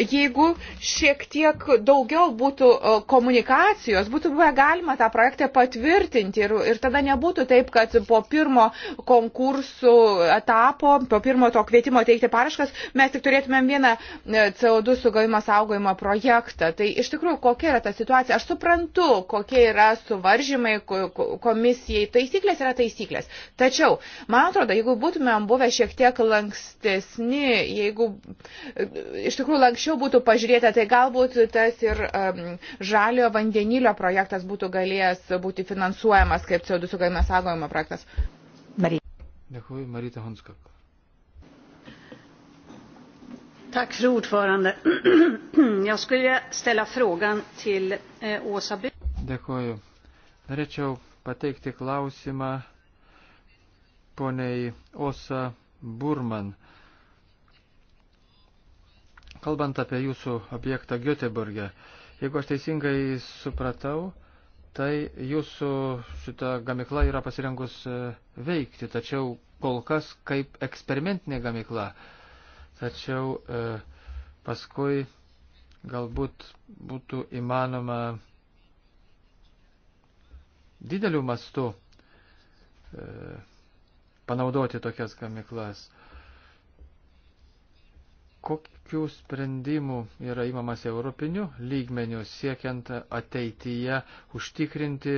jeigu šiek tiek daugiau būtų e, komunikacijos, būtų buvę galima tą projektą patvirtinti ir, ir tada nebūtų taip, kad po pirmo konkursų at, etapo, po pirmo to kvietimo teikti paraškas, mes tik turėtumėm vieną e, CO2 sugavimo saugojimo projektą. Tai iš tikrųjų, kokia yra ta situacija? Aš suprantu, kokie yra suvaržymai komisijai, taisyklės yra taisyklės. Tačiau, man atrodo, jeigu būtumėm buvę šiek tiek lankstesni, jeigu e, iš tikrųjų lankščiau būtų pažiūrėta, tai galbūt tas ir um, žalio vandenilio projektas būtų galėjęs būti finansuojamas kaip CO2 sugavimo saugojimo projektas. Marija. Dėkui, Marita Honskak. Tack fru ordförande. Jag skulle vilja ställa frågan till eh, Åsa By. Dėkuoju. Norėčiau pateikti klausimą poniai Osa Burman. Kalbant apie jūsų objektą Göteborge, jeigu aš teisingai supratau, tai jūsų šita gamikla yra pasirengus e, veikti, tačiau kol kas kaip eksperimentinė gamikla. Tačiau e, paskui galbūt būtų įmanoma didelių mastų e, panaudoti tokias gamiklas kokių sprendimų yra įmamas europiniu lygmeniu siekiant ateityje užtikrinti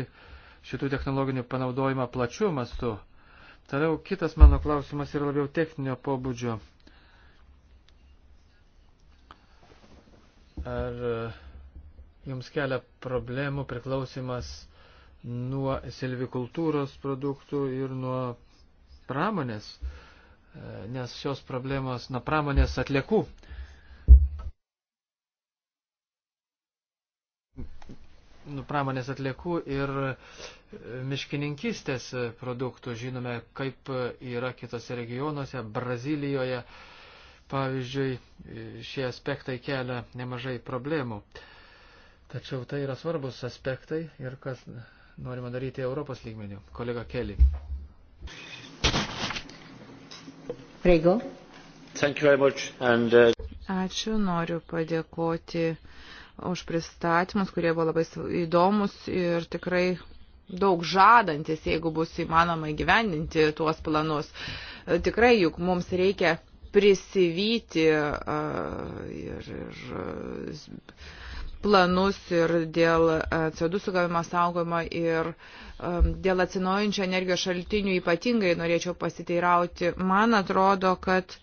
šitų technologinių panaudojimą plačiu mastu. Toliau kitas mano klausimas yra labiau techninio pobūdžio. Ar e, jums kelia problemų priklausimas nuo silvikultūros produktų ir nuo pramonės? Uh, nes šios problemos nuo pramonės atliekų. Nu, pramonės atliekų ir miškininkistės produktų žinome, kaip yra kitose regionuose, Brazilijoje, pavyzdžiui, šie aspektai kelia nemažai problemų. Tačiau tai yra svarbus aspektai ir kas norima daryti Europos lygmenių. Kolega Keli. Prego. Thank you very much. And, uh... Ačiū, noriu padėkoti už pristatymus, kurie buvo labai įdomus ir tikrai daug žadantis, jeigu bus įmanoma įgyvendinti tuos planus. Tikrai juk mums reikia prisivyti uh, ir, ir planus ir dėl e, CO2 sugavimo saugojimo ir e, dėl atsinaujančio energijos šaltinių ypatingai norėčiau pasiteirauti. Man atrodo, kad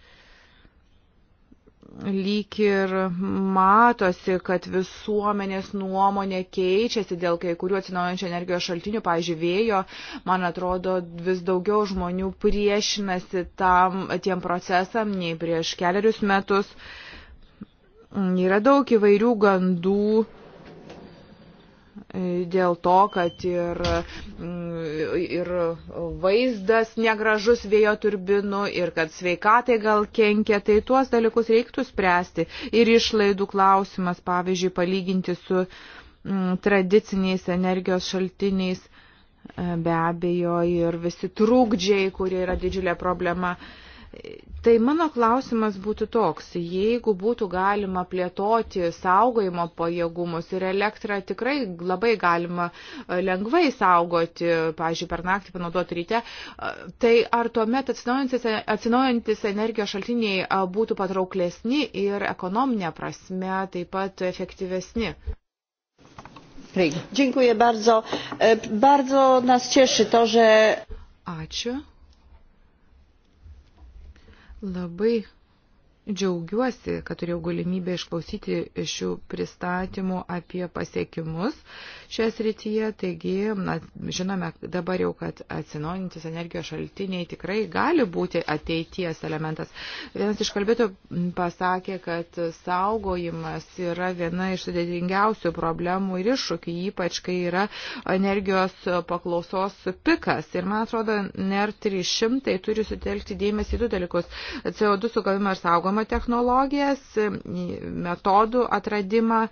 lyg ir matosi, kad visuomenės nuomonė keičiasi dėl kai kurių atsinaujančio energijos šaltinių, pavyzdžiui, vėjo, man atrodo, vis daugiau žmonių priešinasi tam, tiem procesam nei prieš keliarius metus. Uh, Yra daug įvairių gandų e, dėl to, kad ir, mm, ir vaizdas negražus vėjo turbinų ir kad sveikatai gal kenkia, tai tuos dalykus reiktų spręsti. Ir išlaidų klausimas, pavyzdžiui, palyginti su m, mm, tradiciniais energijos šaltiniais, e, be abejo, ir visi trūkdžiai, kurie yra didžiulė problema. M, Tai mano klausimas būtų toks, jeigu būtų galima plėtoti saugojimo pajėgumus ir elektrą tikrai labai galima e, lengvai saugoti, pažiūrėjau, per naktį panaudoti ryte, e, tai ar tuomet atsinaujantis energijos šaltiniai e, būtų patrauklesni ir ekonominė prasme taip pat efektyvesni? Dziękuję bardzo. Bardzo nas cieszy to, że. Ačiū labai Džiaugiuosi, kad turėjau galimybę išklausyti šių pristatymų apie pasiekimus šioje srityje. Taigi, na, žinome dabar jau, kad atsinaujantis energijos šaltiniai tikrai gali būti ateities elementas. Vienas iš kalbėtų pasakė, kad saugojimas yra viena iš sudėtingiausių problemų ir iššūkių, ypač kai yra energijos paklausos pikas. Ir man atrodo, NER 300 turi sutelkti dėmesį į du dalykus - CO2 sugavimą ir saugomą programavimo technologijas, metodų atradimą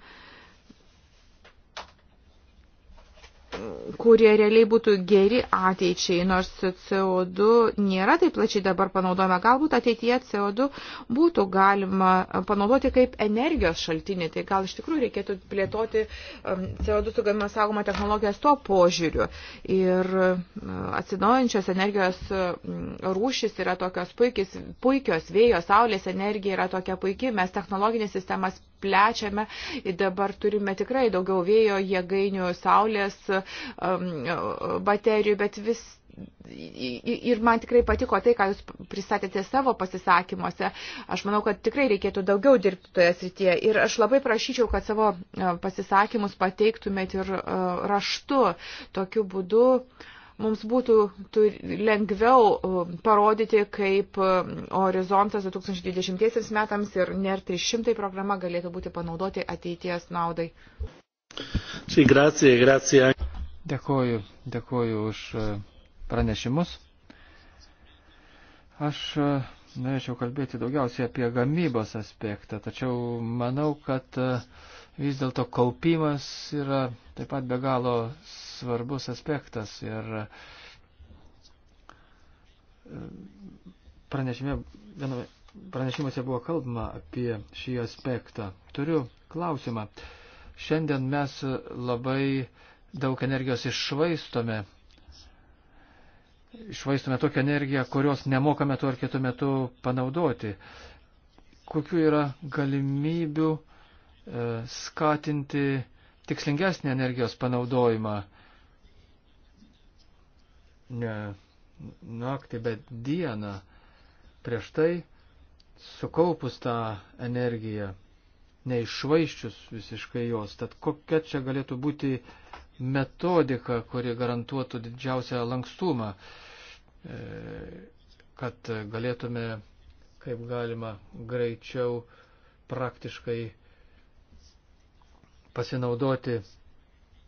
kurie realiai būtų geri ateičiai, nors CO2 nėra taip plačiai dabar panaudojama. Galbūt ateityje CO2 būtų galima panaudoti kaip energijos šaltinį, tai gal iš tikrųjų reikėtų plėtoti um, CO2 sugamimą saugomą technologijas tuo požiūriu. Ir um, atsinaujančios energijos um, rūšis yra tokios puikis, puikios, vėjo, saulės energija yra tokia puikiai, mes technologinės sistemas plečiame. Dabar turime tikrai daugiau vėjo jėgainių, saulės um, baterijų, bet vis ir man tikrai patiko tai, ką jūs pristatėte savo pasisakymuose. Aš manau, kad tikrai reikėtų daugiau dirbti toje srityje. Ir aš labai prašyčiau, kad savo uh, pasisakymus pateiktumėt ir uh, raštu. Tokiu būdu uh, mums būtų lengviau parodyti, kaip Horizontas 2020 metams ir NER 300 programa galėtų būti panaudoti ateities naudai. Sì, grazie, grazie. Dėkoju, dėkoju už e, pranešimus. Aš e, norėčiau kalbėti daugiausiai apie gamybos aspektą, tačiau manau, kad e, vis dėlto kaupimas yra taip pat be galo svarbus aspektas ir e, pranešime, viename pranešimuose buvo kalbama apie šį aspektą. Turiu klausimą. Šiandien mes labai daug energijos iššvaistome. Išvaistome tokią energiją, kurios nemokame tuo ar kitu metu panaudoti. Kokiu yra galimybių e, skatinti tikslingesnį energijos panaudojimą, ne naktį, bet dieną prieš tai, sukaupus tą energiją, neišvaiščius visiškai jos. Tad kokia čia galėtų būti metodika, kuri garantuotų didžiausią lankstumą, e, kad galėtume kaip galima greičiau praktiškai pasinaudoti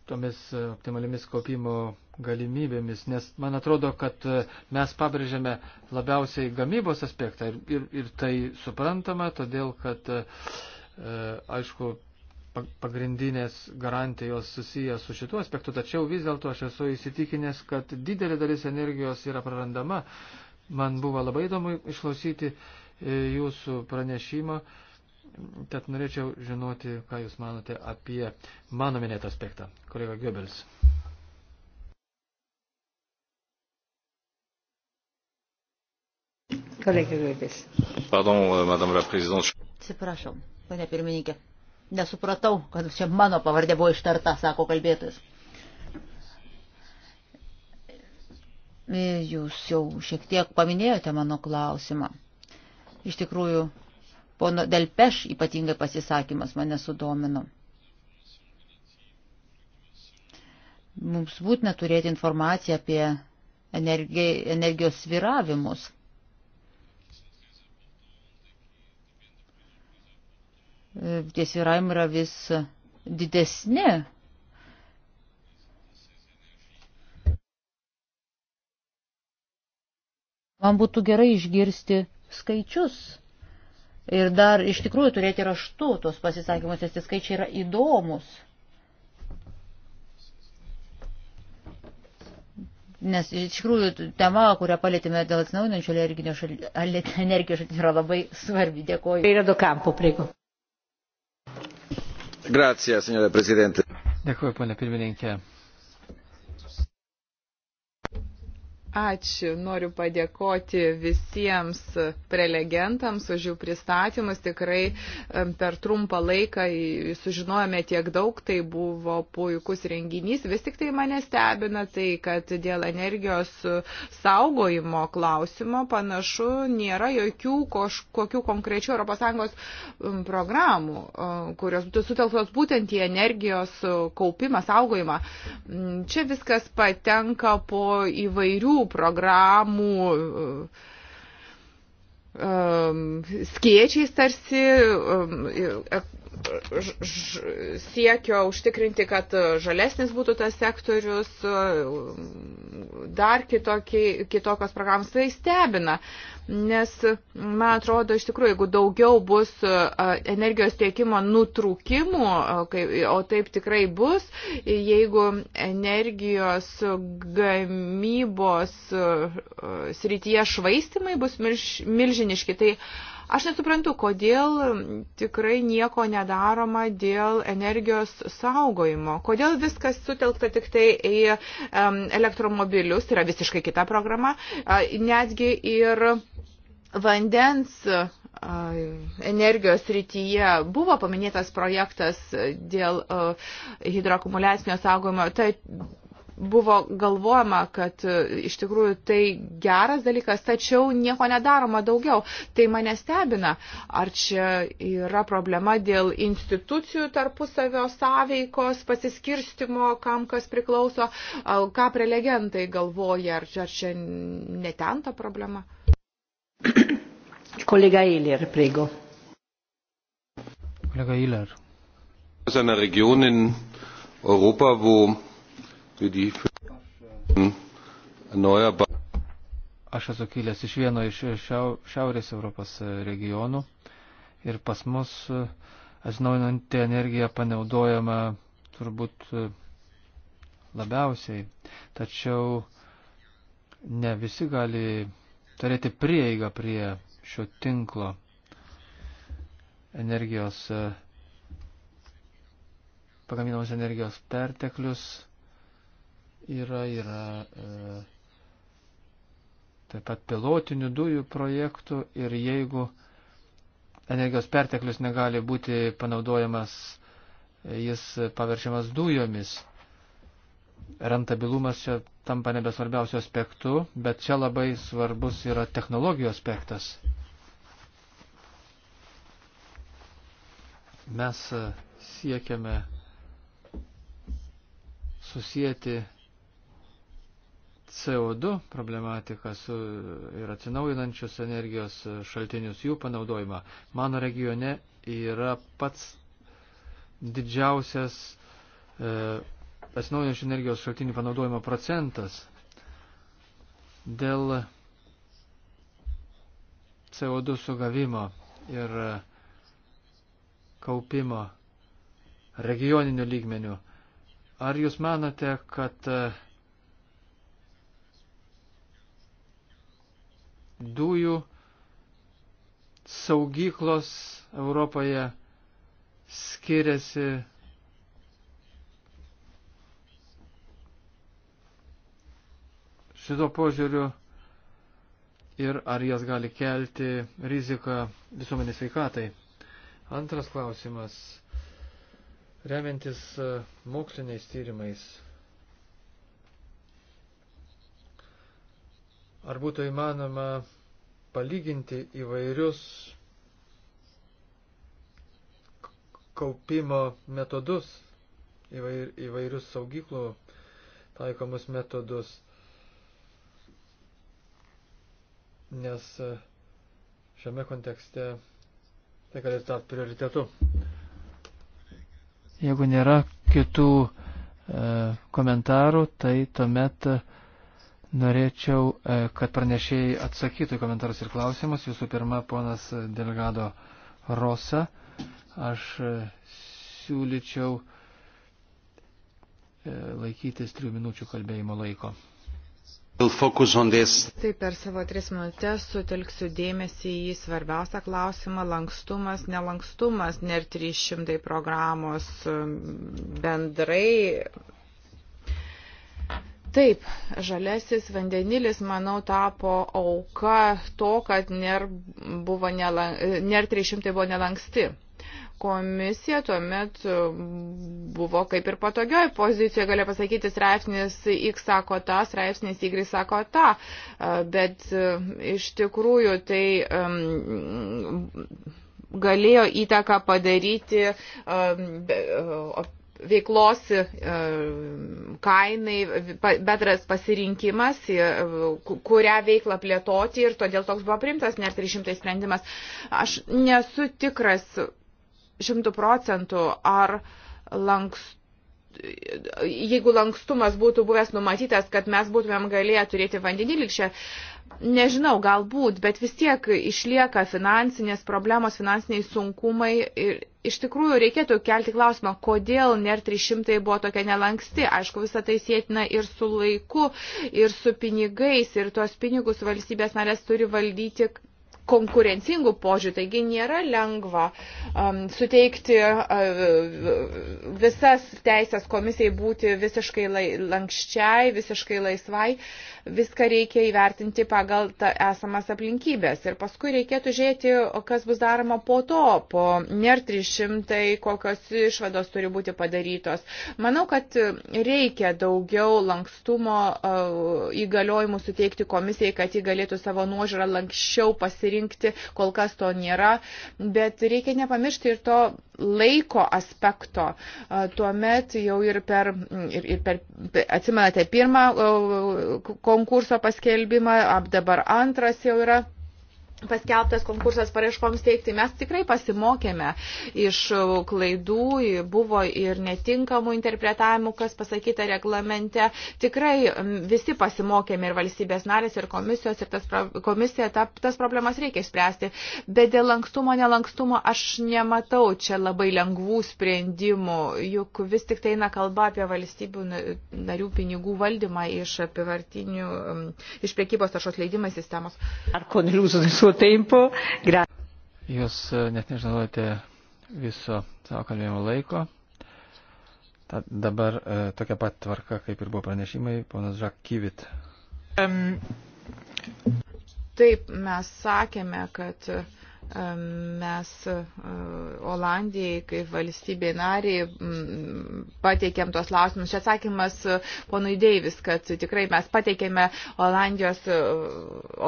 tomis optimalimis kaupimo galimybėmis, nes man atrodo, kad e, mes pabrėžiame labiausiai gamybos aspektą ir, ir, ir tai suprantama, todėl kad, e, e aišku, pagrindinės garantijos susijęs su šituo aspektu, tačiau vis dėlto aš esu įsitikinęs, kad didelė dalis energijos yra prarandama. Man buvo labai įdomu išklausyti e, jūsų pranešimą, tad norėčiau žinoti, ką jūs manote apie mano minėtą aspektą. Kolega Goebbels. Kolegė Garbės. Pardon, euh, madame la prezidente. Atsiprašau, pane pirmininkė. Nesupratau, kad čia mano pavardė buvo ištarta, sako kalbėtojas. Jūs jau šiek tiek paminėjote mano klausimą. Iš tikrųjų, pono Delpeš ypatingai pasisakymas mane sudomino. Mums būtina turėti informaciją apie energijos sviravimus. tie sviravimai yra vis didesni. Man būtų gerai išgirsti skaičius ir dar iš tikrųjų turėti raštu tos pasisakymus, nes tie skaičiai yra įdomus. Nes iš tikrųjų tema, kurią palėtėme dėl atsinaujinančių energijos šaltinių, yra labai svarbi. Dėkoju. Grazie, signore prezidente. Dėkuoju, ponė pirmininkė. Ačiū, noriu padėkoti visiems prelegentams už jų pristatymus. Tikrai per trumpą laiką sužinojome tiek daug, tai buvo puikus renginys. Vis tik tai mane stebina tai, kad dėl energijos saugojimo klausimo panašu nėra jokių kokių konkrečių ES programų, kurios būtų sutelktos būtent į energijos kaupimą, saugojimą. Čia viskas patenka po įvairių programų um, um, skėčiais tarsi um, siekio užtikrinti, kad žalesnis būtų tas sektorius, dar kitokie, kitokios programos tai stebina. Nes, man atrodo, iš tikrųjų, jeigu daugiau bus energijos tiekimo nutrūkimų, o taip tikrai bus, jeigu energijos gamybos srityje švaistimai bus milžiniški, tai Aš nesuprantu, kodėl tikrai nieko nedaroma dėl energijos saugojimo. Kodėl viskas sutelkta tik tai į um, elektromobilius, tai yra visiškai kita programa, uh, netgi ir vandens uh, energijos rytyje buvo paminėtas projektas dėl uh, hidroakumuliacinio saugojimo. Tai buvo galvojama, kad e, iš tikrųjų tai geras dalykas, tačiau nieko nedaroma daugiau. Tai mane stebina, ar čia yra problema dėl institucijų tarpusavio sąveikos, pasiskirstimo, kam kas priklauso, ką prelegentai galvoja, ar čia, ar čia netenta problema. Kolega Eiler, prego. Kolega Eiler. Seiner Region in Europa, wo Aš esu kilęs iš vieno iš Šiaurės Europos regionų ir pas mus atsinaujinanti energija panaudojama turbūt labiausiai. Tačiau ne visi gali turėti prieigą prie šio tinklo energijos, pagaminamos energijos perteklius yra, yra e, taip pat pilotinių dujų projektų ir jeigu energijos perteklius negali būti panaudojamas, jis paverčiamas dujomis. Rentabilumas čia tampa nebesvarbiausiu aspektu, bet čia labai svarbus yra technologijų aspektas. Mes siekiame susijęti CO2 problematiką su, ir atsinaujinančius energijos šaltinius, jų panaudojimą, mano regione yra pats didžiausias e, atsinaujinančių energijos šaltinių panaudojimo procentas. Dėl CO2 sugavimo ir kaupimo regioninių lygmenių. Ar jūs manote, kad e, dujų saugyklos Europoje skiriasi šito požiūriu ir ar jas gali kelti riziką visuomenės veikatai. Antras klausimas. Remiantis e, moksliniais tyrimais, Ar būtų įmanoma palyginti įvairius kaupimo metodus, įvair, įvairius saugyklų taikomus metodus, nes e, šiame kontekste tai galėtų tapti prioritetu. Jeigu nėra kitų e, komentarų, tai tuomet e, Norėčiau, e, kad pranešėjai atsakytų į komentarus ir klausimus. Jūsų pirma, ponas Delgado Rosa. Aš e, siūlyčiau e, laikytis trijų minučių kalbėjimo laiko. Tai per savo tris minutės sutelksiu dėmesį į svarbiausią klausimą - lankstumas, nelankstumas, NER 300 programos bendrai Taip, žalesis vandenilis, manau, tapo auka to, kad NER, buvo nelan, NER 300 buvo nelanksti. Komisija tuomet buvo kaip ir patogioj pozicijoje, galia pasakyti, straipsnis X sako tą, straipsnis Y sako tą, bet iš tikrųjų tai um, galėjo įtaką padaryti um, be, veiklos e, kainai, bedras pasirinkimas, e, kurią veiklą plėtoti ir todėl toks buvo primtas net 300 sprendimas. Aš nesu tikras šimtų procentų, ar lankst jeigu lankstumas būtų buvęs numatytas, kad mes būtumėm galėję turėti vandenilį čia, Nežinau, galbūt, bet vis tiek išlieka finansinės problemos, finansiniai sunkumai ir iš tikrųjų reikėtų kelti klausimą, kodėl NER 300 buvo tokia nelanksti. Aišku, visą tai sėtina ir su laiku, ir su pinigais, ir tuos pinigus valstybės narės turi valdyti konkurencingų požiūrį, taigi nėra lengva um, suteikti uh, visas teisės komisijai būti visiškai lai, lankščiai, visiškai laisvai. Uh, viską reikia įvertinti pagal esamas aplinkybės. Ir paskui reikėtų žiūrėti, kas bus daroma po to, po NER 300, kokios išvados turi būti padarytos. Manau, kad reikia daugiau lankstumo e, įgaliojimų suteikti komisijai, kad ji galėtų savo nuožiūrą lankščiau pasirinkti, kol kas to nėra. Bet reikia nepamiršti ir to laiko aspekto. Tuomet jau ir per, ir, ir per atsimenate, pirmą konkurso paskelbimą, dabar antras jau yra paskelbtas konkursas paraiškoms teikti. Mes tikrai pasimokėme iš klaidų, buvo ir netinkamų interpretavimų, kas pasakyta reglamente. Tikrai visi pasimokėme ir valstybės narės, ir komisijos, ir tas, komisija, ta, tas problemas reikia išspręsti. Bet dėl lankstumo, nelankstumo aš nematau čia labai lengvų sprendimų, juk vis tik tai eina kalba apie valstybių narių pinigų valdymą iš apivartinių, iš priekybos taršos leidimai sistemos. Ar koniliūzų visų suo tempo. Gra Jūs e, net nežinote viso savo kalbėjimo laiko. Ta, dabar e, tokia pat tvarka, kaip ir buvo pranešimai, ponas Žak Kyvit. Um, taip, mes sakėme, kad uh, mes e, Olandijai kaip valstybė nariai pateikėm tos lausimus. Šia atsakymas e, ponui Deivis, kad tikrai mes pateikėme Olandijos, e,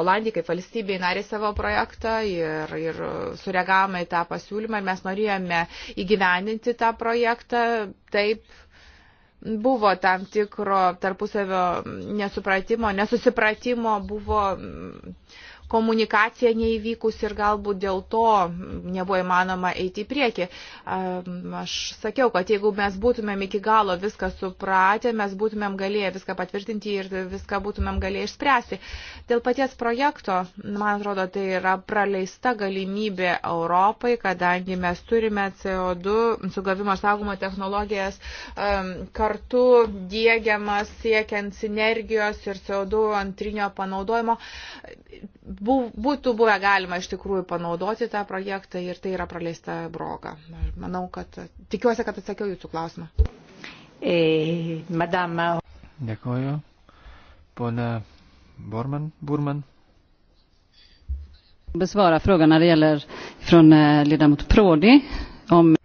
Olandijai kaip valstybė nariai savo projektą ir, ir sureagavome į tą pasiūlymą ir mes norėjome įgyvendinti tą projektą taip buvo tam tikro tarpusavio nesupratimo, nesusipratimo, buvo komunikacija neįvykus ir galbūt dėl to nebuvo įmanoma eiti į priekį. Aš sakiau, kad jeigu mes būtumėm iki galo viską supratę, mes būtumėm galėję viską patvirtinti ir viską būtumėm galėję išspręsti. Dėl paties projekto, man atrodo, tai yra praleista galimybė Europai, kadangi mes turime CO2 sugavimo saugumo technologijas kartu dėgiamas siekiant sinergijos ir CO2 antrinio panaudojimo būtų buvę galima iš tikrųjų panaudoti tą projektą ir tai yra praleista broga. Manau, kad tikiuosi, kad atsakiau jūsų klausimą. E, madama. Uh, Dėkoju. Pone Borman. Burman. Besvara frågan när det gäller från eh, ledamot Prodi om...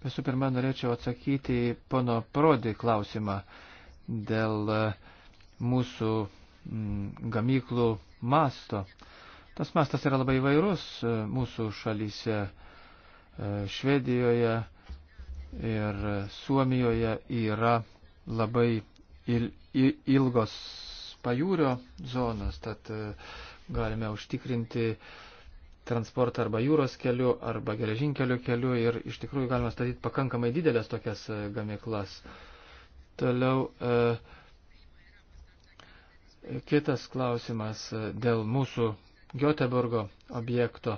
Visų pirma, norėčiau atsakyti pono Prodi klausimą dėl eh, mūsų mm, gamyklų masto. Tas mastas yra labai vairus e, mūsų šalyse, e, Švedijoje ir Suomijoje yra labai il, ilgos pajūrio zonos, tad e, galime užtikrinti transportą arba jūros keliu, arba geležinkelio keliu ir iš tikrųjų galima statyti pakankamai didelės tokias gamyklas. Toliau e, Kitas klausimas dėl mūsų Göteborgo objekto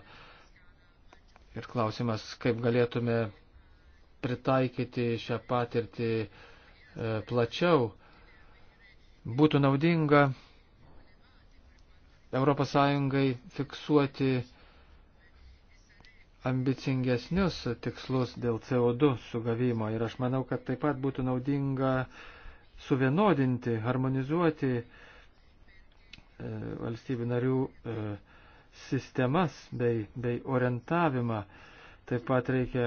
ir klausimas, kaip galėtume pritaikyti šią patirtį e, plačiau, būtų naudinga ES fiksuoti ambicingesnius tikslus dėl CO2 sugavimo ir aš manau, kad taip pat būtų naudinga suvienodinti, harmonizuoti uh, E, valstybių narių e, sistemas bei, bei orientavimą. Taip pat reikia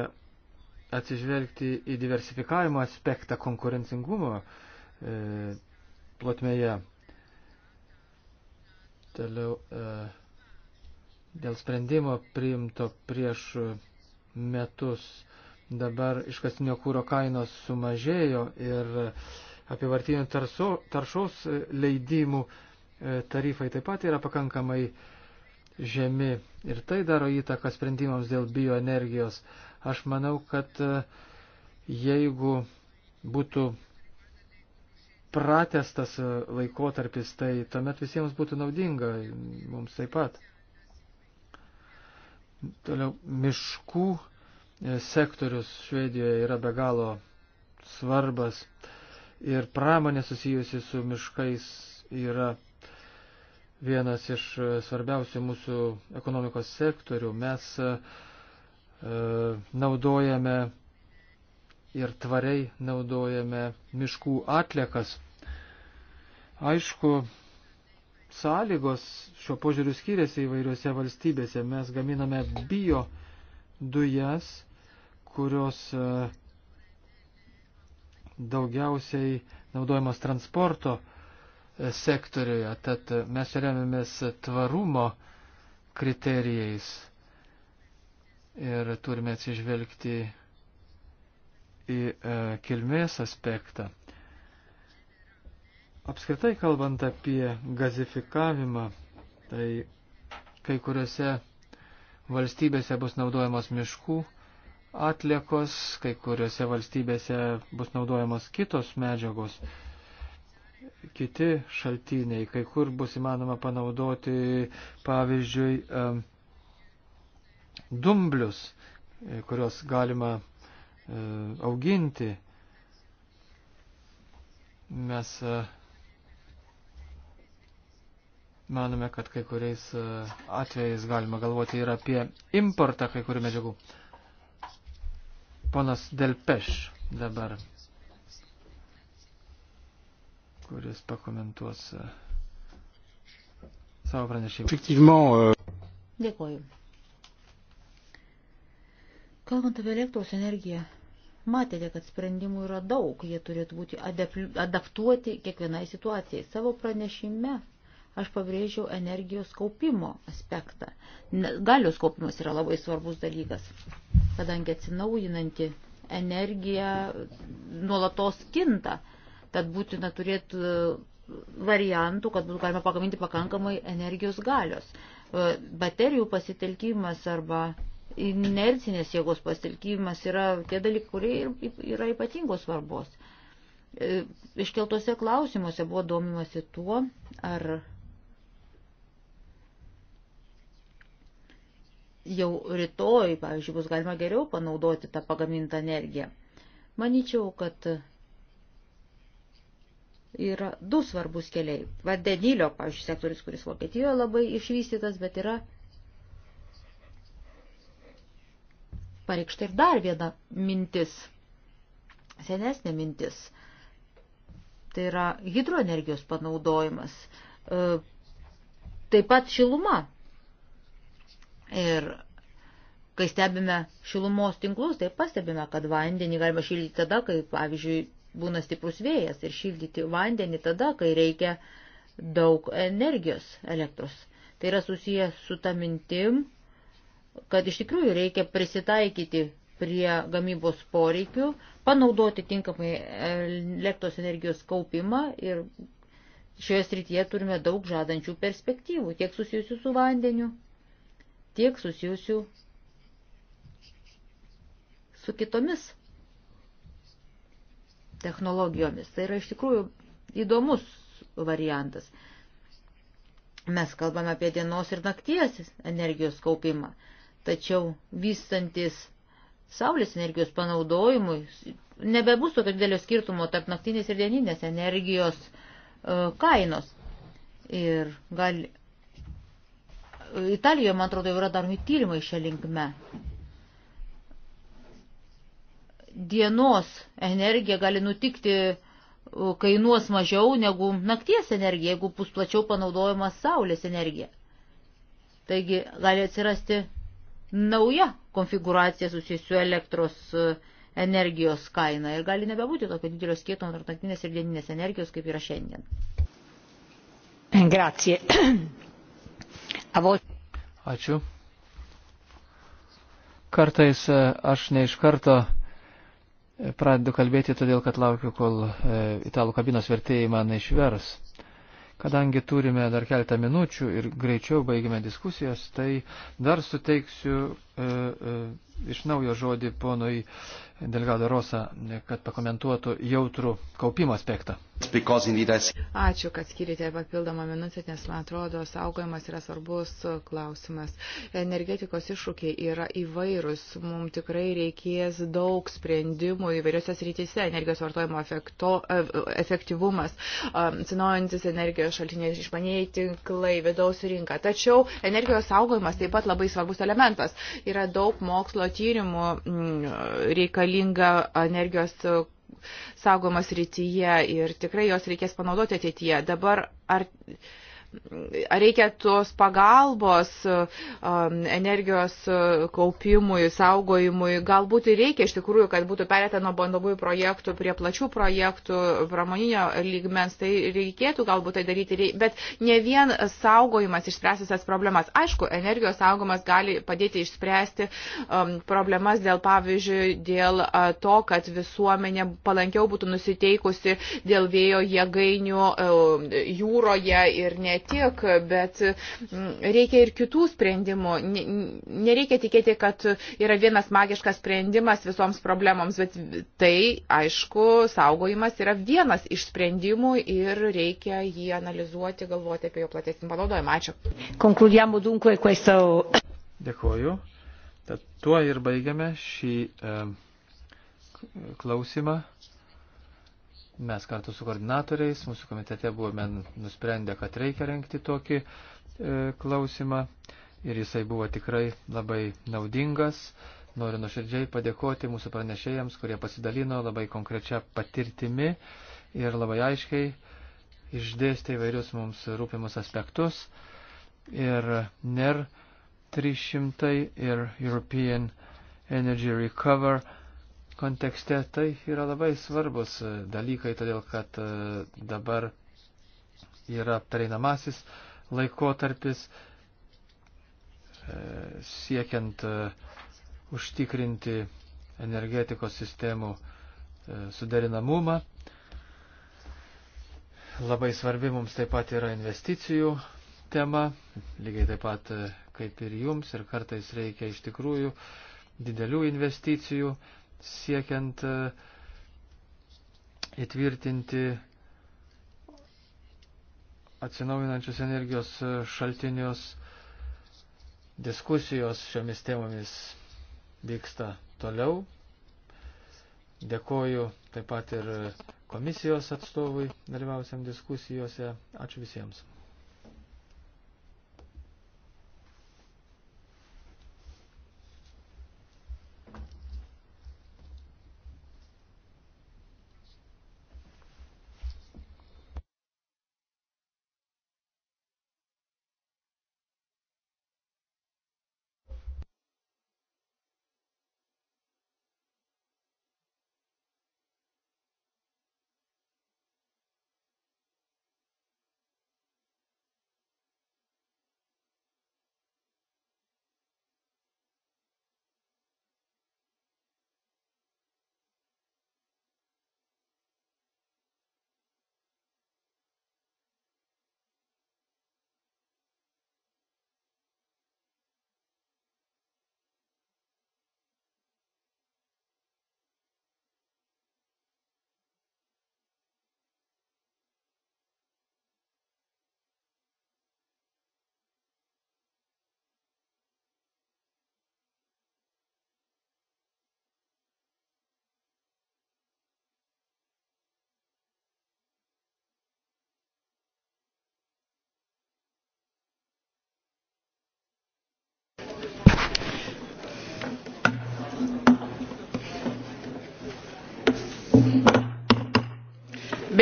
atsižvelgti į diversifikavimo aspektą konkurencingumo e, plotmėje. Toliau e, dėl sprendimo priimto prieš metus dabar iškastinio kūro kainos sumažėjo ir apivartinių taršos leidimų e, E, tarifai taip pat yra pakankamai žemi ir tai daro įtaką sprendimams dėl bioenergijos. Aš manau, kad e, jeigu būtų pratestas e, laikotarpis, tai tuomet visiems būtų naudinga, mums taip pat. Toliau, miškų sektorius Švedijoje yra be galo svarbas ir pramonė susijusi su miškais yra vienas iš e, svarbiausių mūsų ekonomikos sektorių. Mes e, e, naudojame ir tvariai naudojame miškų atliekas. Aišku, sąlygos šio požiūriu skiriasi įvairiuose valstybėse. Mes gaminame bio dujas, kurios daugiausiai naudojamos transporto sektoriuje. Tad mes remiamės tvarumo kriterijais ir turime atsižvelgti į e, kilmės aspektą. Apskritai kalbant apie gazifikavimą, tai kai kuriuose valstybėse bus naudojamos miškų atliekos, kai kuriuose valstybėse bus naudojamos kitos medžiagos. E, kiti šaltiniai, kai kur bus įmanoma panaudoti, pavyzdžiui, dumblius, e, kurios galima e, auginti. Mes e, manome, kad kai kuriais atvejais galima galvoti ir apie importą kai kurių medžiagų. Ponas Delpeš dabar kuris pakomentuos e, savo pranešimą. Euh, Dėkoju. Kalbant apie elektros energiją, matėte, kad sprendimų yra daug, jie turėtų būti adaptuoti kiekvienai situacijai. Savo pranešime aš pabrėžiau energijos kaupimo aspektą. Galios kaupimas yra labai svarbus dalykas, kadangi atsinaujinanti energija nuolatos kinta Tad būtina turėti e, variantų, kad būtų galima pagaminti pakankamai energijos galios. E, baterijų pasitelkimas arba inercinės jėgos pasitelkimas yra tie dalykai, kurie yra ypatingos svarbos. E, iškeltose klausimuose buvo domimasi tuo, ar jau rytoj, pavyzdžiui, bus galima geriau panaudoti tą pagamintą energiją. Maničiau, kad yra du svarbus keliai. Vandenilio, pavyzdžiui, sektorius, kuris Vokietijoje labai išvystytas, bet yra pareikšta ir dar viena mintis, senesnė mintis. Tai yra hidroenergijos panaudojimas, e, taip pat šiluma. Ir kai stebime šilumos tinklus, tai pastebime, kad vandenį galima šildyti tada, kai, pavyzdžiui, būna stiprus vėjas ir šildyti vandenį tada, kai reikia daug energijos elektros. Tai yra susiję su tą mintim, kad iš tikrųjų reikia prisitaikyti prie gamybos poreikių, panaudoti tinkamai elektros energijos kaupimą ir šioje srityje turime daug žadančių perspektyvų, tiek susijusių su vandeniu, tiek susijusių su kitomis technologijomis. Tai yra iš tikrųjų įdomus variantas. Mes kalbame apie dienos ir nakties energijos kaupimą, tačiau vystantis saulės energijos panaudojimui nebebus tokio didelio skirtumo tarp naktinės ir dieninės energijos e, kainos. Ir gal Italijoje, man atrodo, yra daromi tyrimai šią linkme dienos energija gali nutikti kainuos mažiau negu nakties energija, jeigu bus plačiau panaudojama saulės energija. Taigi gali atsirasti nauja konfiguracija susijusiu elektros e, energijos kaina ir gali nebebūti tokio didelio skirtumo tarp naktinės ir dieninės energijos, kaip yra šiandien. Grazie. Ačiū. Kartais e, aš ne iš karto pradedu kalbėti todėl, kad laukiu, kol e, italų kabinos vertėjai man išvers. Kadangi turime dar keletą minučių ir greičiau baigime diskusijas, tai dar suteiksiu e, e, iš naujo žodį ponui Delgado Rosa, kad pakomentuotų jautrų kaupimo aspektą. Ačiū, kad skirite papildomą minutę, nes man atrodo, saugojimas yra svarbus klausimas. Energetikos iššūkiai yra įvairūs. Mums tikrai reikės daug sprendimų įvairiose srityse. Energijos vartojimo efekto, e, efektyvumas, e, atsinaujantis energijos šaltiniai, išmaniai tinklai, vidaus rinka. Tačiau energijos saugojimas taip pat labai svarbus elementas. Yra daug mokslo tyrimų reikalingų reikalinga energijos saugomos rytyje ir tikrai jos reikės panaudoti ateityje. Dabar ar Ar reikia tos pagalbos um, energijos kaupimui, saugojimui? Galbūt ir reikia iš tikrųjų, kad būtų perėta nuo bandomųjų projektų prie plačių projektų, pramoninio lygmens. Tai reikėtų galbūt tai daryti, bet ne vien saugojimas išspręs visas problemas. Aišku, energijos saugomas gali padėti išspręsti um, problemas dėl, pavyzdžiui, dėl to, kad visuomenė palankiau būtų nusiteikusi dėl vėjo jėgainių e, jūroje ir net tik, bet mm, reikia ir kitų sprendimų. Nereikia tikėti, kad yra vienas magiškas sprendimas visoms problemoms, bet tai, aišku, saugojimas yra vienas iš sprendimų ir reikia jį analizuoti, galvoti apie jo platesnį panaudojimą. Ačiū. Konkludiamo dunque questo. Dėkuoju. Tad tuo ir baigiame šį e, klausimą. Mes kartu su koordinatoriais, mūsų komitete buvome nusprendę, kad reikia renkti tokį e, klausimą ir jisai buvo tikrai labai naudingas. Noriu nuoširdžiai padėkoti mūsų pranešėjams, kurie pasidalino labai konkrečia patirtimi ir labai aiškiai išdėstė įvairius mums rūpimus aspektus. Ir NER 300 ir European Energy Recover kontekste tai yra labai svarbus e, dalykai, todėl kad e, dabar yra pereinamasis laikotarpis e, siekiant užtikrinti energetikos sistemų suderinamumą. Labai svarbi mums taip pat yra investicijų tema, lygiai taip pat kaip ir jums, ir kartais reikia iš tikrųjų didelių investicijų, siekiant e, įtvirtinti atsinaujinančius energijos e, šaltinius diskusijos šiomis temomis vyksta toliau. Dėkoju taip pat ir komisijos atstovui dalyvausiam diskusijose. Ačiū visiems.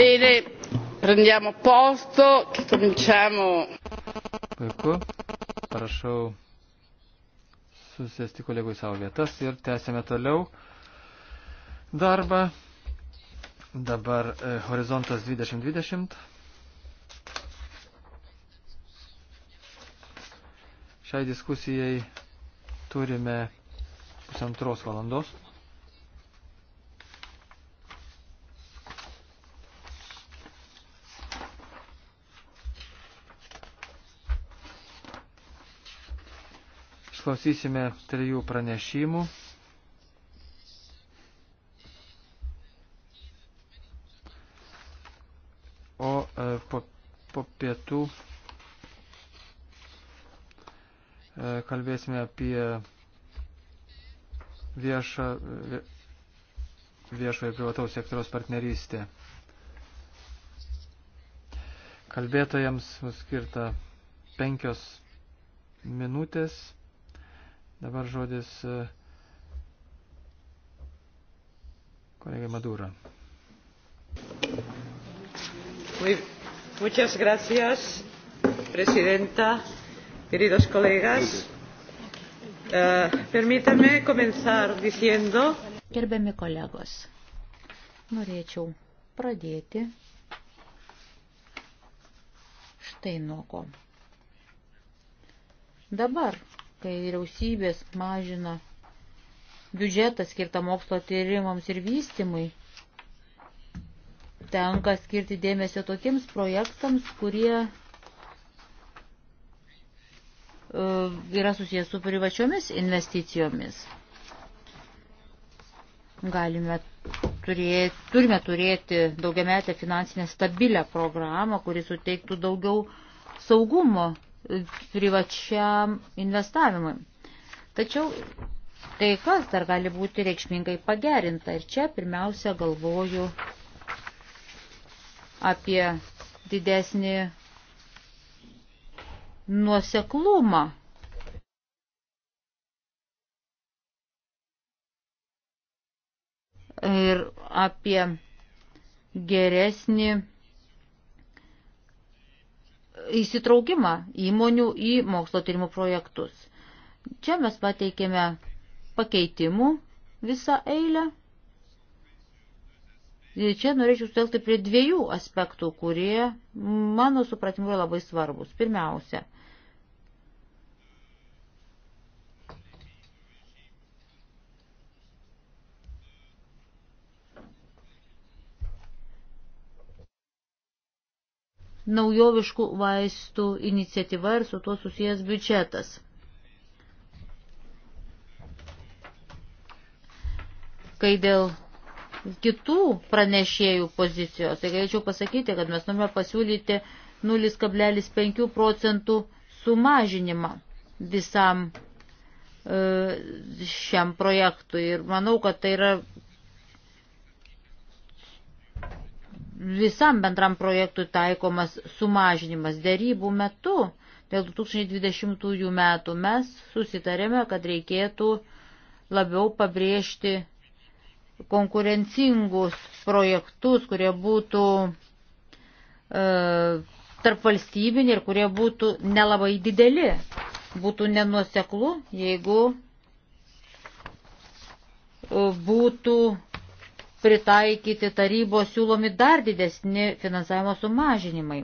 Bene, prendiamo posto, cominciamo. Puiku, prašau susėsti kolegų į savo vietas ir tęsime toliau darbą. Dabar e, horizontas 2020. Šiai diskusijai turime pusantros valandos. Išklausysime trijų pranešimų. O e, po, po pietų e, kalbėsime apie viešą, e, viešo ir privataus sektoriaus partnerystę. Kalbėtojams bus skirta penkios minutės. Dabar žodis e, kolegai Madūra. Muchas gracias, presidenta, queridos colegas. Uh, permítame comenzar diciendo. Gerbiami kolegos, norėčiau pradėti štai nuo ko. Dabar kai vyriausybės mažina biudžetą skirtą mokslo tyrimams ir vystimui, tenka skirti dėmesio tokiems projektams, kurie e, yra susijęs su privačiomis investicijomis. Galime turėti, turime turėti daugiametę finansinę stabilę programą, kuri suteiktų daugiau saugumo privačiam investavimui. Tačiau tai kas dar gali būti reikšmingai pagerinta ir čia pirmiausia galvoju apie didesnį nuoseklumą. Ir apie geresnį įsitraukimą įmonių į mokslo tyrimų projektus. Čia mes pateikėme pakeitimų visą eilę. Ir čia norėčiau sutelkti prie dviejų aspektų, kurie mano supratimu yra labai svarbus. Pirmiausia, naujoviškų vaistų iniciatyva ir su tuo susijęs biudžetas. Kai dėl kitų pranešėjų pozicijos, tai galėčiau pasakyti, kad mes norime pasiūlyti 0,5 procentų sumažinimą visam e, šiam projektui. Ir manau, kad tai yra visam bendram projektui taikomas sumažinimas dėrybų metu. Dėl 2020 metų mes susitarėme, kad reikėtų labiau pabrėžti konkurencingus projektus, kurie būtų e, tarp valstybinį ir kurie būtų nelabai dideli. Būtų nenuoseklu, jeigu e, būtų pritaikyti tarybos siūlomi dar didesni finansavimo sumažinimai.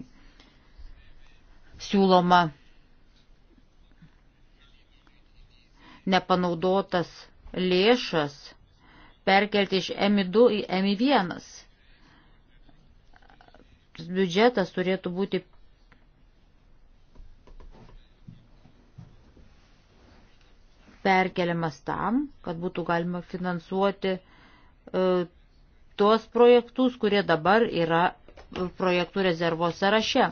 Siūloma nepanaudotas lėšas perkelti iš M2 į M1. Biudžetas turėtų būti perkeliamas tam, kad būtų galima finansuoti uh, tuos projektus, kurie dabar yra projektų rezervo sąraše.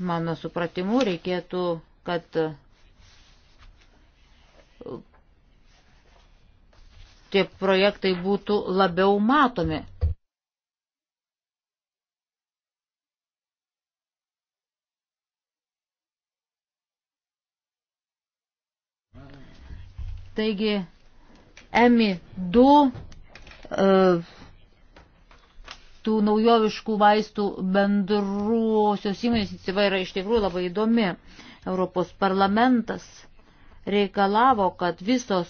Mano supratimu, reikėtų, kad tie projektai būtų labiau matomi. Taigi, EMI 2 E, tų naujoviškų vaistų bendruosios įmonės iniciatyva yra iš tikrųjų labai įdomi. Europos parlamentas reikalavo, kad visos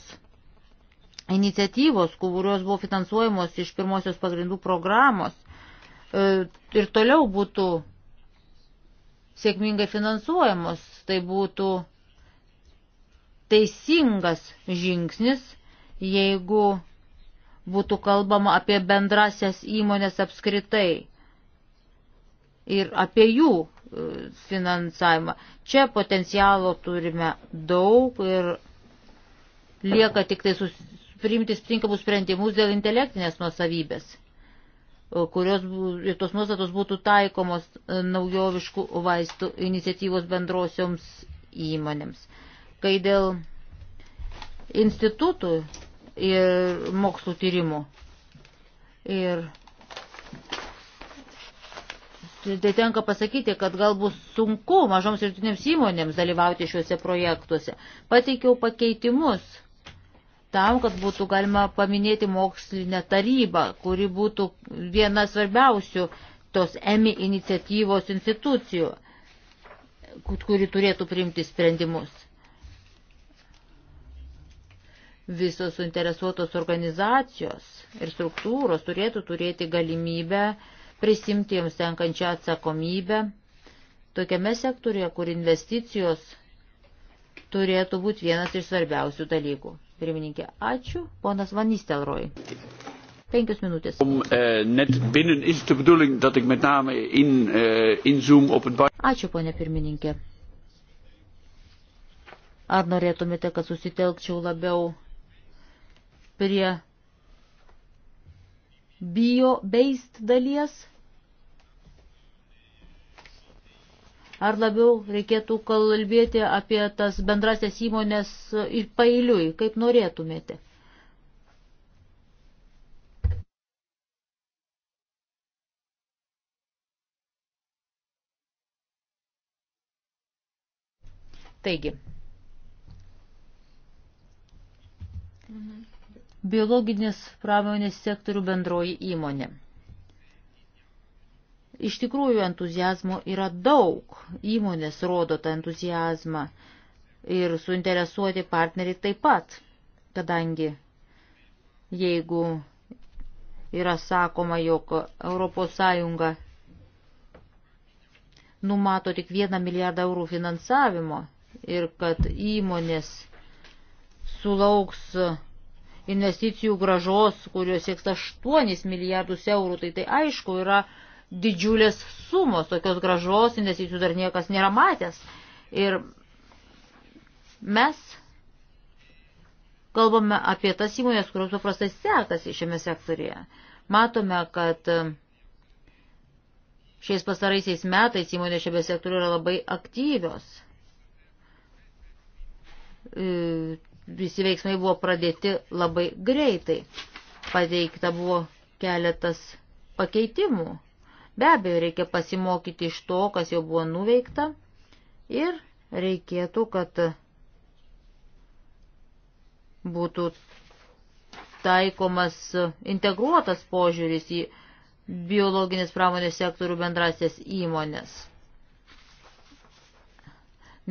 iniciatyvos, kurios buvo finansuojamos iš pirmosios pagrindų programos, e, ir toliau būtų sėkmingai finansuojamos. Tai būtų teisingas žingsnis, jeigu būtų kalbama apie bendrasias įmonės apskritai ir apie jų e, finansavimą. Čia potencialo turime daug ir lieka tik tai sus... priimti tinkamus sprendimus dėl intelektinės nuosavybės, e, kurios ir tos nuostatos būtų taikomos e, naujoviškų vaistų iniciatyvos bendrosioms įmonėms. Kai dėl institutų ir mokslų tyrimų. Ir tai tenka pasakyti, kad gal bus sunku mažoms ir tinėms įmonėms dalyvauti šiuose projektuose. Pateikiau pakeitimus tam, kad būtų galima paminėti mokslinę tarybą, kuri būtų viena svarbiausių tos EMI iniciatyvos institucijų, kuri turėtų priimti sprendimus visos suinteresuotos organizacijos ir struktūros turėtų turėti galimybę prisimti jums tenkančią atsakomybę tokiame sektorėje, kur investicijos turėtų būti vienas iš svarbiausių dalykų. Pirmininkė, ačiū. Ponas Vanistelroj. Penkios minutės. Om, uh, net binnen is de bedoeling dat ik met name in, uh, inzoom op het... Ačiū, ponė pirmininkė. Ar norėtumėte, kad susitelkčiau labiau prie bio-based dalies? Ar labiau reikėtų kalbėti apie tas bendrasias įmonės ir pailiui, kaip norėtumėte? Taigi. Mhm biologinės pramonės sektorių bendroji įmonė. Iš tikrųjų, entuzijazmo yra daug. Įmonės rodo tą entuzijazmą ir suinteresuoti partneriai taip pat, kadangi jeigu yra sakoma, jog ES numato tik vieną milijardą eurų finansavimo ir kad įmonės sulauks investicijų gražos, kurios sieks 8 milijardus eurų, tai tai aišku yra didžiulės sumos, tokios gražos investicijų dar niekas nėra matęs. Ir mes kalbame apie tas įmonės, kurios paprastai sekasi šiame sektorėje. Matome, kad šiais pasaraisiais metais įmonės šiame sektoriuje yra labai aktyvios. E, visi veiksmai buvo pradėti labai greitai. Pateikta buvo keletas pakeitimų. Be abejo, reikia pasimokyti iš to, kas jau buvo nuveikta ir reikėtų, kad būtų taikomas integruotas požiūris į biologinės pramonės sektorių bendrasias įmonės.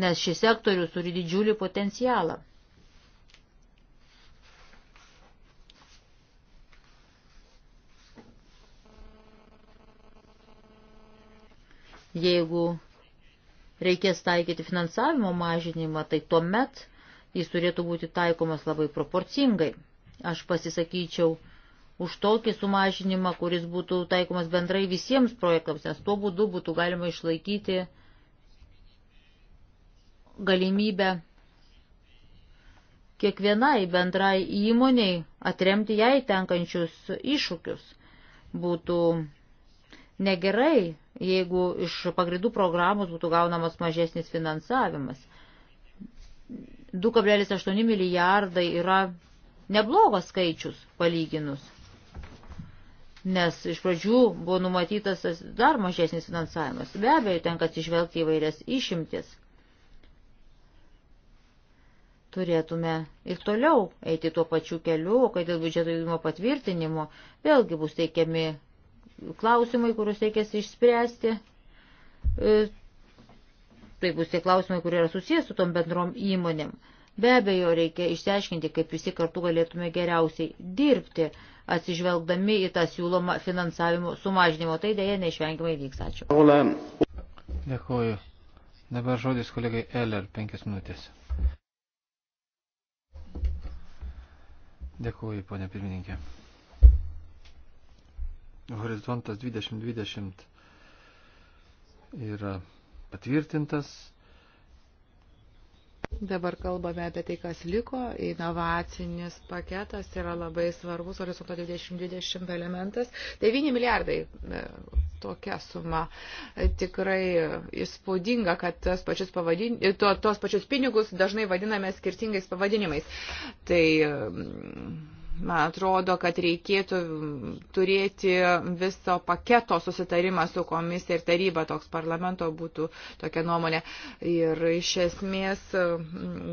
Nes šis sektorius turi didžiulį potencialą. Jeigu reikės taikyti finansavimo mažinimą, tai tuomet jis turėtų būti taikomas labai proporcingai. Aš pasisakyčiau už tokį sumažinimą, kuris būtų taikomas bendrai visiems projektams, nes tuo būdu būtų galima išlaikyti galimybę kiekvienai bendrai įmoniai atremti jai tenkančius iššūkius. Būtų negerai, jeigu iš pagrindų programos būtų gaunamas mažesnis finansavimas. 2,8 milijardai yra neblogas skaičius palyginus, nes iš pradžių buvo numatytas dar mažesnis finansavimas. Be abejo, tenka atsižvelgti įvairias išimtis. Turėtume ir toliau eiti tuo pačiu keliu, kai dėl biudžeto įvykdymo patvirtinimo vėlgi bus teikiami klausimai, kuriuos reikės išspręsti. E, tai bus tie klausimai, kurie yra susijęs su tom bendrom įmonėm. Be abejo, reikia išsiaiškinti, kaip visi kartu galėtume geriausiai dirbti, atsižvelgdami į tą siūlomą finansavimo sumažinimo. Tai dėja neišvengiamai vyks. Ačiū. Dėkuoju. Dabar žodis kolegai Eller, penkias minutės. Dėkuoju, ponė pirmininkė horizontas 2020 yra patvirtintas. Dabar kalbame apie tai, kas liko. Inovacinis paketas yra labai svarbus, horizonto 2020 elementas. 9 milijardai e, tokia suma. E, tikrai įspūdinga, kad tos pačius, pavadin... E, to, tos pačius pinigus dažnai vadiname skirtingais pavadinimais. Tai mm, Man atrodo, kad reikėtų turėti viso paketo susitarimą su komisija ir taryba, toks parlamento būtų tokia nuomonė. Ir iš esmės,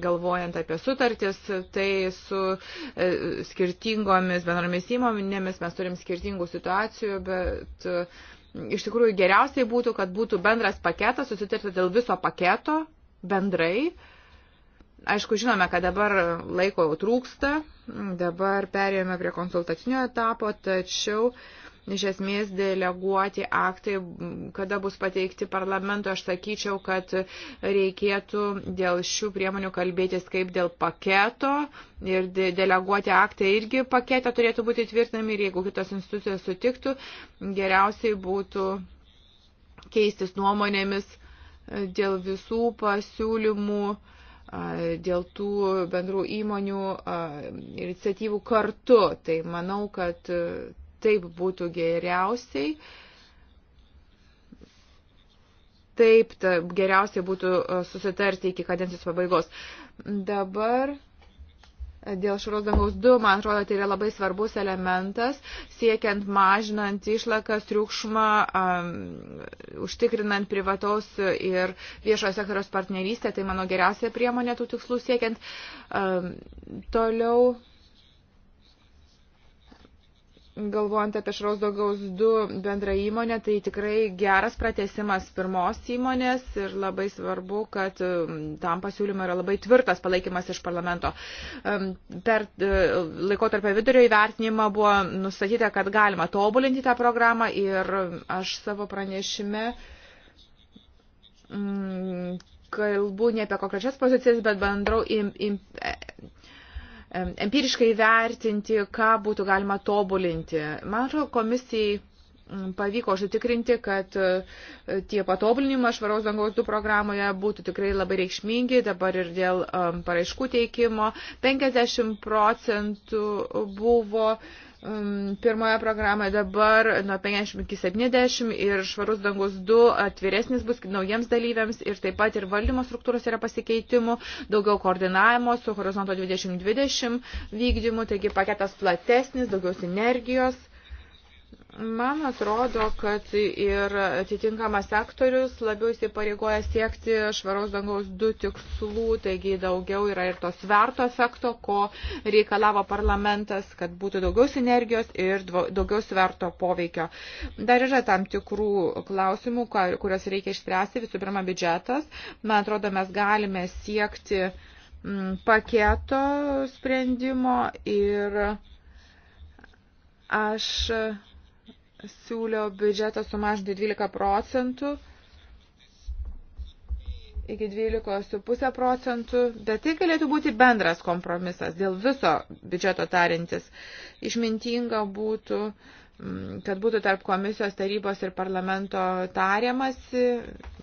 galvojant apie sutartis, tai su e, skirtingomis bendromis įmonėmis mes turim skirtingų situacijų, bet e, iš tikrųjų geriausiai būtų, kad būtų bendras paketas, susitarti dėl viso paketo bendrai Aišku, žinome, kad dabar laiko jau trūksta, dabar perėjome prie konsultacinio etapo, tačiau iš esmės deleguoti aktai, kada bus pateikti parlamento, aš sakyčiau, kad reikėtų dėl šių priemonių kalbėtis kaip dėl paketo ir deleguoti aktai irgi pakete turėtų būti tvirtinami ir jeigu kitos institucijos sutiktų, geriausiai būtų keistis nuomonėmis dėl visų pasiūlymų dėl tų bendrų įmonių iniciatyvų kartu. Tai manau, kad e, taip būtų geriausiai. Taip, ta, geriausiai būtų e, susitarti iki kadencijos pabaigos. Dabar Dėl švaros dangaus 2, man atrodo, tai yra labai svarbus elementas, siekiant mažinant išlakas, triukšmą, um, užtikrinant privataus ir viešojo sektoriaus partnerystę, tai mano geriausia priemonė tų tikslų siekiant. Um, toliau galvojant apie Šraus daugiaus 2 bendrą įmonę, tai tikrai geras pratesimas pirmos įmonės ir labai svarbu, kad um, tam pasiūlymui yra labai tvirtas palaikymas iš parlamento. Um, per uh, laikotarpio vidurio įvertinimą buvo nustatyta, kad galima tobulinti tą programą ir um, aš savo pranešime. Mm, kalbu ne apie konkrečias pozicijas, bet bandau im, im, empiriškai vertinti, ką būtų galima tobulinti. Man atrodo, komisijai pavyko užtikrinti, kad e, tie patobulinimai švaraus dangaus 2 programoje būtų tikrai labai reikšmingi, dabar ir dėl paraiškų teikimo 50 procentų buvo uh, pirmoje programoje dabar nuo 50 iki 70 ir švarus dangus 2 atviresnis bus naujiems dalyviams ir taip pat ir valdymo struktūros yra pasikeitimų, daugiau koordinavimo su horizonto 2020 vykdymu, taigi paketas platesnis, daugiau sinergijos Man atrodo, kad ir atitinkamas sektorius labiau įsipareigoja siekti švaraus dangaus du tikslų, taigi daugiau yra ir to sverto efekto, ko reikalavo parlamentas, kad būtų daugiau sinergijos ir daugiau sverto poveikio. Dar yra tam tikrų klausimų, kuriuos reikia išspręsti, visų pirma biudžetas. Man atrodo, mes galime siekti mm, paketo sprendimo ir aš siūlio biudžetą sumažinti 12 procentų iki 12,5 procentų, bet tai galėtų būti bendras kompromisas dėl viso biudžeto tarintis. Išmintinga būtų uh, kad būtų tarp komisijos tarybos ir parlamento tariamasi,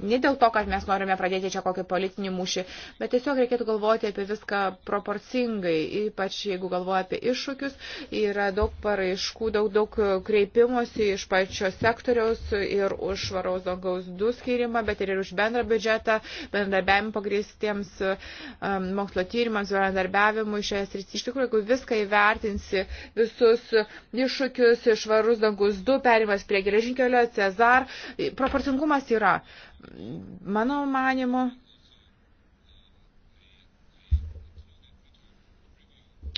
ne dėl to, kad mes norime pradėti čia kokį politinį mūšį, bet tiesiog reikėtų galvoti apie viską proporcingai, ypač jeigu galvoja apie iššūkius, yra daug paraiškų, daug, daug kreipimosi iš pačio sektoriaus ir už švaraus dangaus du skirimą, bet ir už bendrą biudžetą, bendarbiavimą pagrįstiems um, mokslo tyrimams, bendarbiavimui šioje srityje. Iš tikrųjų, jeigu viską įvertinsi, visus iššūkius iš švarų Švarus dangus 2, perimas prie geležinkelio, Cezar. Proporcingumas yra. Mano manimu,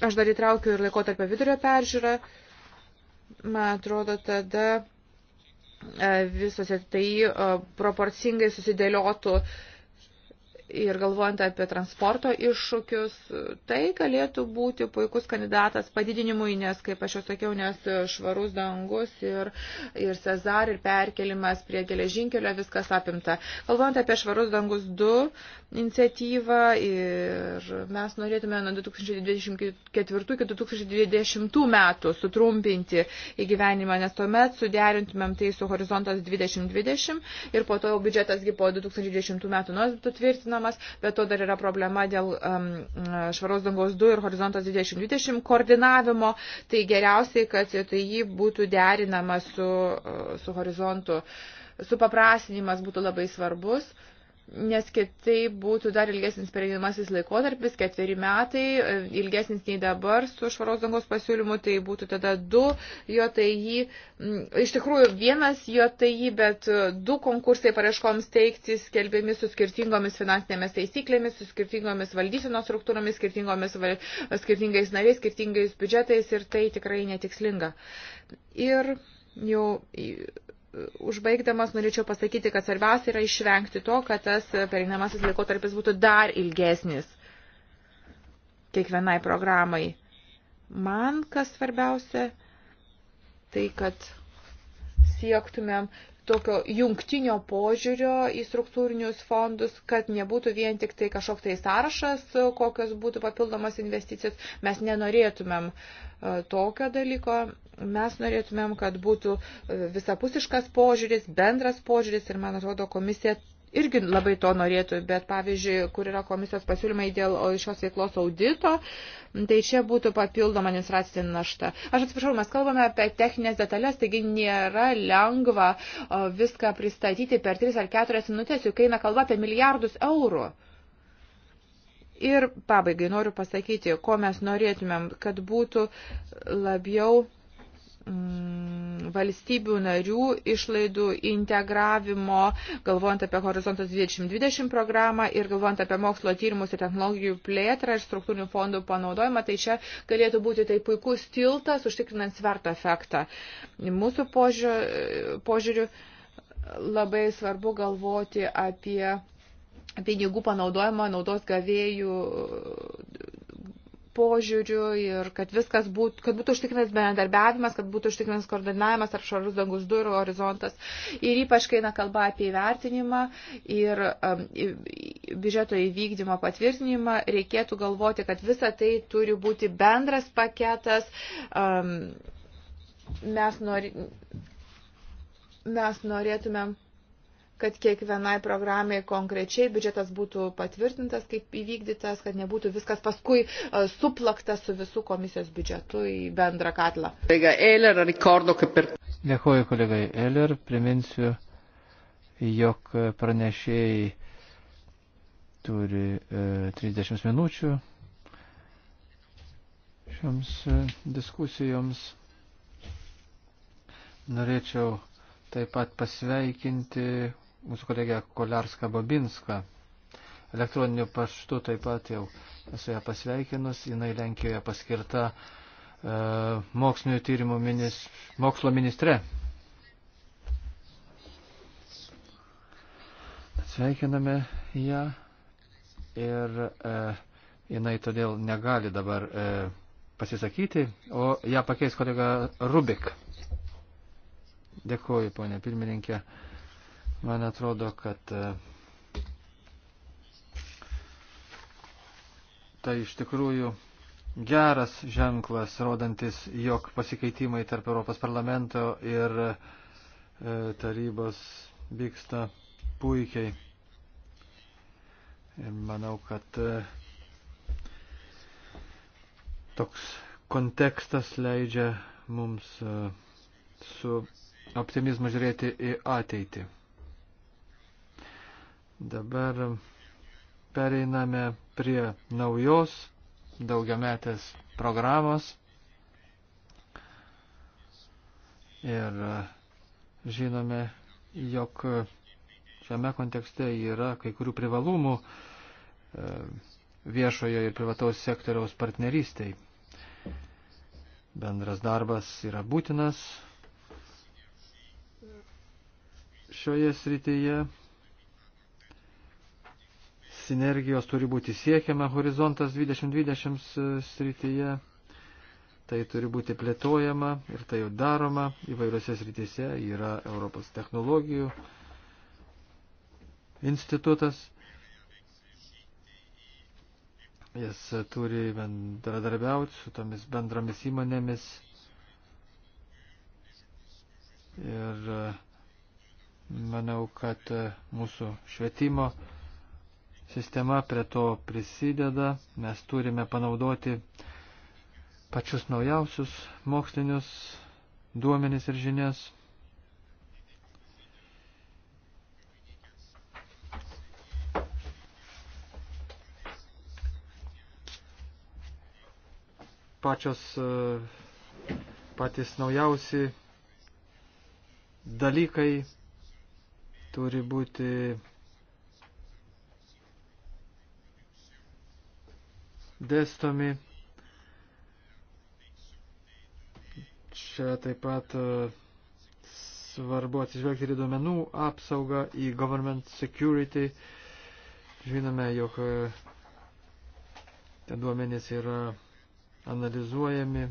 aš dar įtraukiu ir laikotarpio vidurio peržiūrą. Man atrodo, tada e, visos tai e, proporcingai susidėliotų uh, ir galvojant apie transporto iššūkius, tai galėtų būti puikus kandidatas padidinimui, nes, kaip aš jau sakiau, nes švarus dangus ir, ir Cezar ir perkelimas prie geležinkelio viskas apimta. Galvojant apie švarus dangus 2, iniciatyvą ir mes norėtume nuo 2024 iki 2020 metų sutrumpinti įgyvenimą, nes tuomet suderintumėm tai su horizontas 2020 ir po to biudžetasgi po 2020 metų nuostatų tvirtinamas, bet to dar yra problema dėl um, švaros dangaus 2 ir horizontas 2020 koordinavimo, tai geriausiai, kad tai jį būtų derinama su, su horizontu. Supaprasinimas būtų labai svarbus. Uh, nes kitaip būtų dar ilgesnis pereinamasis laikotarpis, ketveri metai, e, ilgesnis nei dabar su švaros dangos pasiūlymu, tai būtų tada du JTI, mm, iš tikrųjų vienas JTI, bet e, du konkursai paraiškoms teikti skelbiami su skirtingomis finansinėmis taisyklėmis, su skirtingomis valdysenos struktūromis, skirtingomis, skirtingais nariais, skirtingais biudžetais ir tai tikrai netikslinga. Ir jau Užbaigdamas norėčiau pasakyti, kad svarbiausia yra išvengti to, kad tas pereinamasis laikotarpis būtų dar ilgesnis kiekvienai programai. Man kas svarbiausia, tai kad siektumėm tokio jungtinio požiūrio į struktūrinius fondus, kad nebūtų vien tik tai kažkoks tai sąrašas, kokios būtų papildomas investicijos. Mes nenorėtumėm uh, E, tokio dalyko. Mes norėtumėm, kad būtų e, visapusiškas požiūris, bendras požiūris ir, man atrodo, komisija irgi labai to norėtų, bet pavyzdžiui, kur yra komisijos pasiūlymai dėl šios veiklos audito, tai čia būtų papildoma administracinė našta. Aš atsiprašau, mes kalbame apie techninės detalės, taigi nėra lengva viską pristatyti per 3 ar 4 minutės, juk eina kalba apie milijardus eurų. Ir pabaigai noriu pasakyti, ko mes norėtumėm, kad būtų labiau mm, valstybių narių išlaidų integravimo, galvojant apie Horizontas 2020 programą ir galvojant apie mokslo tyrimus ir technologijų plėtrą ir struktūrinių fondų panaudojimą, tai čia galėtų būti tai puikus tiltas, užtikrinant sverto efektą. Mūsų požiūriu, požiūriu labai svarbu galvoti apie pinigų panaudojimo naudos gavėjų požiūriu ir kad viskas būtų, kad būtų užtikrintas bendradarbiavimas, kad būtų užtikrintas koordinavimas ar šarus dangus du ir horizontas. Ir ypač, kai eina kalba apie įvertinimą ir um, biudžeto įvykdymo patvirtinimą, reikėtų galvoti, kad visa tai turi būti bendras paketas. Um, mes, nori, mes norėtumėm kad kiekvienai programai konkrečiai biudžetas būtų patvirtintas, kaip įvykdytas, kad nebūtų viskas paskui e, suplakta su visų komisijos biudžetu į bendrą katlą. Dėkuoju kolegai Eller, priminsiu, jog pranešėjai turi e, 30 minučių šioms e, diskusijoms. Norėčiau taip pat pasveikinti mūsų kolegė Kolarska Babinska. Elektroniniu paštu taip pat jau esu ją pasveikinus, jinai Lenkijoje paskirta e, mokslinio tyrimų minis, mokslo ministre. Sveikiname ją ir e, jinai todėl negali dabar e, pasisakyti, o ją pakeis kolega Rubik. Dėkuoju, ponė pirmininkė. E, Man atrodo, kad e, tai iš tikrųjų geras ženklas, rodantis, jog pasikeitimai tarp Europos parlamento ir e, tarybos vyksta puikiai. Ir manau, kad e, toks kontekstas leidžia mums su optimizmu žiūrėti į ateitį. Dabar pereiname prie naujos daugiametės programos. Ir žinome, jog šiame kontekste yra kai kurių privalumų e, viešojo ir privataus sektoriaus partnerystėj. Bendras darbas yra būtinas šioje srityje sinergijos turi būti siekiama horizontas 2020 srityje, tai turi būti plėtojama ir tai jau daroma įvairiose srityse, yra Europos technologijų institutas. Jis turi bendradarbiauti su tomis bendromis įmonėmis. Ir e, manau, kad e, mūsų švietimo sistema prie to prisideda. Mes turime panaudoti pačius naujausius mokslinius duomenis ir žinias. Pačios e, patys naujausi dalykai turi būti dėstomi. Čia taip pat e, svarbu atsižvelgti ir į duomenų apsaugą, į government security. Žinome, jog e, tie duomenys yra analizuojami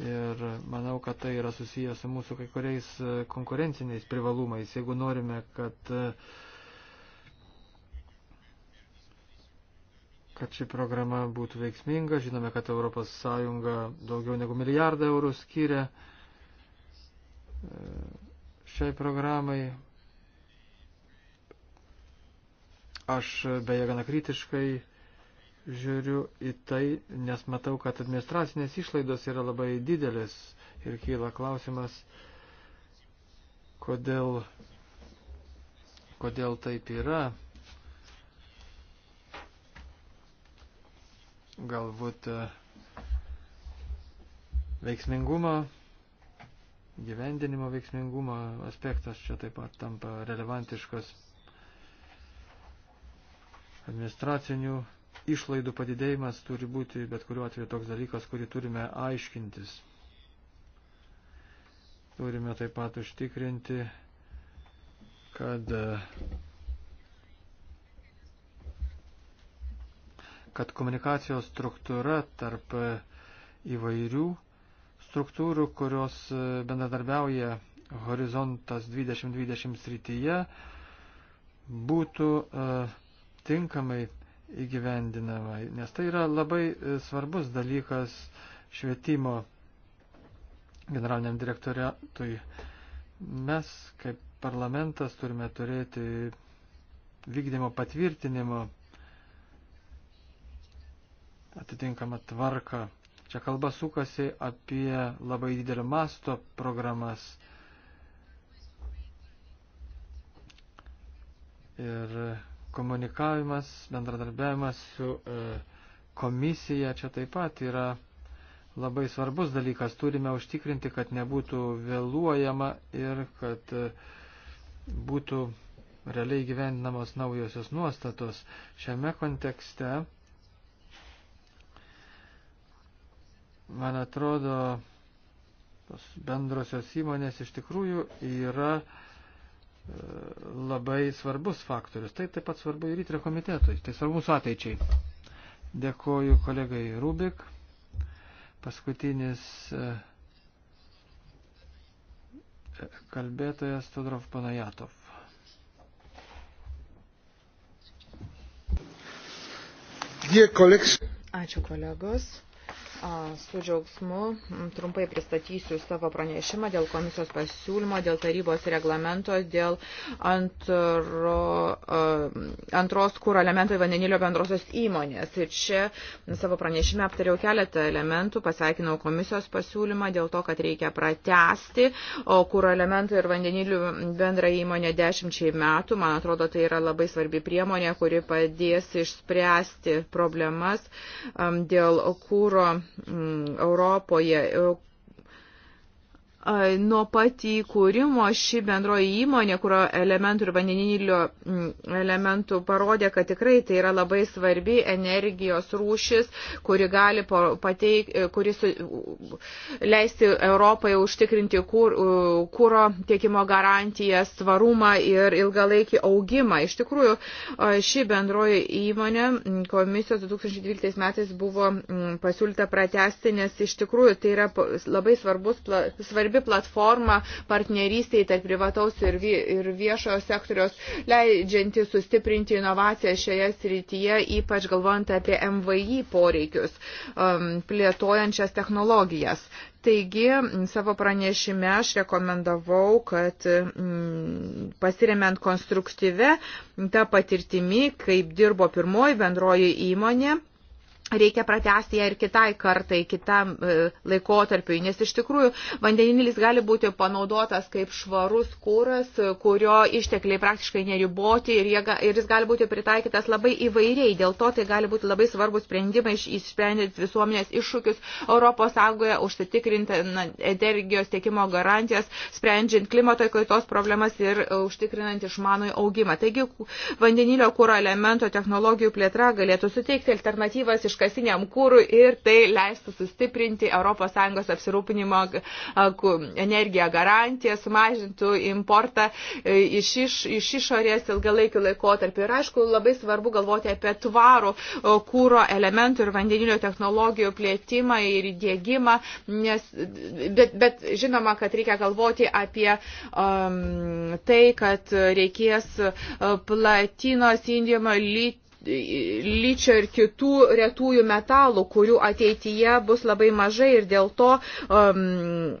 ir manau, kad tai yra susijęs su mūsų kai kuriais e, konkurenciniais privalumais. Jeigu norime, kad uh, kad ši programa būtų veiksminga. Žinome, kad ES daugiau negu milijardą eurų skiria e, šiai programai. Aš beje gana kritiškai žiūriu į tai, nes matau, kad administracinės išlaidos yra labai didelės ir kyla klausimas, kodėl, kodėl taip yra. galbūt e, veiksmingumo, gyvendinimo veiksmingumo aspektas čia taip pat tampa relevantiškas administracinių išlaidų padidėjimas turi būti bet kuriuo atveju toks dalykas, kurį turime aiškintis. Turime taip pat užtikrinti, kad e, kad komunikacijos struktūra tarp įvairių struktūrų, kurios bendradarbiauja horizontas 2020 srityje, būtų e, tinkamai įgyvendinama, nes tai yra labai e, svarbus dalykas švietimo generaliniam direktoriatui. Mes kaip parlamentas turime turėti vykdymo patvirtinimo atitinkamą tvarką. Čia kalba sukasi apie labai didelio masto programas. Ir komunikavimas, bendradarbiavimas su e, komisija čia taip pat yra labai svarbus dalykas. Turime užtikrinti, kad nebūtų vėluojama ir kad e, būtų realiai gyvendinamos naujosios nuostatos. Šiame kontekste Man atrodo, tos bendrosios įmonės iš tikrųjų yra e, labai svarbus faktorius. Tai taip pat svarbu ir įtrio komitetui. Tai svarbus ateičiai. Dėkoju kolegai Rubik. Paskutinis e, kalbėtojas Todorov Panajatov. Ačiū kolegos. Su džiaugsmu trumpai pristatysiu savo pranešimą dėl komisijos pasiūlymo, dėl tarybos reglamento, dėl antro, antros kūro elemento į vandenilio bendrosios įmonės. Ir čia savo pranešime aptariau keletą elementų, pasveikinau komisijos pasiūlymą dėl to, kad reikia pratesti kūro elementų ir vandenilių bendrą įmonę dešimčiai metų. Man atrodo, tai yra labai svarbi priemonė, kuri padės išspręsti problemas dėl kūro Europoje, Nuo pat įkūrimo ši bendroji įmonė, kurio elementų ir vandeninilio elementų parodė, kad tikrai tai yra labai svarbi energijos rūšis, kuri gali pateik, e, kuri su, leisti Europai užtikrinti kūro kur, tiekimo garantijas, tvarumą ir ilgalaikį augimą. Iš tikrųjų, ši bendroji įmonė komisijos 2012 metais buvo pasiūlyta pratesti, nes iš tikrųjų tai yra labai svarbus, svarbi svarbi platforma partnerystėje tarp privataus ir, vie, ir viešojo sektoriaus, leidžianti sustiprinti inovaciją šioje srityje, ypač galvojant apie MVI poreikius, um, plėtojančias technologijas. Taigi, savo pranešime aš rekomendavau, kad mm, pasiremiant konstruktyvę tą patirtimį, kaip dirbo pirmoji bendroji įmonė, reikia pratesti ją ir kitai kartai, kitam e, laikotarpiui, nes iš tikrųjų vandeninilis gali būti panaudotas kaip švarus kūras, kurio ištekliai praktiškai neriboti ir, jie, ir jis gali būti pritaikytas labai įvairiai. Dėl to tai gali būti labai svarbus sprendimai išsprendžiant visuomenės iššūkius Europos sąjungoje, užsitikrinti energijos tiekimo garantijas, sprendžiant klimato kaitos problemas ir e, užtikrinant išmanų augimą. Taigi vandenilio kūro elemento technologijų plėtra galėtų suteikti alternatyvas iš iškasiniam kūrui ir tai leistų sustiprinti ES apsirūpinimo energiją garantiją, sumažintų importą e, iš, iš, iš išorės ilgalaikių laikotarpį. Ir aišku, labai svarbu galvoti apie tvarų kūro elementų ir vandenilio technologijų plėtimą ir įdėgymą, nes, bet, bet žinoma, kad reikia galvoti apie um, tai, kad reikės platinos indijomo lytį lyčio ir kitų retųjų metalų, kurių ateityje bus labai mažai ir dėl to um,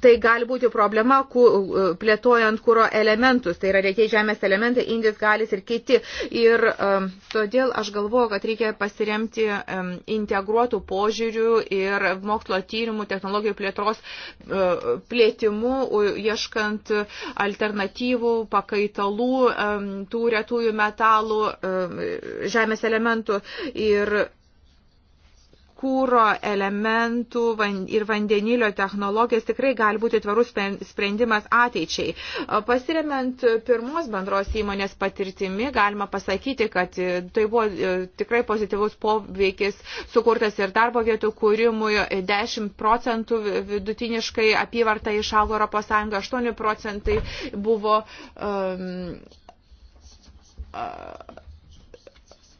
tai gali būti problema ku, e, plėtojant kūro elementus, tai yra retiai žemės elementai, indis, galis ir kiti. Ir um, todėl aš galvoju, kad reikia pasiremti um, integruotų požiūrių ir mokslo tyrimų, technologijų plėtros uh, plėtimų, ieškant alternatyvų, pakaitalų um, tų retųjų metalų um, žemės elementų. Ir, kūro elementų ir vandenilio technologijas tikrai gali būti tvarus sprendimas ateičiai. Pasiremiant pirmos bendros įmonės patirtimi, galima pasakyti, kad e, tai buvo e, tikrai pozityvus poveikis sukurtas ir darbo vietų kūrimui. 10 e, procentų vidutiniškai apyvarta išaugo Europos Sąjunga, 8 procentai buvo. Um, uh,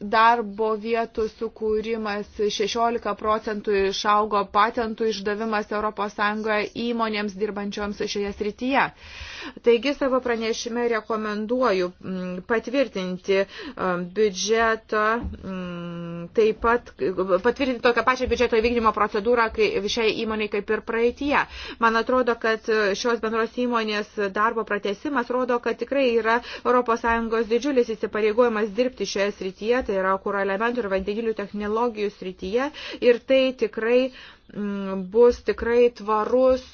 darbo vietų sukūrimas, 16 procentų išaugo patentų išdavimas ES įmonėms dirbančioms šioje srityje. Taigi savo pranešime rekomenduoju mm, patvirtinti um, biudžeto, mm, taip pat patvirtinti tokią pačią biudžeto įvykdymo procedūrą kaip, šiai įmoniai kaip ir praeitie. Man atrodo, kad šios bendros įmonės darbo pratesimas rodo, kad tikrai yra ES didžiulis įsipareigojimas dirbti šioje srityje, tai tai yra kūro elementų ir vandenilių technologijų srityje. Ir tai tikrai m, mm, bus tikrai tvarus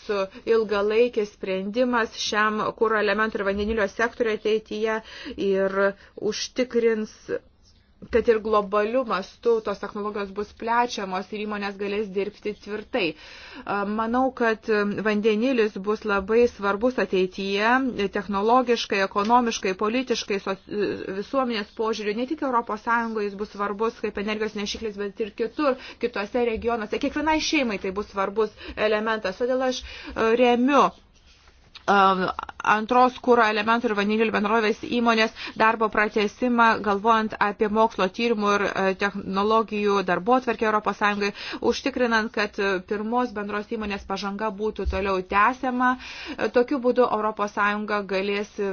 ilgalaikis sprendimas šiam kūro elementų ir vandenilio sektoriu ateityje ir užtikrins kad ir globaliu mastu tos technologijos bus plečiamos ir įmonės galės dirbti tvirtai. Manau, kad vandenilis bus labai svarbus ateityje technologiškai, ekonomiškai, politiškai, visuomenės požiūriu. Ne tik ES jis bus svarbus kaip energijos nešiklis, bet ir kitur, kitose regionuose. Kiekvienai šeimai tai bus svarbus elementas. Todėl aš remiu Um, antros kūro elementų ir vandenilio bendrovės įmonės darbo pratesimą, galvojant apie mokslo tyrimų ir e, technologijų darbo atverkį Europos Sąjungai, užtikrinant, kad pirmos bendros įmonės pažanga būtų toliau tęsiama. E, tokiu būdu Europos Sąjunga galės e,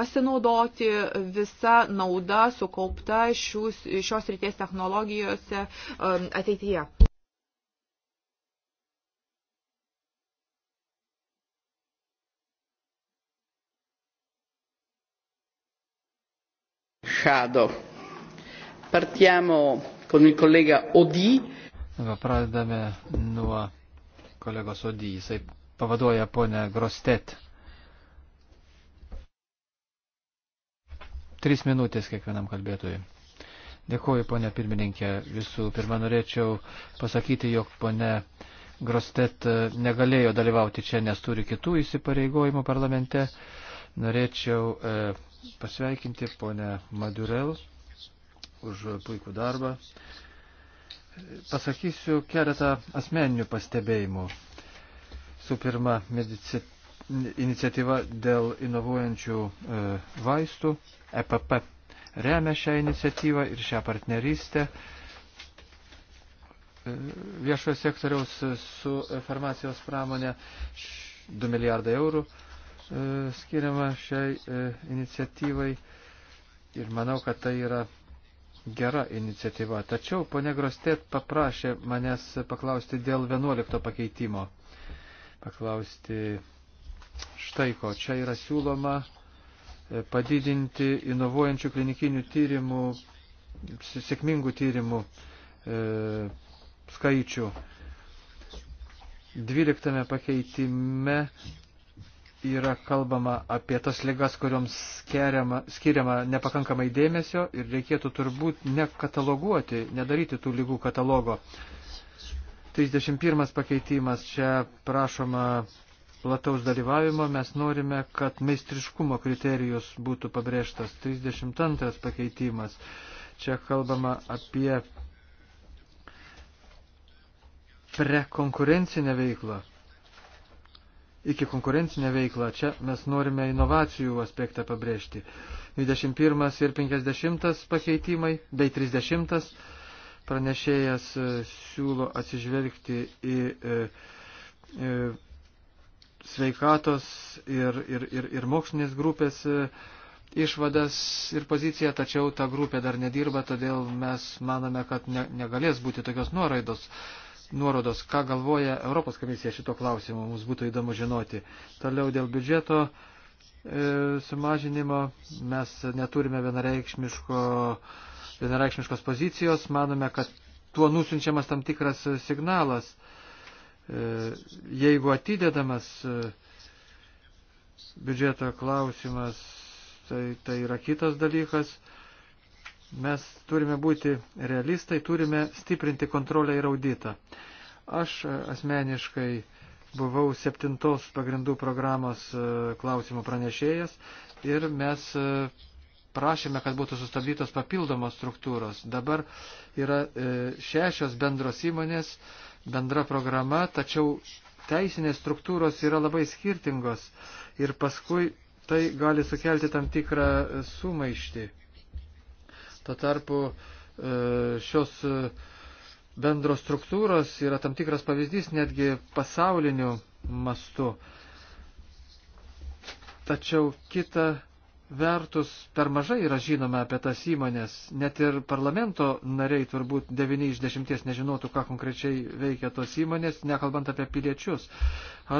pasinaudoti visą naudą sukaupta šios ryties technologijose um, ateityje. Šado. Partiamo con il collega Odi. Pradedame nuo kolegos Odi. Jisai pavaduoja ponę Grostet. Tris minutės kiekvienam kalbėtojui. Dėkuoju, ponė pirmininkė. Visų pirma, norėčiau pasakyti, jog ponė Grostet negalėjo dalyvauti čia, nes turi kitų įsipareigojimų parlamente. Uh, Norėčiau e, pasveikinti ponę Madurel už puikų darbą. Pasakysiu keletą asmeninių pastebėjimų. Su pirma, medici... iniciatyva dėl inovuojančių e, vaistų, EPP remia šią iniciatyvą ir šią partnerystę e, viešojo sektoriaus su farmacijos pramonė 2 milijardai eurų E, skiriama šiai e, iniciatyvai ir manau, kad tai yra gera iniciatyva. Tačiau ponė Grostėt paprašė manęs paklausti dėl 11 pakeitimo. Paklausti štai ko. Čia yra siūloma e, padidinti inovuojančių klinikinių tyrimų, sėkmingų tyrimų e, skaičių. 12 pakeitime yra kalbama apie tas ligas, kurioms skiriama, skiriama nepakankamai dėmesio ir reikėtų turbūt nekataloguoti, nedaryti tų lygų katalogo. 31 pakeitimas čia prašoma plataus dalyvavimo, mes norime, kad meistriškumo kriterijus būtų pabrėžtas. 32 pakeitimas. Čia kalbama apie prekonkurencinę veiklą iki konkurencinę veiklą. Čia mes norime inovacijų aspektą pabrėžti. 21 ir 50 pakeitimai bei 30 pranešėjas e, siūlo atsižvelgti į e, e, sveikatos ir, ir, ir, ir mokslinės grupės e, išvadas ir poziciją, tačiau ta grupė dar nedirba, todėl mes manome, kad ne, negalės būti tokios nuoraidos nuorodos, ką galvoja Europos komisija šito klausimu, mums būtų įdomu žinoti. Toliau dėl biudžeto e, sumažinimo mes neturime vienareikšmiško, vienareikšmiškos pozicijos, manome, kad tuo nusinčiamas tam tikras signalas. E, jeigu atidedamas e, biudžeto klausimas, tai, tai yra kitas dalykas. E, Mes turime būti realistai, turime stiprinti kontrolę ir auditą. Aš e, asmeniškai buvau septintos pagrindų programos e, klausimų pranešėjas ir mes e, prašėme, kad būtų sustabdytos papildomos struktūros. Dabar yra šešios bendros įmonės, bendra programa, tačiau teisinės struktūros yra labai skirtingos ir paskui tai gali sukelti tam tikrą sumaištį. Tuo tarpu e, šios e, bendros struktūros yra tam tikras pavyzdys netgi pasauliniu mastu. Tačiau kita vertus per mažai yra žinoma apie tas įmonės. Net ir parlamento nariai turbūt 9 iš 10 nežinotų, ką konkrečiai veikia tos įmonės, nekalbant apie piliečius.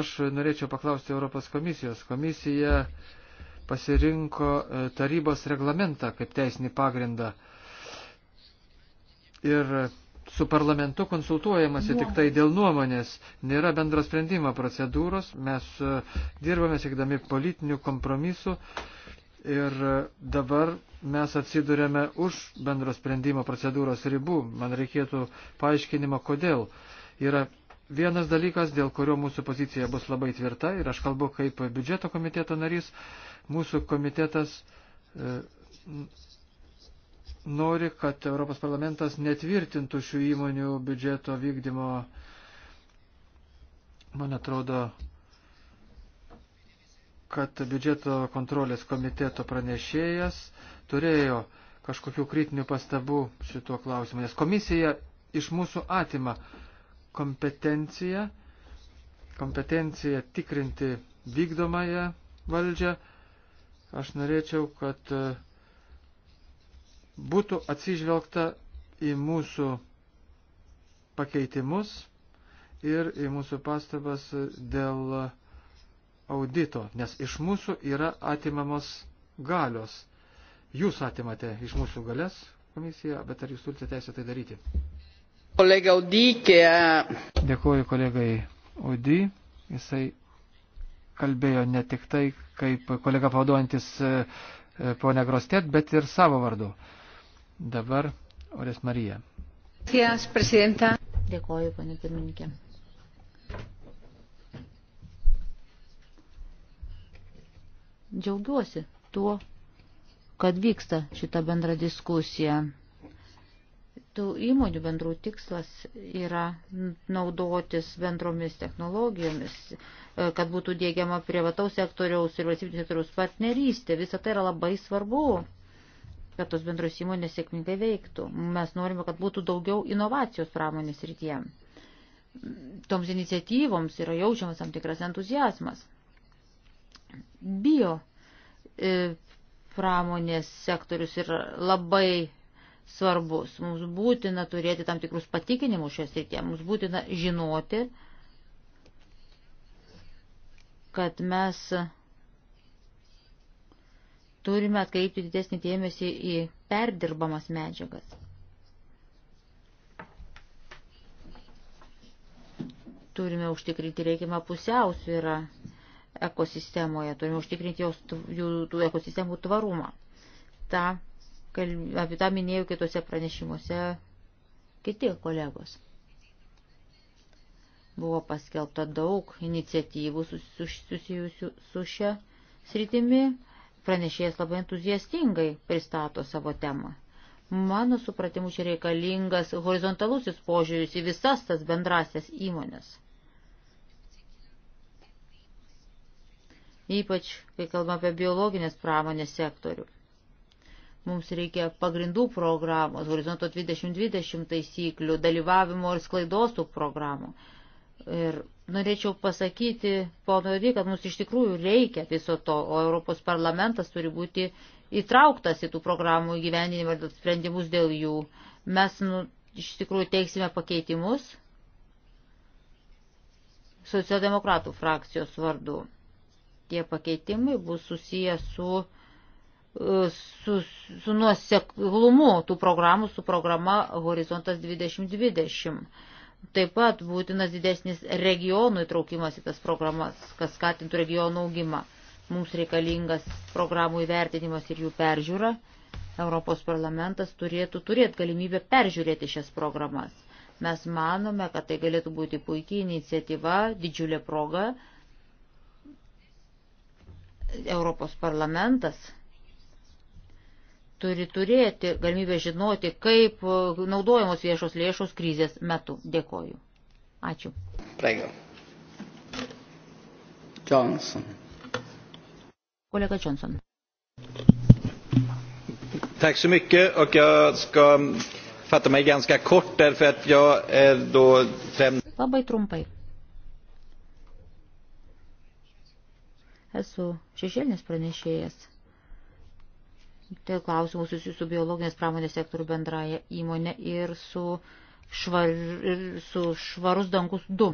Aš norėčiau paklausti Europos komisijos. Komisija. Uh, pasirinko e, tarybos reglamentą kaip teisinį pagrindą. Ir su parlamentu konsultuojamasi tik tai dėl nuomonės, nėra bendro sprendimo procedūros, mes e, dirbame siekdami politinių kompromisų ir e, dabar mes atsidurėme už bendro sprendimo procedūros ribų. Man reikėtų paaiškinimo, kodėl yra Vienas dalykas, dėl kurio mūsų pozicija bus labai tvirta, ir aš kalbu kaip biudžeto komiteto narys, mūsų komitetas e, nori, kad Europos parlamentas netvirtintų šių įmonių biudžeto vykdymo, man atrodo, kad biudžeto kontrolės komiteto pranešėjas turėjo kažkokių kritinių pastabų šituo klausimu, nes komisija iš mūsų atima kompetencija, kompetencija tikrinti vykdomąją valdžią. Aš norėčiau, kad e, būtų atsižvelgta į mūsų pakeitimus ir į mūsų pastabas dėl audito, nes iš mūsų yra atimamos galios. Jūs atimate iš mūsų galės komisiją, bet ar jūs turite teisę tai daryti? Kolega Udykė. Dėkuoju kolegai Udy. Jisai kalbėjo ne tik tai kaip kolega pavaduojantis e, e, ponę Grostet, bet ir savo vardu. Dabar Orės Marija. Dėkuoju, ponė pirmininkė. Džiaugiuosi tuo, kad vyksta šita bendra diskusija tų įmonių bendrų tikslas yra naudotis bendromis technologijomis, e, kad būtų dėgiama privataus sektoriaus ir valstybinio sektoriaus partnerystė. Visą tai yra labai svarbu, kad tos bendros įmonės sėkmingai veiktų. Mes norime, kad būtų daugiau inovacijos pramonės rytyje. Toms iniciatyvoms yra jaučiamas tam tikras entuzijazmas. Bio e, pramonės sektorius yra labai svarbus. Mums būtina turėti tam tikrus patikinimus šios rytė. Mums būtina žinoti, kad mes turime atkreipti didesnį dėmesį į perdirbamas medžiagas. Turime užtikrinti reikiamą pusiausvyrą ekosistemoje, turime užtikrinti jos, jų, tų ekosistemų tvarumą. Ta apie tą minėjau kitose pranešimuose kiti kolegos. Buvo paskelbta daug iniciatyvų susijusių su šia sritimi, pranešėjas labai entuziastingai pristato savo temą. Mano supratimu, čia reikalingas horizontalusis požiūris į visas tas bendrasias įmonės. Ypač, kai kalbame apie biologinės pramonės sektorių. Mums reikia pagrindų programos, horizonto 2020 taisyklių, dalyvavimo ir sklaidos tų programų. Ir norėčiau pasakyti, pono Jodį, kad mums iš tikrųjų reikia viso to, o Europos parlamentas turi būti įtrauktas į tų programų įgyvendinimą ir sprendimus dėl jų. Mes nu, iš tikrųjų teiksime pakeitimus socialdemokratų frakcijos vardu. Tie pakeitimai bus susiję su su, su nuoseklumu tų programų, su programa Horizontas 2020. Taip pat būtinas didesnis regionų įtraukimas į tas programas, kas skatintų regionų augimą. Mums reikalingas programų įvertinimas ir jų peržiūra. Europos parlamentas turėtų turėti galimybę peržiūrėti šias programas. Mes manome, kad tai galėtų būti puikiai iniciatyva, didžiulė proga. Europos parlamentas turi turėti galimybę žinoti, kaip naudojamos viešos lėšos krizės metu. Dėkoju. Ačiū. Prego. Johnson. Kolega Johnson. Tack så mycket och jag ska fatta mig ganska kort därför att jag är då främst... Labai trumpai. Esu šešėlinis pranešėjas dėl tai klausimų susijusių su biologinės pramonės sektorių bendraja įmonė ir su, švar, ir su švarus dangus 2.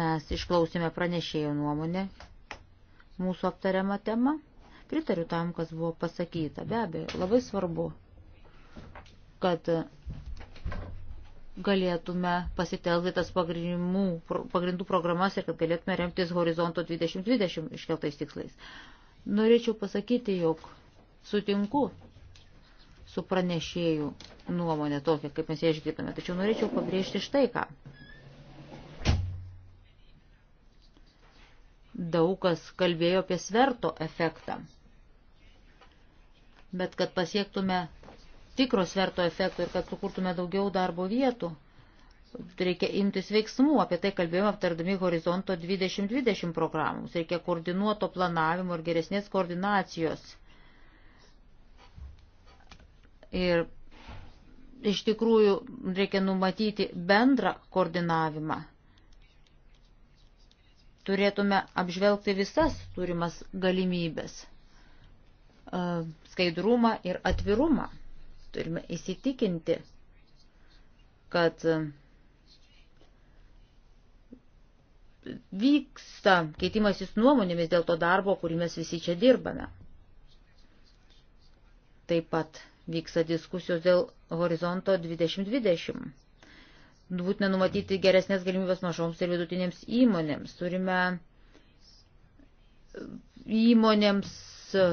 Mes išklausėme pranešėjo nuomonę mūsų aptariamą temą. Pritariu tam, kas buvo pasakyta. Be abejo, labai svarbu, kad galėtume pasitelkti tas pagrindų programas ir kad galėtume remtis horizonto 2020 iškeltais tikslais. Norėčiau pasakyti, jog sutinku su pranešėjų nuomonė tokia, kaip mes ją išgirdome, tačiau norėčiau pabrėžti štai ką. Daug kas kalbėjo apie sverto efektą, bet kad pasiektume tikro sverto efekto ir kad sukurtume daugiau darbo vietų, reikia imtis veiksmų, apie tai kalbėjome aptardami horizonto 2020 programus, reikia koordinuoto planavimo ir geresnės koordinacijos. Ir iš tikrųjų reikia numatyti bendrą koordinavimą. Turėtume apžvelgti visas turimas galimybės e, skaidrumą ir atvirumą. Turime įsitikinti, kad vyksta keitimasis nuomonėmis dėl to darbo, kurį mes visi čia dirbame. Taip pat vyksta diskusijos dėl horizonto 2020. Būtina numatyti geresnės galimybės mažoms ir vidutinėms įmonėms. Turime e, įmonėms e,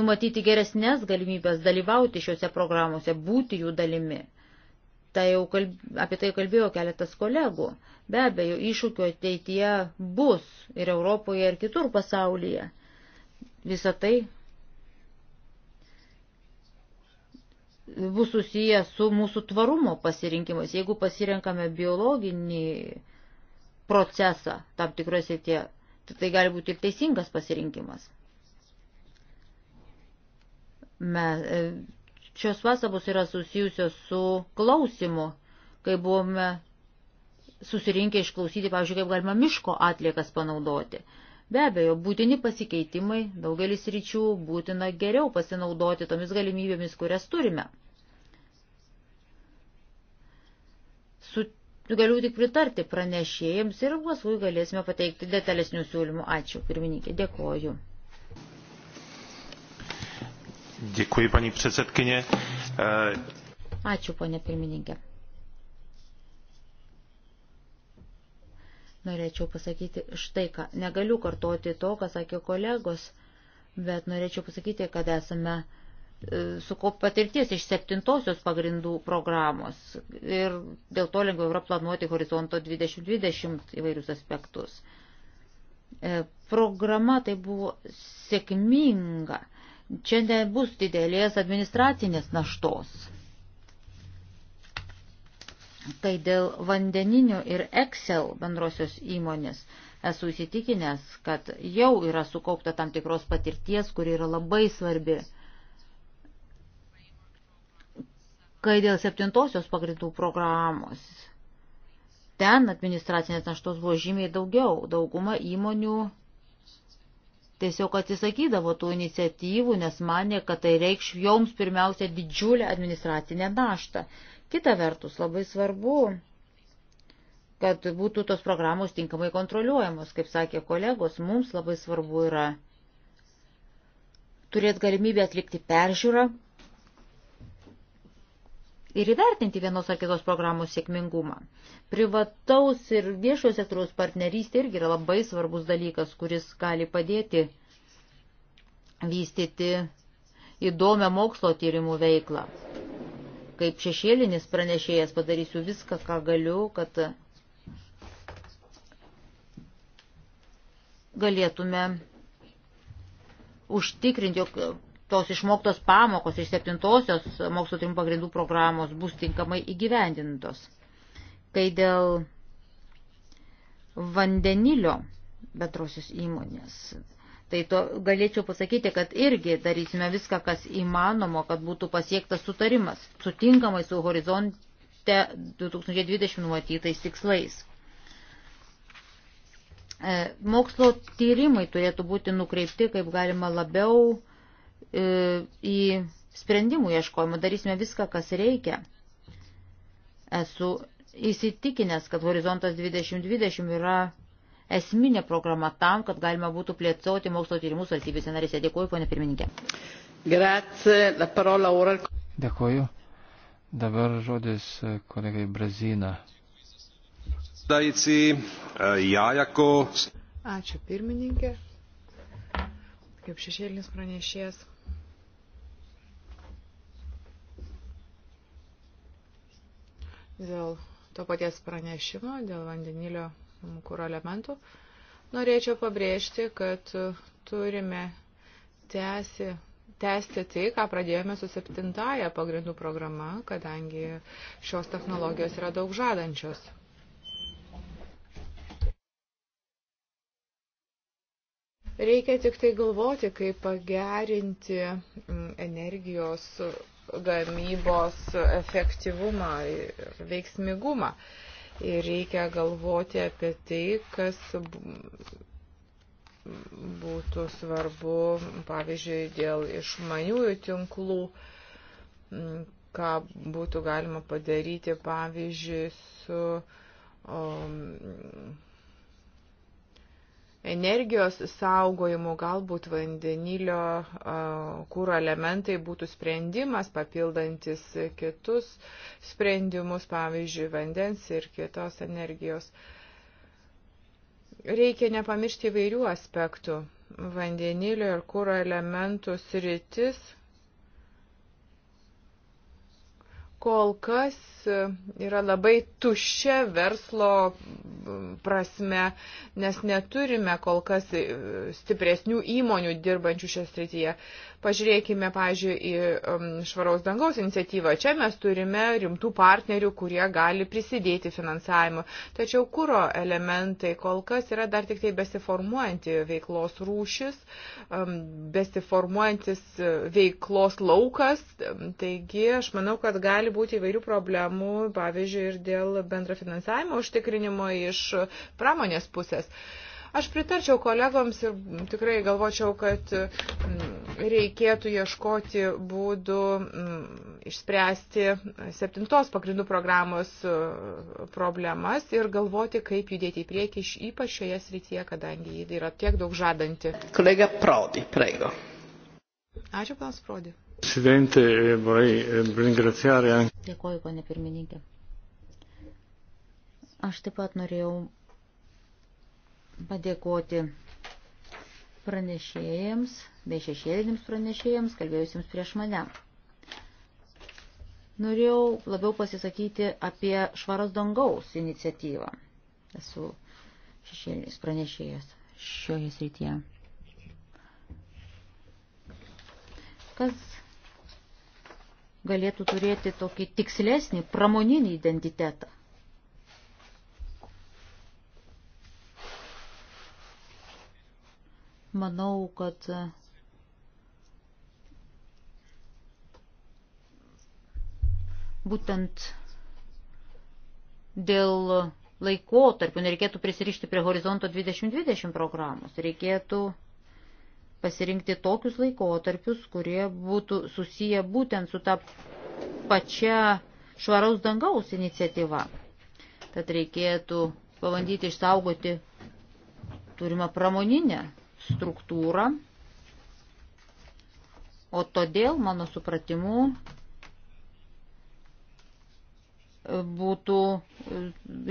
numatyti geresnės galimybės dalyvauti šiuose programuose, būti jų dalimi. Tai jau kalb... apie tai kalbėjo keletas kolegų. Be abejo, iššūkio ateityje bus ir Europoje, ir kitur pasaulyje. Visą tai bus susiję su mūsų tvarumo pasirinkimais. Jeigu pasirenkame biologinį procesą tam tikroje srityje, tai tai gali būti ir teisingas pasirinkimas. Mes, e, Šios pastabos yra susijusios su klausimu, kai buvome susirinkę išklausyti, pavyzdžiui, kaip galima miško atliekas panaudoti. Be abejo, būtini pasikeitimai, daugelis ryčių būtina geriau pasinaudoti tomis galimybėmis, kurias turime. Su, galiu tik pritarti pranešėjams ir paskui galėsime pateikti detalesnių siūlymų. Ačiū, pirmininkė, dėkoju. Dėkui, pani předsedkinė. Eh, Ačiū, ponė pirmininkė. Norėčiau pasakyti štai ką. Negaliu kartoti to, ką sakė kolegos, bet norėčiau pasakyti, kad esame e, sukaupę patirties iš septintosios pagrindų programos ir dėl to lengviau yra planuoti horizonto 2020 įvairius aspektus. E, programa tai buvo sėkminga čia nebus didelės administracinės naštos. Tai dėl vandeninių ir Excel bendrosios įmonės esu įsitikinęs, kad jau yra sukaupta tam tikros patirties, kuri yra labai svarbi. Kai dėl septintosios pagrindų programos, ten administracinės naštos buvo žymiai daugiau, dauguma įmonių tiesiog atsisakydavo tų iniciatyvų, nes manė, kad tai reikš joms pirmiausia didžiulę administracinę naštą. Kita vertus, labai svarbu, kad būtų tos programos tinkamai kontroliuojamos. Kaip sakė kolegos, mums labai svarbu yra turėti galimybę atlikti peržiūrą, ir įvertinti vienos ar kitos programos sėkmingumą. Privataus ir viešojo sektoriaus partnerystė irgi yra labai svarbus dalykas, kuris gali padėti vystyti įdomią mokslo tyrimų veiklą. Kaip šešėlinis pranešėjas padarysiu viską, ką galiu, kad galėtume užtikrinti, jog tos išmoktos pamokos iš septintosios mokslo trimų pagrindų programos bus tinkamai įgyvendintos. Kai dėl vandenilio bendrosios įmonės, tai to galėčiau pasakyti, kad irgi darysime viską, kas įmanoma, kad būtų pasiektas sutarimas, sutinkamai su horizonte 2020 numatytais tikslais. E, mokslo tyrimai turėtų būti nukreipti kaip galima labiau E, į sprendimų ieškojimą, darysime viską, kas reikia. Esu įsitikinęs, kad Horizontas 2020 yra esminė programa tam, kad galima būtų plėtoti mokslo tyrimus valstybėse narėse. Dėkuoju, ponė pirmininkė. Grazie, la parola ora. Dėkuoju. Dabar žodis e, kolegai Brazina. E, Ačiū pirmininkė. Kaip šešėlinis pranešėjas dėl to paties pranešimo, dėl vandenilio kūro elementų. Norėčiau pabrėžti, kad turime tęsi, tęsti tai, ką pradėjome su septintaja pagrindų programa, kadangi šios technologijos yra daug žadančios. Reikia tik tai galvoti, kaip pagerinti mm, energijos gamybos efektyvumą ir veiksmigumą. Ir reikia galvoti apie tai, kas būtų svarbu, pavyzdžiui, dėl išmaniųjų tinklų, ką būtų galima padaryti, pavyzdžiui, su um, energijos saugojimu galbūt vandenilio kūro elementai būtų sprendimas, papildantis kitus sprendimus, pavyzdžiui, vandens ir kitos energijos. Reikia nepamiršti įvairių aspektų. Vandenilio ir kūro elementų sritis kol kas e, yra labai tuščia verslo prasme, nes neturime kol kas e, stipresnių įmonių dirbančių šią srityje. Pažiūrėkime, pažiūrėjau, į um, švaraus dangaus iniciatyvą. Čia mes turime rimtų partnerių, kurie gali prisidėti finansavimu. Tačiau kūro elementai kol kas yra dar tik tai besiformuojanti veiklos rūšis, um, besiformuojantis e, veiklos laukas. Um, taigi aš manau, kad gali būti įvairių problemų, pavyzdžiui, ir dėl bendrofinansavimo užtikrinimo iš pramonės pusės. Aš pritarčiau kolegoms ir tikrai galvočiau, kad mm, reikėtų ieškoti būdų mm, išspręsti septintos pagrindų programos e, problemas ir galvoti, kaip judėti į priekį, ypač šioje srityje, kadangi jį yra tiek daug žadanti. Kolega Prodi, prego. Ačiū, panas Prodi. E, e, Dėkuoju, ponė pirmininkė. Aš taip pat norėjau padėkoti pranešėjams bei šešėlinėms pranešėjams, kalbėjusiems prieš mane. Norėjau labiau pasisakyti apie švaros dangaus iniciatyvą. Esu šešėlinis pranešėjas šioje srityje. Kas galėtų turėti tokį tikslesnį pramoninį identitetą? Manau, kad būtent dėl laikotarpių nereikėtų prisirišti prie horizonto 2020 programos. Reikėtų pasirinkti tokius laikotarpius, kurie būtų susiję būtent su ta pačia švaraus dangaus iniciatyva. Tad reikėtų pabandyti išsaugoti turimą pramoninę struktūrą, o todėl, mano supratimu, būtų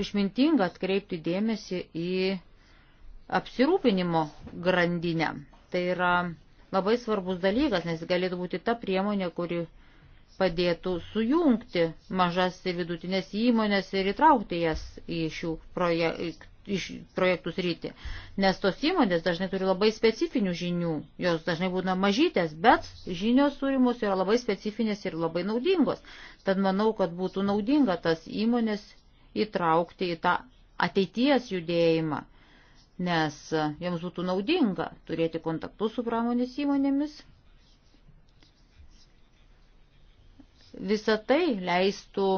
išmintinga atkreipti dėmesį į apsirūpinimo grandinę. Tai yra labai svarbus dalykas, nes galėtų būti ta priemonė, kuri padėtų sujungti mažas ir vidutinės įmonės ir įtraukti jas į šių projek iš projektų sritį. Nes tos įmonės dažnai turi labai specifinių žinių, jos dažnai būna mažytės, bet žinios turimus yra labai specifinės ir labai naudingos. Tad manau, kad būtų naudinga tas įmonės įtraukti į tą ateities judėjimą, nes jiems būtų naudinga turėti kontaktus su pramonės įmonėmis. Visą tai leistų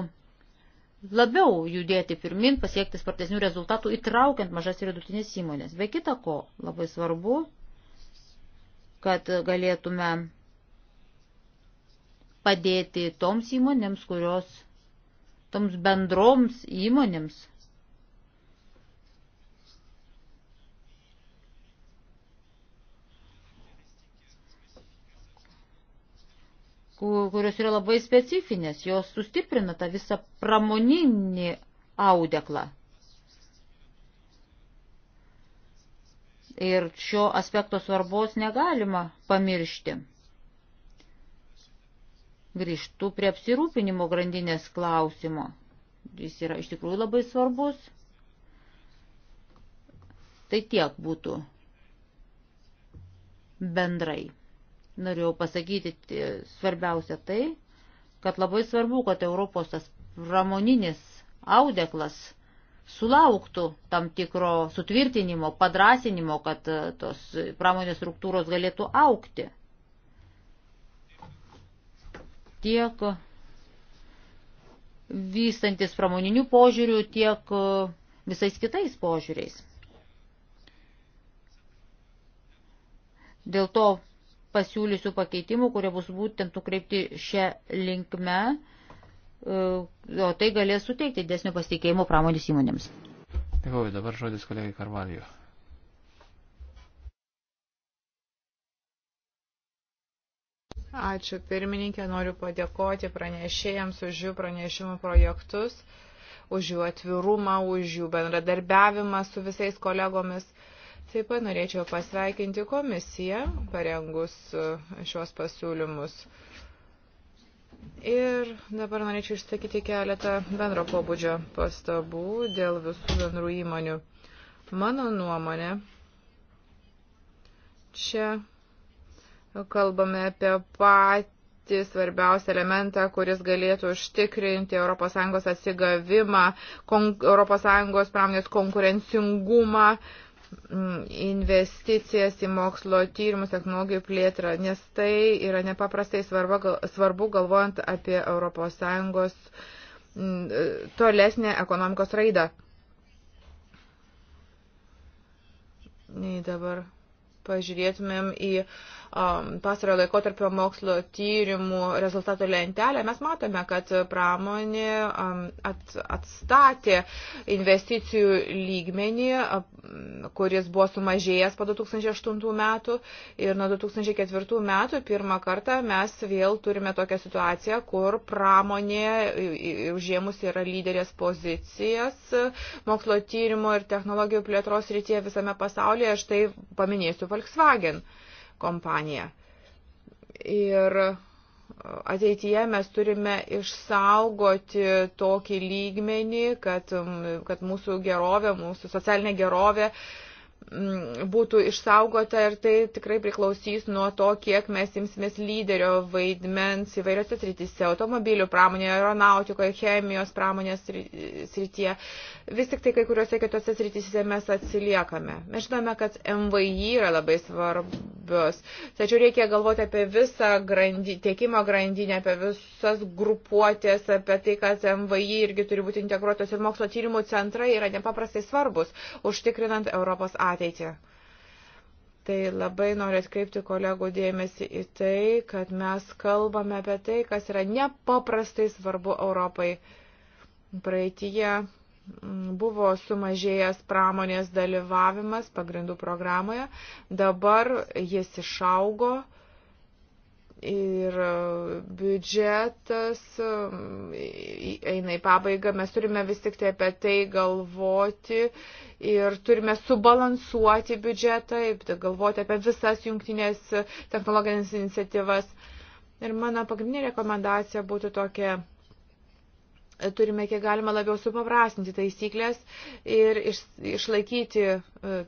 labiau judėti pirmin, pasiekti spartesnių rezultatų, įtraukiant mažas ir vidutinės įmonės. Be kita ko, labai svarbu, kad galėtume padėti toms įmonėms, kurios, toms bendroms įmonėms, kurios yra labai specifinės, jos sustiprina tą visą pramoninį audeklą. Ir šio aspekto svarbos negalima pamiršti. Grįžtų prie apsirūpinimo grandinės klausimo. Jis yra iš tikrųjų labai svarbus. Tai tiek būtų bendrai norėjau pasakyti svarbiausia tai, kad labai svarbu, kad Europos tas ramoninis audeklas sulauktų tam tikro sutvirtinimo, padrasinimo, kad e, tos pramonės struktūros galėtų aukti. Tiek vystantis pramoninių požiūrių, tiek e, visais kitais požiūriais. Dėl to pasiūlysiu pakeitimų, kurie bus būtent nukreipti šią linkme, o tai galės suteikti desnio pasitikėjimo pramonės įmonėms. Dėkuoju, dabar žodis kolegai Karvalijo. Ačiū pirmininkė, noriu padėkoti pranešėjams už jų pranešimų projektus, už jų atvirumą, už jų bendradarbiavimą su visais kolegomis. Taip pat norėčiau pasveikinti komisiją, parengus e, šios pasiūlymus. Ir dabar norėčiau išsakyti keletą bendro pobūdžio pastabų dėl visų bendrų įmonių. Mano nuomonė, čia kalbame apie patį svarbiausią elementą, kuris galėtų užtikrinti ES atsigavimą, ES pramonės konkurencingumą Mm, investicijas į mokslo tyrimus, technologijų plėtrą, nes tai yra nepaprastai svarbu, svarbu galvojant apie ES mm, tolesnę ekonomikos raidą. Nei dabar pažiūrėtumėm į uh, Um, pastarojo laikotarpio mokslo tyrimų rezultatų lentelę, mes matome, kad pramonė um, at, atstatė investicijų lygmenį, um, kuris buvo sumažėjęs po 2008 metų ir nuo 2004 metų pirmą kartą mes vėl turime tokią situaciją, kur pramonė užėmus yra lyderės pozicijas mokslo tyrimo ir technologijų plėtros rytyje visame pasaulyje, aš tai paminėsiu Volkswagen. Uh, kompaniją. Ir ateityje mes turime išsaugoti tokį lygmenį, kad, kad mūsų gerovė, mūsų socialinė gerovė Mm, būtų išsaugota ir tai tikrai priklausys nuo to, kiek mes imsimės lyderio vaidmens įvairiose srityse - automobilių pramonėje, aeronautikoje, chemijos pramonės srityje. Vis tik tai kai kuriuose kitose srityse mes atsiliekame. Mes žinome, kad MVI yra labai svarbios, tačiau reikia galvoti apie visą grandį, tiekimo grandinę, apie visas grupuotės, apie tai, kad MVI irgi turi būti integruotos ir mokslo tyrimų centrai yra nepaprastai svarbus, užtikrinant Europos ateitį ateitį. Tai labai noriu atkreipti kolegų dėmesį į tai, kad mes kalbame apie tai, kas yra nepaprastai svarbu Europai. Praeitie mm, buvo sumažėjęs pramonės dalyvavimas pagrindų programoje, dabar jis išaugo ir e, biudžetas e, eina į pabaigą, mes turime vis tik tai apie tai galvoti ir turime subalansuoti biudžetą, galvoti apie visas jungtinės technologinės iniciatyvas. Ir mano pagrindinė rekomendacija būtų tokia turime kiek galima labiau supaprastinti taisyklės ir iš, išlaikyti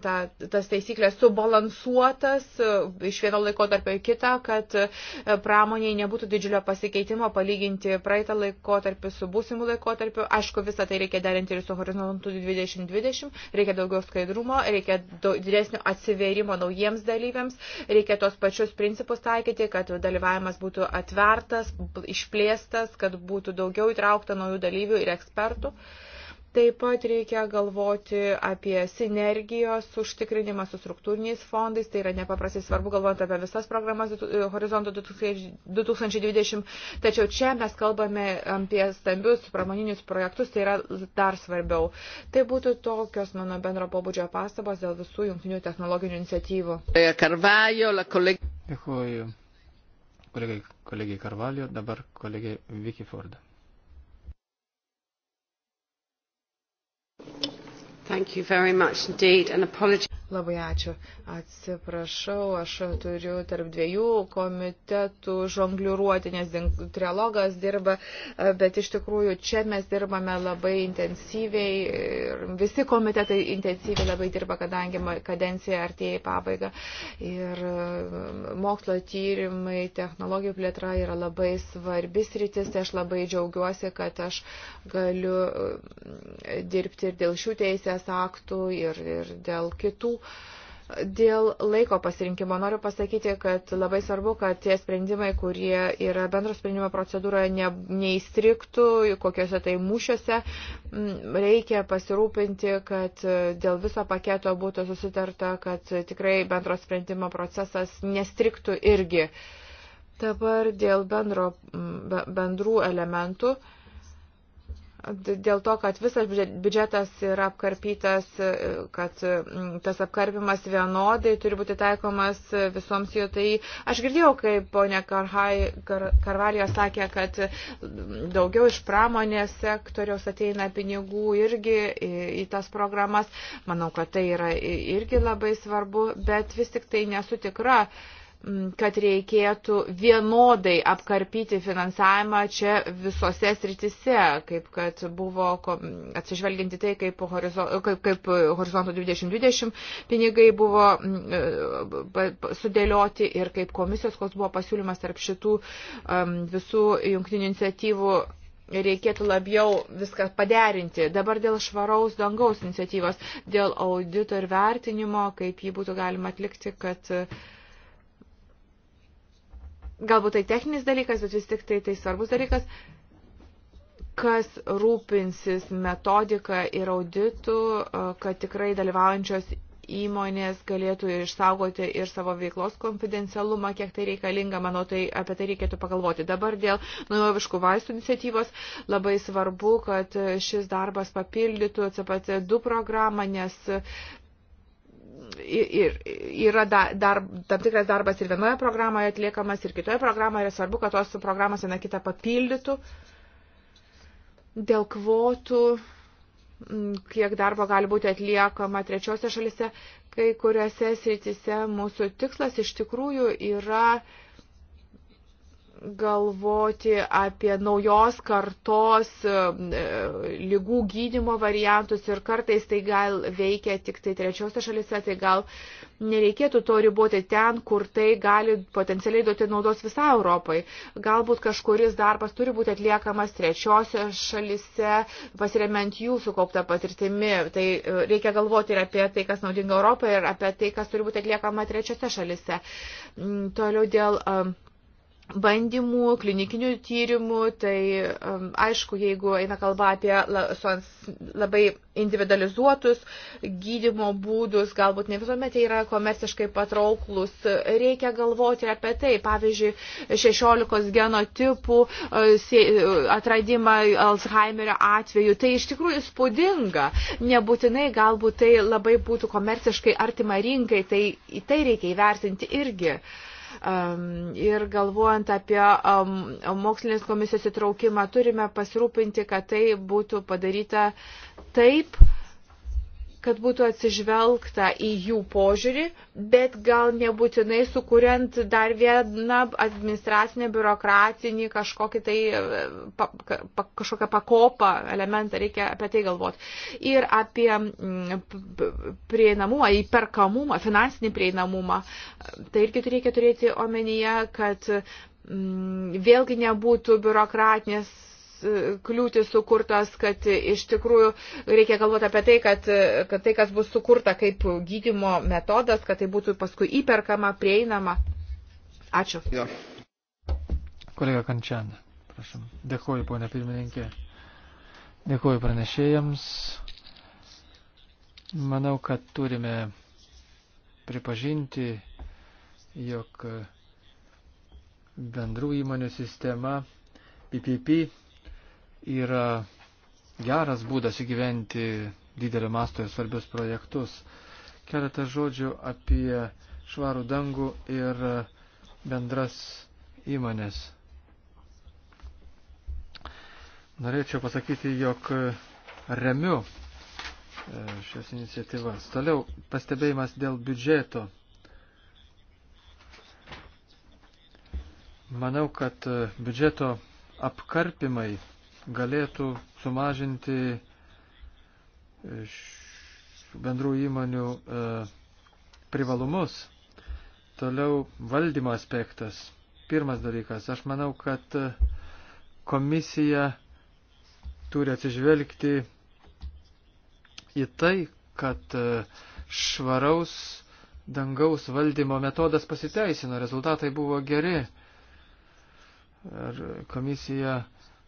ta, tas taisyklės subalansuotas e, iš vieno laiko tarp į kitą, kad e, pramoniai nebūtų didžiulio pasikeitimo palyginti praeitą laiko tarp su būsimų laiko tarp. Aišku, visą tai reikia derinti ir su horizontu 2020, reikia daugiau skaidrumo, reikia didesnio atsiverimo naujiems dalyviams, reikia tos pačius principus taikyti, kad dalyvavimas būtų atvertas, išplėstas, kad būtų daugiau įtraukta naujų dalyvių ir ekspertų. Uh, Taip pat reikia galvoti apie sinergijos užtikrinimą su struktūriniais fondais. Tai yra nepaprastai svarbu galvojant apie visas programas e, Horizonto 2020. Tačiau čia mes kalbame apie stambius pramoninius projektus. Tai yra dar svarbiau. Tai būtų tokios mano bendro pobūdžio pastabos dėl visų jungtinių technologinių iniciatyvų. Dėkuoju kolegai, kolegai Karvalio, dabar kolegai Vicky Fordą. Thank you very much indeed and apologies. Labai ačiū. Atsiprašau, aš turiu tarp dviejų komitetų žongliuruoti, nes trialogas dirba, bet iš tikrųjų čia mes dirbame labai intensyviai ir visi komitetai intensyviai labai dirba, kadangi kadencija artėja į pabaigą. Ir mokslo tyrimai, technologijų plėtra yra labai svarbis rytis, tai aš labai džiaugiuosi, kad aš galiu dirbti ir dėl šių teisės aktų, ir, ir dėl kitų Toliau dėl laiko pasirinkimo noriu pasakyti, kad labai svarbu, kad tie sprendimai, kurie yra bendro sprendimo procedūroje, ne, neįstriktų kokiuose tai mūšiuose. Mm, reikia pasirūpinti, kad dėl viso paketo būtų susitarta, kad tikrai bendro sprendimo procesas nestriktų irgi. Dabar dėl bendro, mm, bendrų elementų dėl to, kad visas biudžetas yra apkarpytas, e, kad mm, tas apkarpimas vienodai turi būti taikomas e, visoms jo tai. Aš girdėjau, kaip ponia Karhai, Kar, Karvalijo sakė, kad mm, daugiau iš pramonės sektoriaus ateina pinigų irgi į, į tas programas. Manau, kad tai yra irgi labai svarbu, bet vis tik tai nesu tikra. Uh, kad reikėtų vienodai apkarpyti finansavimą čia visose sritise, kaip kad buvo atsižvelginti tai, kaip, horizo, kaip, kaip horizonto 2020 pinigai buvo sudėlioti ir kaip komisijos, koks buvo pasiūlymas tarp šitų visų jungtinių iniciatyvų reikėtų labiau viską paderinti. Dabar dėl švaraus dangaus iniciatyvos, dėl audito ir vertinimo, kaip jį būtų galima atlikti, kad uh, galbūt tai techninis dalykas, bet vis tik tai tai svarbus dalykas, kas rūpinsis metodika ir auditu, kad tikrai dalyvaujančios įmonės galėtų išsaugoti ir savo veiklos konfidencialumą, kiek tai reikalinga, manau, tai apie tai reikėtų pagalvoti. Dabar dėl naujoviškų vaistų iniciatyvos labai svarbu, kad šis darbas papildytų CPT2 programą, nes ir, yra dar, dar, tam tikras darbas ir vienoje programoje atliekamas, ir kitoje programoje, ir svarbu, kad tos programos viena kitą papildytų. Dėl kvotų, kiek darbo gali būti atliekama trečiose šalise, kai kuriuose srityse mūsų tikslas iš tikrųjų yra uh, galvoti apie naujos kartos e, e, lygų gydimo variantus ir kartais tai gal veikia tik tai trečiose šalise, tai gal nereikėtų to riboti ten, kur tai gali potencialiai duoti naudos visą Europai. Galbūt kažkuris darbas turi būti atliekamas trečiose šalise, pasiremiant jų sukauptą patirtimi. Tai e, reikia galvoti ir apie tai, kas naudinga Europai, ir apie tai, kas turi būti atliekama trečiose šalise. Mm, toliau dėl um, bandymų, klinikinių tyrimų, tai um, aišku, jeigu eina kalba apie labai individualizuotus gydimo būdus, galbūt ne visuomet jie yra komerciškai patrauklus, reikia galvoti apie tai, pavyzdžiui, 16 genotipų uh, uh, atradimą Alzheimerio atveju, tai iš tikrųjų spūdinga, nebūtinai galbūt tai labai būtų komerciškai artima rinkai, tai į tai reikia įvertinti irgi. Uh, Ir galvojant apie mokslinės komisijos įtraukimą, turime pasirūpinti, kad tai būtų padaryta taip, kad būtų atsižvelgta į jų požiūrį, bet gal nebūtinai sukuriant dar vieną administracinę, biurokratinį kažkokį tai, pa, pa, kažkokią pakopą elementą, reikia apie tai galvoti. Ir apie mm, prieinamumą, įperkamumą, finansinį prieinamumą. Tai irgi reikia turėti omenyje, kad mm, vėlgi nebūtų biurokratinės kliūtis sukurtos, kad iš tikrųjų reikia galvoti apie tai, kad, kad tai, kas bus sukurta kaip gydimo metodas, kad tai būtų paskui įperkama, prieinama. Ačiū. Jo. Kolega Kančian, prašom. Dėkuoju, ponė pirmininkė. Dėkuoju pranešėjams. Manau, kad turime pripažinti, jog bendrų įmonių sistema PPP yra geras būdas įgyventi didelio masto ir svarbius projektus. Keletą žodžių apie švarų dangų ir bendras įmonės. Norėčiau pasakyti, jog remiu e, šias iniciatyvas. Toliau pastebėjimas dėl biudžeto. Manau, kad biudžeto apkarpimai galėtų sumažinti e, bendrų įmonių e, privalumus. Toliau valdymo aspektas. Pirmas dalykas, aš manau, kad e, komisija turi atsižvelgti į tai, kad e, švaraus dangaus valdymo metodas pasiteisino, rezultatai buvo geri. Ar komisija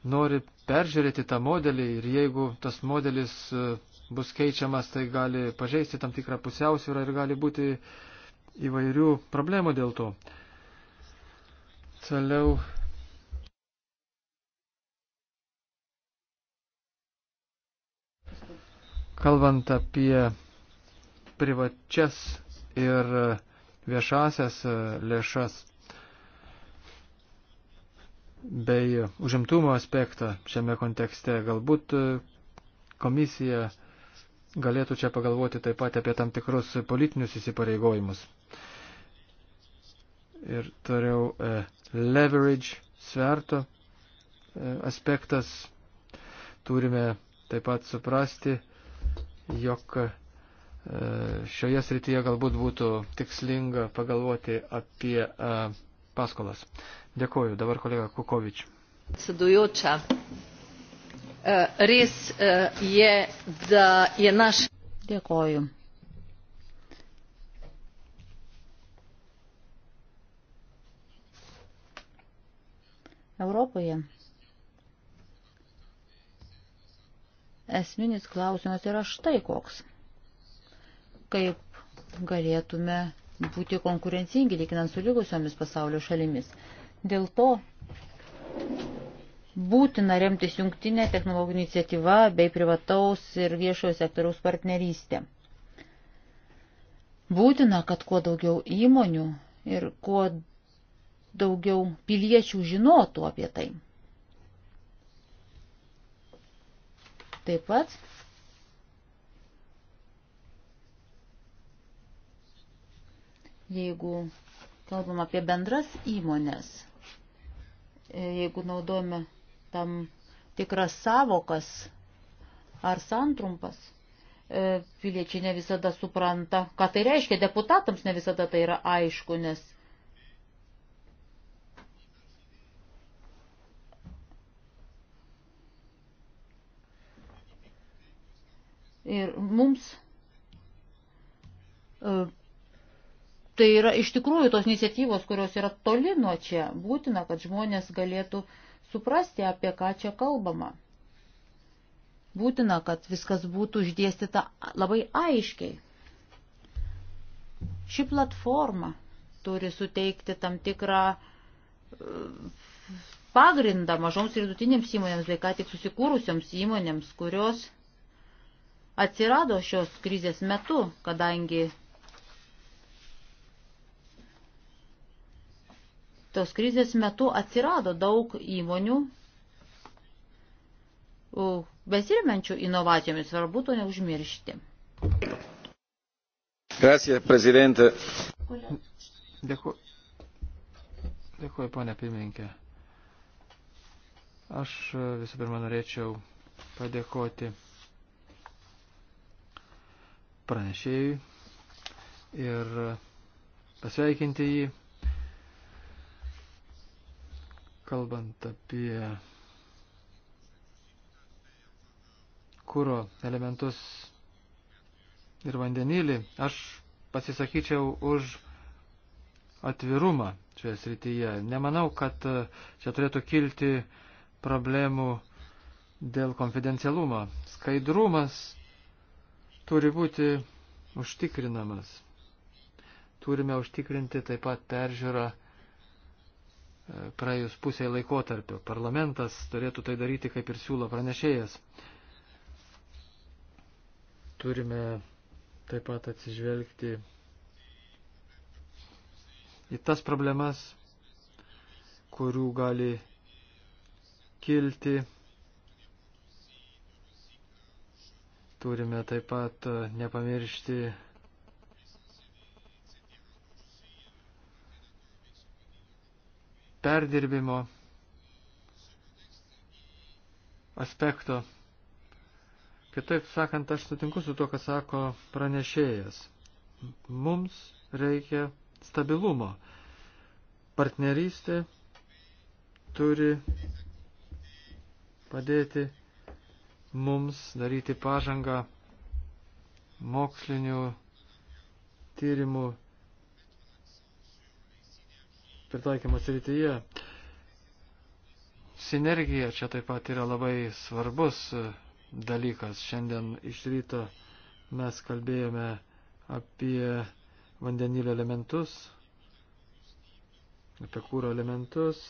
nori peržiūrėti tą modelį ir jeigu tas modelis e, bus keičiamas, tai gali pažeisti tam tikrą pusiausvyrą ir gali būti įvairių problemų dėl to. Toliau kalbant apie privačias ir viešasias e, lėšas, bei užimtumo aspektą šiame kontekste. Galbūt e, komisija galėtų čia pagalvoti taip pat apie tam tikrus politinius įsipareigojimus. Ir toliau e, leverage sverto e, aspektas. Turime taip pat suprasti, jog e, šioje srityje galbūt būtų tikslinga pagalvoti apie e, paskolas. Dėkoju. Dabar kolega Kukovič. Sedujoča. E, res e, je, da je naš. Dėkoju. Europoje esminis klausimas yra štai koks. Kaip galėtume būti konkurencingi, lyginant su lygusiomis pasaulio šalimis. Dėl to būtina remtis jungtinė technologinė iniciatyva bei privataus ir viešojo sektoriaus partnerystė. Būtina, kad kuo daugiau įmonių ir kuo daugiau piliečių žinotų apie tai. Taip pat Jeigu kalbam apie bendras įmonės, e, jeigu naudojame tam tikras savokas ar santrumpas, e, piliečiai ne visada supranta, ką tai reiškia, deputatams ne visada tai yra aišku, nes ir mums e, tai yra iš tikrųjų tos iniciatyvos, kurios yra toli nuo čia, būtina, kad žmonės galėtų suprasti, apie ką čia kalbama. Būtina, kad viskas būtų išdėstyta labai aiškiai. Ši platforma turi suteikti tam tikrą uh, pagrindą mažoms ir vidutinėms įmonėms, bei ką tik susikūrusiams įmonėms, kurios atsirado šios krizės metu, kadangi tos krizės metu atsirado daug įmonių besirimenčių inovacijomis. Svarbu to neužmiršti. Gracias, prezidente. Dėkuoju. Dėkuoju, ponia pirmininkė. Aš e, visų pirma norėčiau padėkoti pranešėjui ir e, pasveikinti jį kalbant apie kūro elementus ir vandenilį, aš pasisakyčiau už atvirumą šioje srityje. Nemanau, kad e, čia turėtų kilti problemų dėl konfidencialumo. Skaidrumas turi būti užtikrinamas. Turime užtikrinti taip pat peržiūrą praėjus pusiai laikotarpio. Parlamentas turėtų tai daryti, kaip ir siūlo pranešėjas. Turime taip pat atsižvelgti į tas problemas, kurių gali kilti. Turime taip pat nepamiršti perdirbimo aspekto. Kitaip sakant, aš sutinku su to, ką sako pranešėjas. Mums reikia stabilumo. Partnerystė turi padėti mums daryti pažangą mokslinių tyrimų pritaikymo srityje. Sinergija čia taip pat yra labai svarbus e, dalykas. Šiandien iš ryto mes kalbėjome apie vandenilio elementus, apie kūro elementus.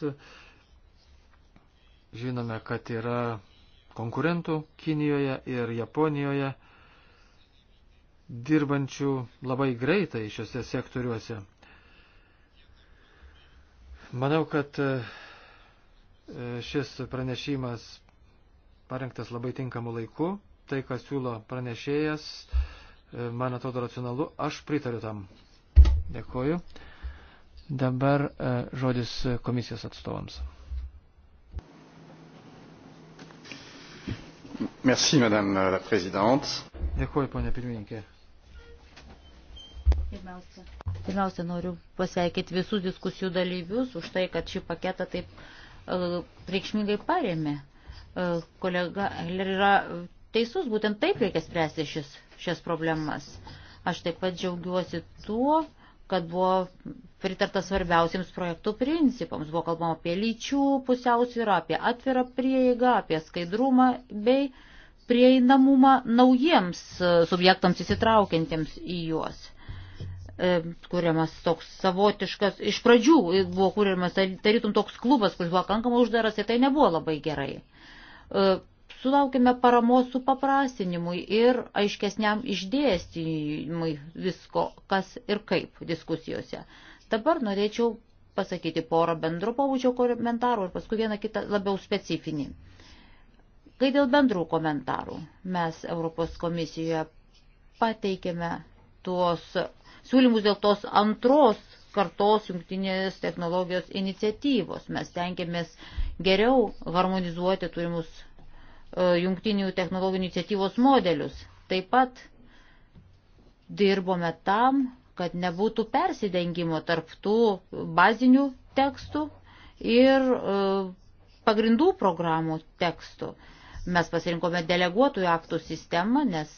Žinome, kad yra konkurentų Kinijoje ir Japonijoje dirbančių labai greitai šiuose sektoriuose. Manau, kad e, e, šis pranešimas parengtas labai tinkamu laiku. Tai, ką siūlo pranešėjas, e, man atrodo racionalu. Aš pritariu tam. Dėkuoju. Dabar žodis komisijos atstovams. Merci, madame la présidente. Dėkuoju, ponė pirmininkė. Pirmiausia. Pirmiausia, noriu pasveikinti visus diskusijų dalyvius už tai, kad šį paketą taip uh, reikšmingai paremė. Uh, kolega Heller yra teisus, būtent taip reikia spręsti šis, šias problemas. Aš taip pat džiaugiuosi tuo, kad buvo pritarta svarbiausiams projektų principams. Buvo kalbama apie lyčių pusiausvyrą, apie atvirą prieigą, apie skaidrumą bei prieinamumą naujiems e, subjektams įsitraukiantiems į juos. E, kuriamas toks savotiškas, iš pradžių buvo kuriamas tarytum toks klubas, kuris buvo kankamai uždaras ir tai nebuvo labai gerai. E, Sulaukime paramos su paprastinimui ir aiškesniam išdėstymui visko, kas ir kaip diskusijose. Dabar norėčiau pasakyti porą bendro pavučio komentarų ir paskui vieną kitą labiau specifinį. Kai dėl bendrų komentarų mes Europos komisijoje pateikėme tuos uh, siūlymus dėl tos antros kartos jungtinės technologijos iniciatyvos. Mes tenkėmės geriau harmonizuoti turimus e, jungtinių technologijų iniciatyvos modelius. Taip pat dirbome tam, kad nebūtų persidengimo tarp tų bazinių tekstų ir e, pagrindų programų tekstų. Mes pasirinkome deleguotojų aktų sistemą, nes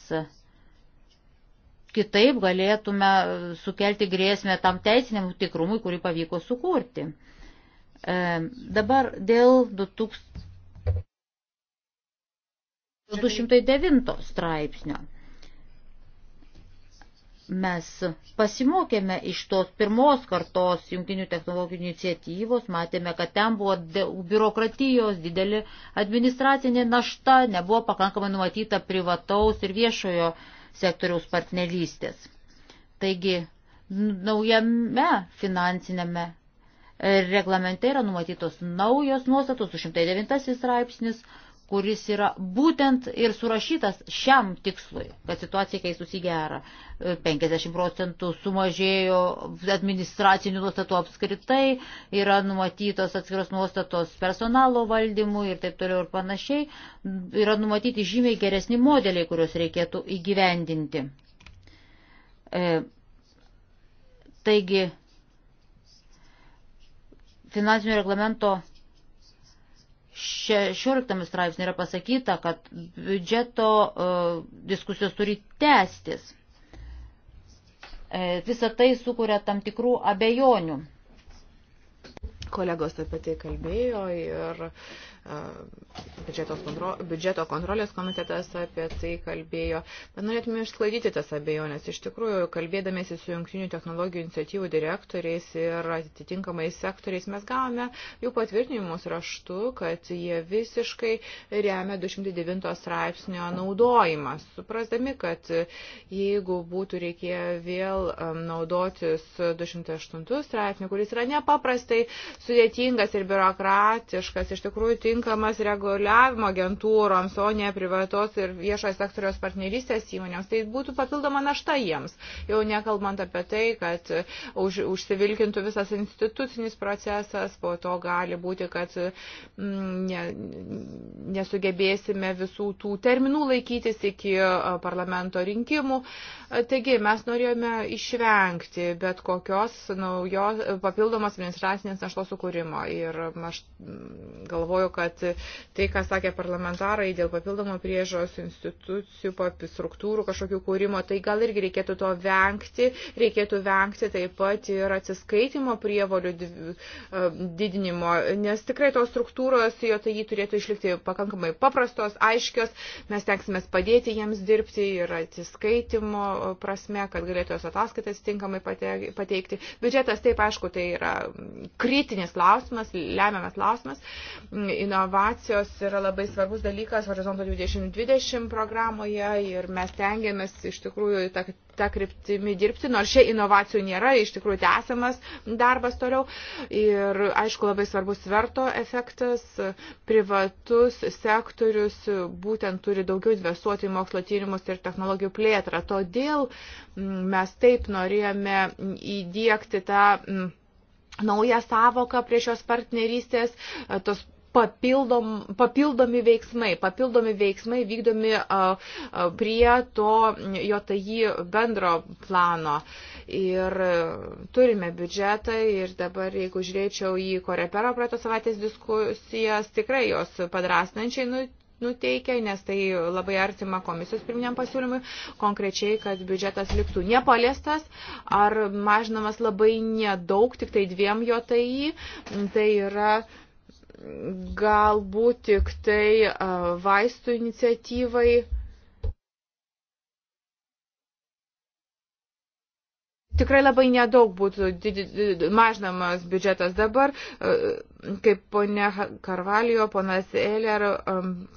kitaip galėtume sukelti grėsmę tam teisiniam tikrumui, kurį pavyko sukurti. E, dabar dėl 209 straipsnio mes pasimokėme iš tos pirmos kartos jungtinių technologijų iniciatyvos, matėme, kad ten buvo biurokratijos, didelė administracinė našta, nebuvo pakankamai numatyta privataus ir viešojo uh, sektoriaus partnerystės. Taigi, naujame finansinėme e, reglamente yra numatytos naujos nuostatos, 109 straipsnis, kuris yra būtent ir surašytas šiam tikslui, kad situacija keistųsi gerą. 50 e, procentų sumažėjo administracinių nuostatų apskritai, yra numatytos atskiros nuostatos personalo valdymui ir taip toliau ir panašiai, yra numatyti žymiai geresni modeliai, kuriuos reikėtų įgyvendinti. E, taigi, finansinio reglamento 16 straipsnė yra pasakyta, kad biudžeto e, diskusijos turi tęstis. E, Visą tai sukuria tam tikrų abejonių. Kolegos apie tai kalbėjo ir uh, biudžeto, kontro, biudžeto kontrolės komitetas apie tai kalbėjo. Bet norėtume išsklaidyti tas abejonės. Iš tikrųjų, kalbėdamėsi su jungtinių technologijų iniciatyvų direktoriais ir atitinkamais sektoriais, mes gavome jų patvirtinimus raštu, kad jie visiškai remia 209 straipsnio naudojimą, suprasdami, kad jeigu būtų reikėję vėl um, naudotis 208 straipsnių, kuris yra nepaprastai sudėtingas ir biurokratiškas, iš tikrųjų tai tinkamas reguliavimo agentūroms, o ne privatos ir viešojo sektoriaus partnerystės įmonėms. Tai būtų papildoma našta jiems, jau nekalbant apie tai, kad už, užsivilkintų visas institucinis procesas, po to gali būti, kad mm, ne, nesugebėsime visų tų terminų laikytis iki e, parlamento rinkimų. Taigi mes norėjome išvengti bet kokios naujos papildomos administracinės naštos sukūrimo. Ir aš mm, galvoju, kad kad tai, ką sakė parlamentarai dėl papildomo priežos institucijų, struktūrų kažkokių kūrimo, tai gal irgi reikėtų to vengti, reikėtų vengti taip pat ir atsiskaitimo prievolių e, didinimo, nes tikrai tos struktūros, jo tai jį turėtų išlikti pakankamai paprastos, aiškios, mes tenksime padėti jiems dirbti ir atsiskaitimo prasme, kad galėtų jos ataskaitas tinkamai pateikti. Biudžetas taip, aišku, tai yra kritinis klausimas, lemiamas klausimas. Inovacijos yra labai svarbus dalykas Horizonto 2020 programoje ir mes tengiamės iš tikrųjų tą, tą kryptimį dirbti, nors šia inovacijų nėra, iš tikrųjų tęsiamas darbas toliau. Ir aišku, labai svarbus sverto efektas, privatus sektorius būtent turi daugiau investuoti į mokslo tyrimus ir technologijų plėtrą. Todėl mm, mes taip norėjome įdėkti tą mm, naują savoką prie šios partnerystės, tos papildom, papildomi veiksmai, papildomi veiksmai vykdomi a, a, prie to JTI bendro plano. Ir e, turime biudžetą ir dabar, jeigu žiūrėčiau į Korepero praeitą savaitės diskusijas, tikrai jos padrasnančiai nu, nuteikia, nes tai labai artima komisijos pirminiam pasiūlymui, konkrečiai, kad biudžetas liktų nepaliestas ar mažinamas labai nedaug, tik tai dviem jo tai, tai yra galbūt tik tai vaistų iniciatyvai. tikrai labai nedaug būtų mažinamas biudžetas dabar, kaip ponia Karvalijo, ponas Eller,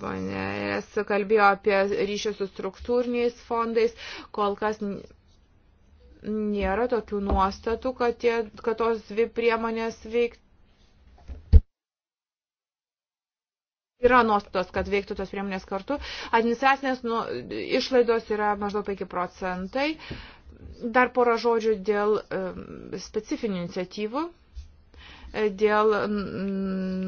ponės kalbėjo apie ryšius su struktūriniais fondais, kol kas nėra tokių nuostatų, kad, tie, kad tos dvi priemonės veikt, yra nuostatos, kad veiktų tos priemonės kartu. Administracinės nu, išlaidos yra maždaug 5 procentai. Dar porą žodžių dėl um, specifinių iniciatyvų, dėl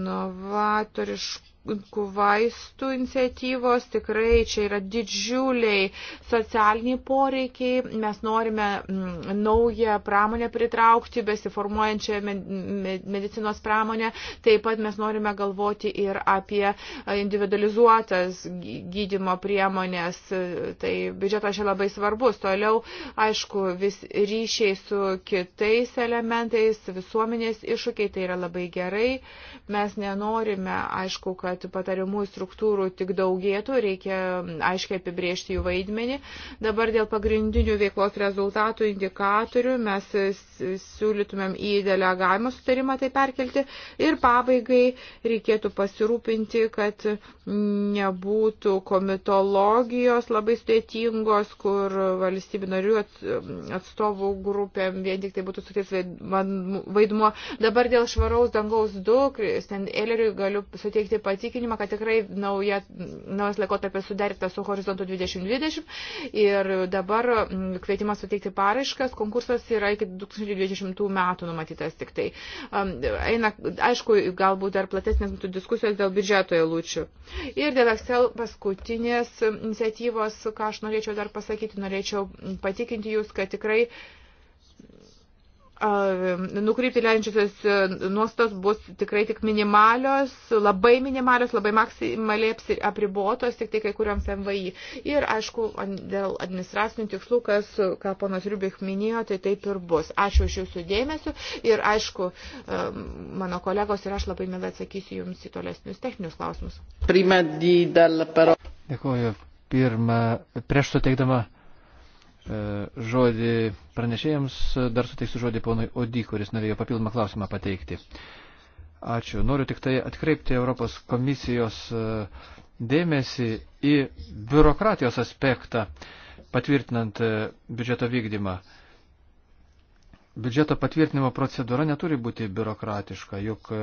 novatoriškų vaistų iniciatyvos, tikrai čia yra didžiuliai socialiniai poreikiai. Mes norime mm, naują pramonę pritraukti, besiformuojančią medicinos pramonę. Taip pat mes norime galvoti ir apie e, individualizuotas gydimo priemonės. Tai biudžetas čia labai svarbus. Toliau, aišku, vis ryšiai su kitais elementais, visuomenės iššūkiai, tai yra labai gerai. Mes nenorime, aišku, kad kad patariamųjų struktūrų tik daugėtų, reikia aiškiai apibriežti jų vaidmenį. Dabar dėl pagrindinių veiklos rezultatų indikatorių mes siūlytumėm į delegavimo sutarimą tai perkelti ir pabaigai reikėtų pasirūpinti, kad nebūtų komitologijos labai sudėtingos, kur valstybių narių atstovų grupėm vien tik tai būtų sutės vaidmuo. Dabar dėl švaraus dangaus 2, ten Eleriui galiu suteikti pati įsitikinimą, kad tikrai nauja, naujas laikotarpis sudarytas su horizontu 2020 ir dabar mm, kvietimas suteikti paraiškas, konkursas yra iki 2020 metų numatytas tik tai. Eina, aišku, galbūt dar platesnės būtų diskusijos dėl biudžeto eilučių. Ir dėl Excel paskutinės iniciatyvos, ką aš norėčiau dar pasakyti, norėčiau patikinti jūs, kad tikrai nukrypti leidžiančiosios e, nuostos bus tikrai tik minimalios, labai minimalios, labai maksimaliai apribotos, tik tai kai kuriuoms MVI. Ir, aišku, dėl administracinių tikslų, kas, ką ponas Riubik minėjo, tai taip ir bus. Ačiū už jūsų dėmesį ir, aišku, e, mano kolegos ir aš labai mielai atsakysiu jums į tolesnius techninius klausimus. Dėkuoju. Pirma, prieš suteikdama E, žodį pranešėjams, dar suteiksiu žodį ponui Odi, kuris norėjo papildomą klausimą pateikti. Ačiū. Noriu tik tai atkreipti Europos komisijos e, dėmesį į biurokratijos aspektą, patvirtinant e, biudžeto vykdymą biudžeto patvirtinimo procedūra neturi būti biurokratiška, juk e,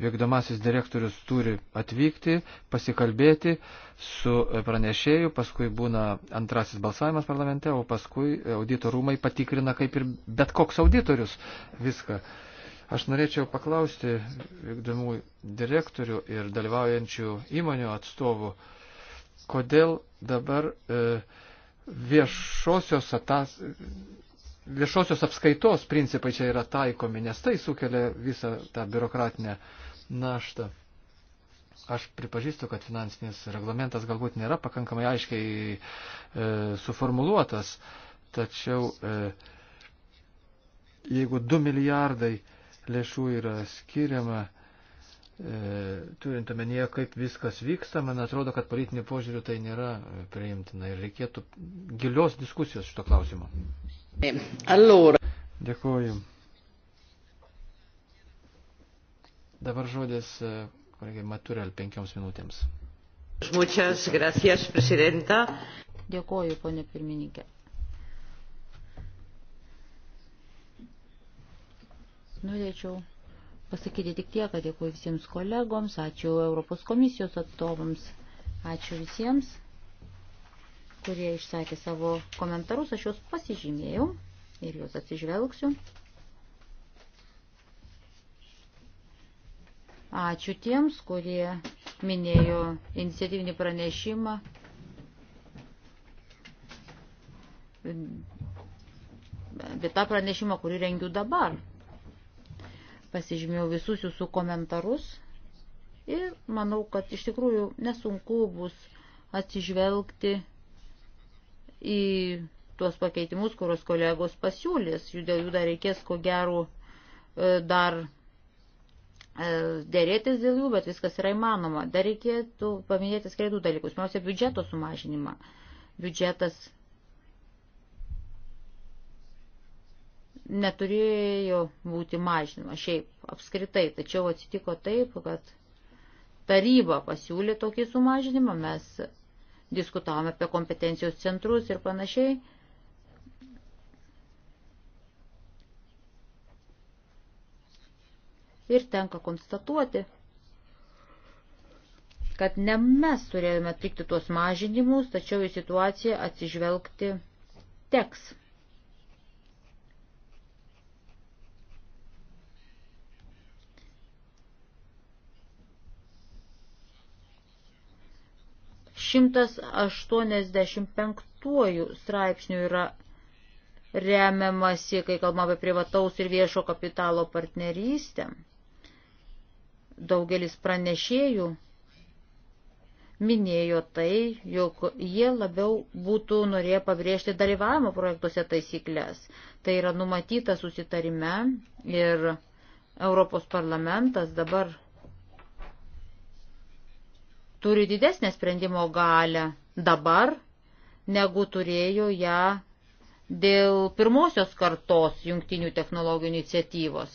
vykdomasis direktorius turi atvykti, pasikalbėti su e, pranešėju, paskui būna antrasis balsavimas parlamente, o paskui e, audito rūmai patikrina kaip ir bet koks auditorius viską. Aš norėčiau paklausti vykdomų direktorių ir dalyvaujančių įmonių atstovų, kodėl dabar e, viešosios atas, viešosios apskaitos principai čia yra taikomi, nes tai sukelia visą tą biurokratinę naštą. Aš pripažįstu, kad finansinis reglamentas galbūt nėra pakankamai aiškiai e, suformuluotas, tačiau e, jeigu 2 milijardai lėšų yra skiriama, e, turint omenyje, kaip viskas vyksta, man atrodo, kad politinių požiūrių tai nėra priimtina ir reikėtų gilios diskusijos šito klausimu. Allora. Dėkuoju. Dabar žodis e, kolegai Maturel penkioms minutėms. Muchas gracias, presidenta. Dėkuoju, ponė pirmininkė. Norėčiau pasakyti tik tiek, kad dėkuoju visiems kolegoms, ačiū Europos komisijos atstovams, ačiū visiems kurie išsakė savo komentarus. Aš juos pasižymėjau ir juos atsižvelgsiu. Ačiū tiems, kurie minėjo iniciatyvinį pranešimą. Bet tą pranešimą, kurį rengiu dabar. Pasižymėjau visus jūsų komentarus ir manau, kad iš tikrųjų nesunku bus atsižvelgti į tuos pakeitimus, kuriuos kolegos pasiūlys. Jų dėl jų dar reikės, ko gero, e, dar e, dėrėtis dėl jų, bet viskas yra įmanoma. Dar reikėtų paminėti skreidų dalykus. Pirmiausia, biudžeto sumažinimą. Biudžetas neturėjo būti mažinimas šiaip apskritai, tačiau atsitiko taip, kad taryba pasiūlė tokį sumažinimą, mes diskutavome apie kompetencijos centrus ir panašiai. Ir tenka konstatuoti, kad ne mes turėjome atlikti tuos mažinimus, tačiau į situaciją atsižvelgti teks. 185 straipsnių yra remiamasi, kai kalbama apie privataus ir viešo kapitalo partnerystę. Daugelis pranešėjų minėjo tai, jog jie labiau būtų norėję pabrėžti dalyvavimo projektuose taisyklės. Tai yra numatyta susitarime ir Europos parlamentas dabar turi didesnę sprendimo galę dabar, negu turėjo ją dėl pirmosios kartos jungtinių technologijų iniciatyvos.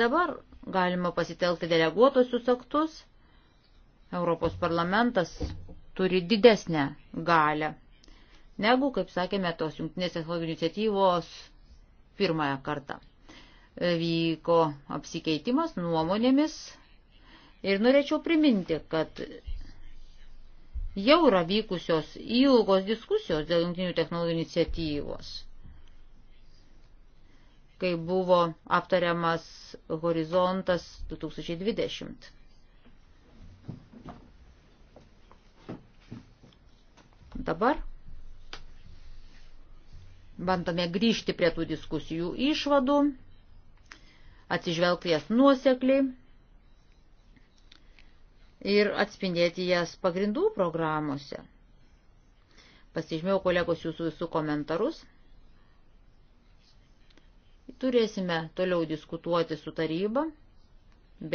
Dabar galima pasitelkti deleguotosius aktus. Europos parlamentas turi didesnę galę negu, kaip sakėme, tos jungtinės technologijų iniciatyvos pirmąją kartą vyko apsikeitimas nuomonėmis ir norėčiau priminti, kad jau yra vykusios ilgos diskusijos dėl jungtinių technologijų iniciatyvos, kai buvo aptariamas horizontas 2020. Dabar bandome grįžti prie tų diskusijų išvadų atsižvelgti jas nuosekliai ir atspindėti jas pagrindų programuose. Pasižymėjau kolegos jūsų visų komentarus. Turėsime toliau diskutuoti su taryba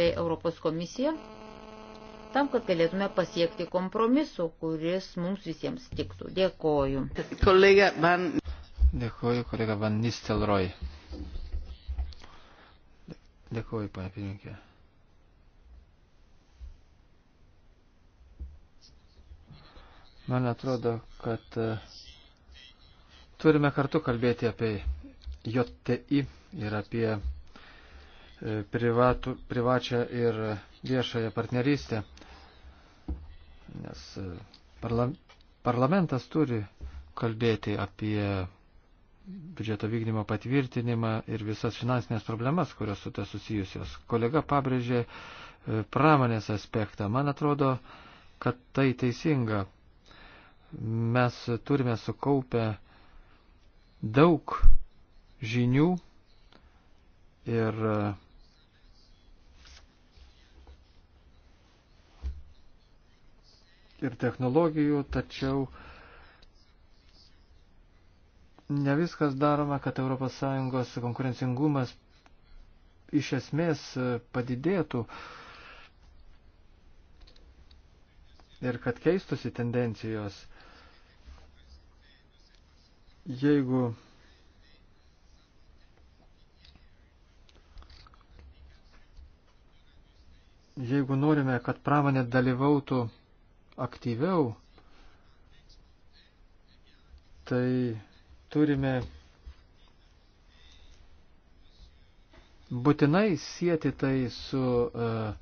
bei Europos komisija tam, kad galėtume pasiekti kompromisu, kuris mums visiems tiktų. Dėkoju. Kolega Van... Dėkoju, kolega Van Nistelroj. Dėkuoju, pana pirmininkė. Man atrodo, kad e, turime kartu kalbėti apie JTI ir apie e, privatų, privačią ir viešąją partnerystę, nes e, parla, parlamentas turi kalbėti apie biudžeto vykdymo patvirtinimą ir visas finansinės problemas, kurios su te susijusios. Kolega pabrėžė e, pramonės aspektą. Man atrodo, kad tai teisinga. Mes turime sukaupę daug žinių ir e, ir technologijų, tačiau uh, ne viskas daroma, kad ES konkurencingumas iš esmės e, padidėtų ir kad keistusi tendencijos. Jeigu jeigu norime, kad pramonė dalyvautų aktyviau, tai turime būtinai sieti tai su uh,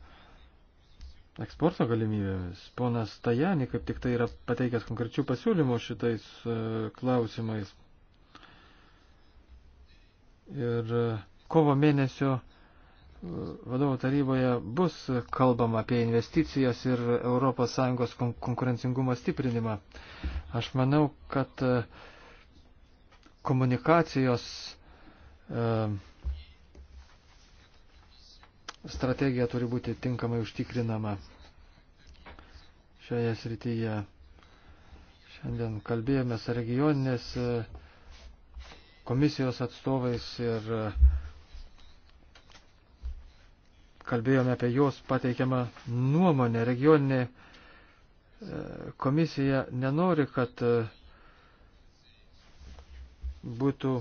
eksporto galimybėmis. Ponas Tajani kaip tik tai yra pateikęs konkrečių pasiūlymų šitais uh, klausimais. Ir uh, kovo mėnesio vadovo taryboje bus kalbama apie investicijas ir ES konkurencingumo stiprinimą. Aš manau, kad uh, komunikacijos e, strategija turi būti tinkamai užtikrinama šioje srityje. Šiandien kalbėjome su regioninės e, komisijos atstovais ir e, kalbėjome apie jos pateikiamą nuomonę. Regioninė komisija nenori, kad būtų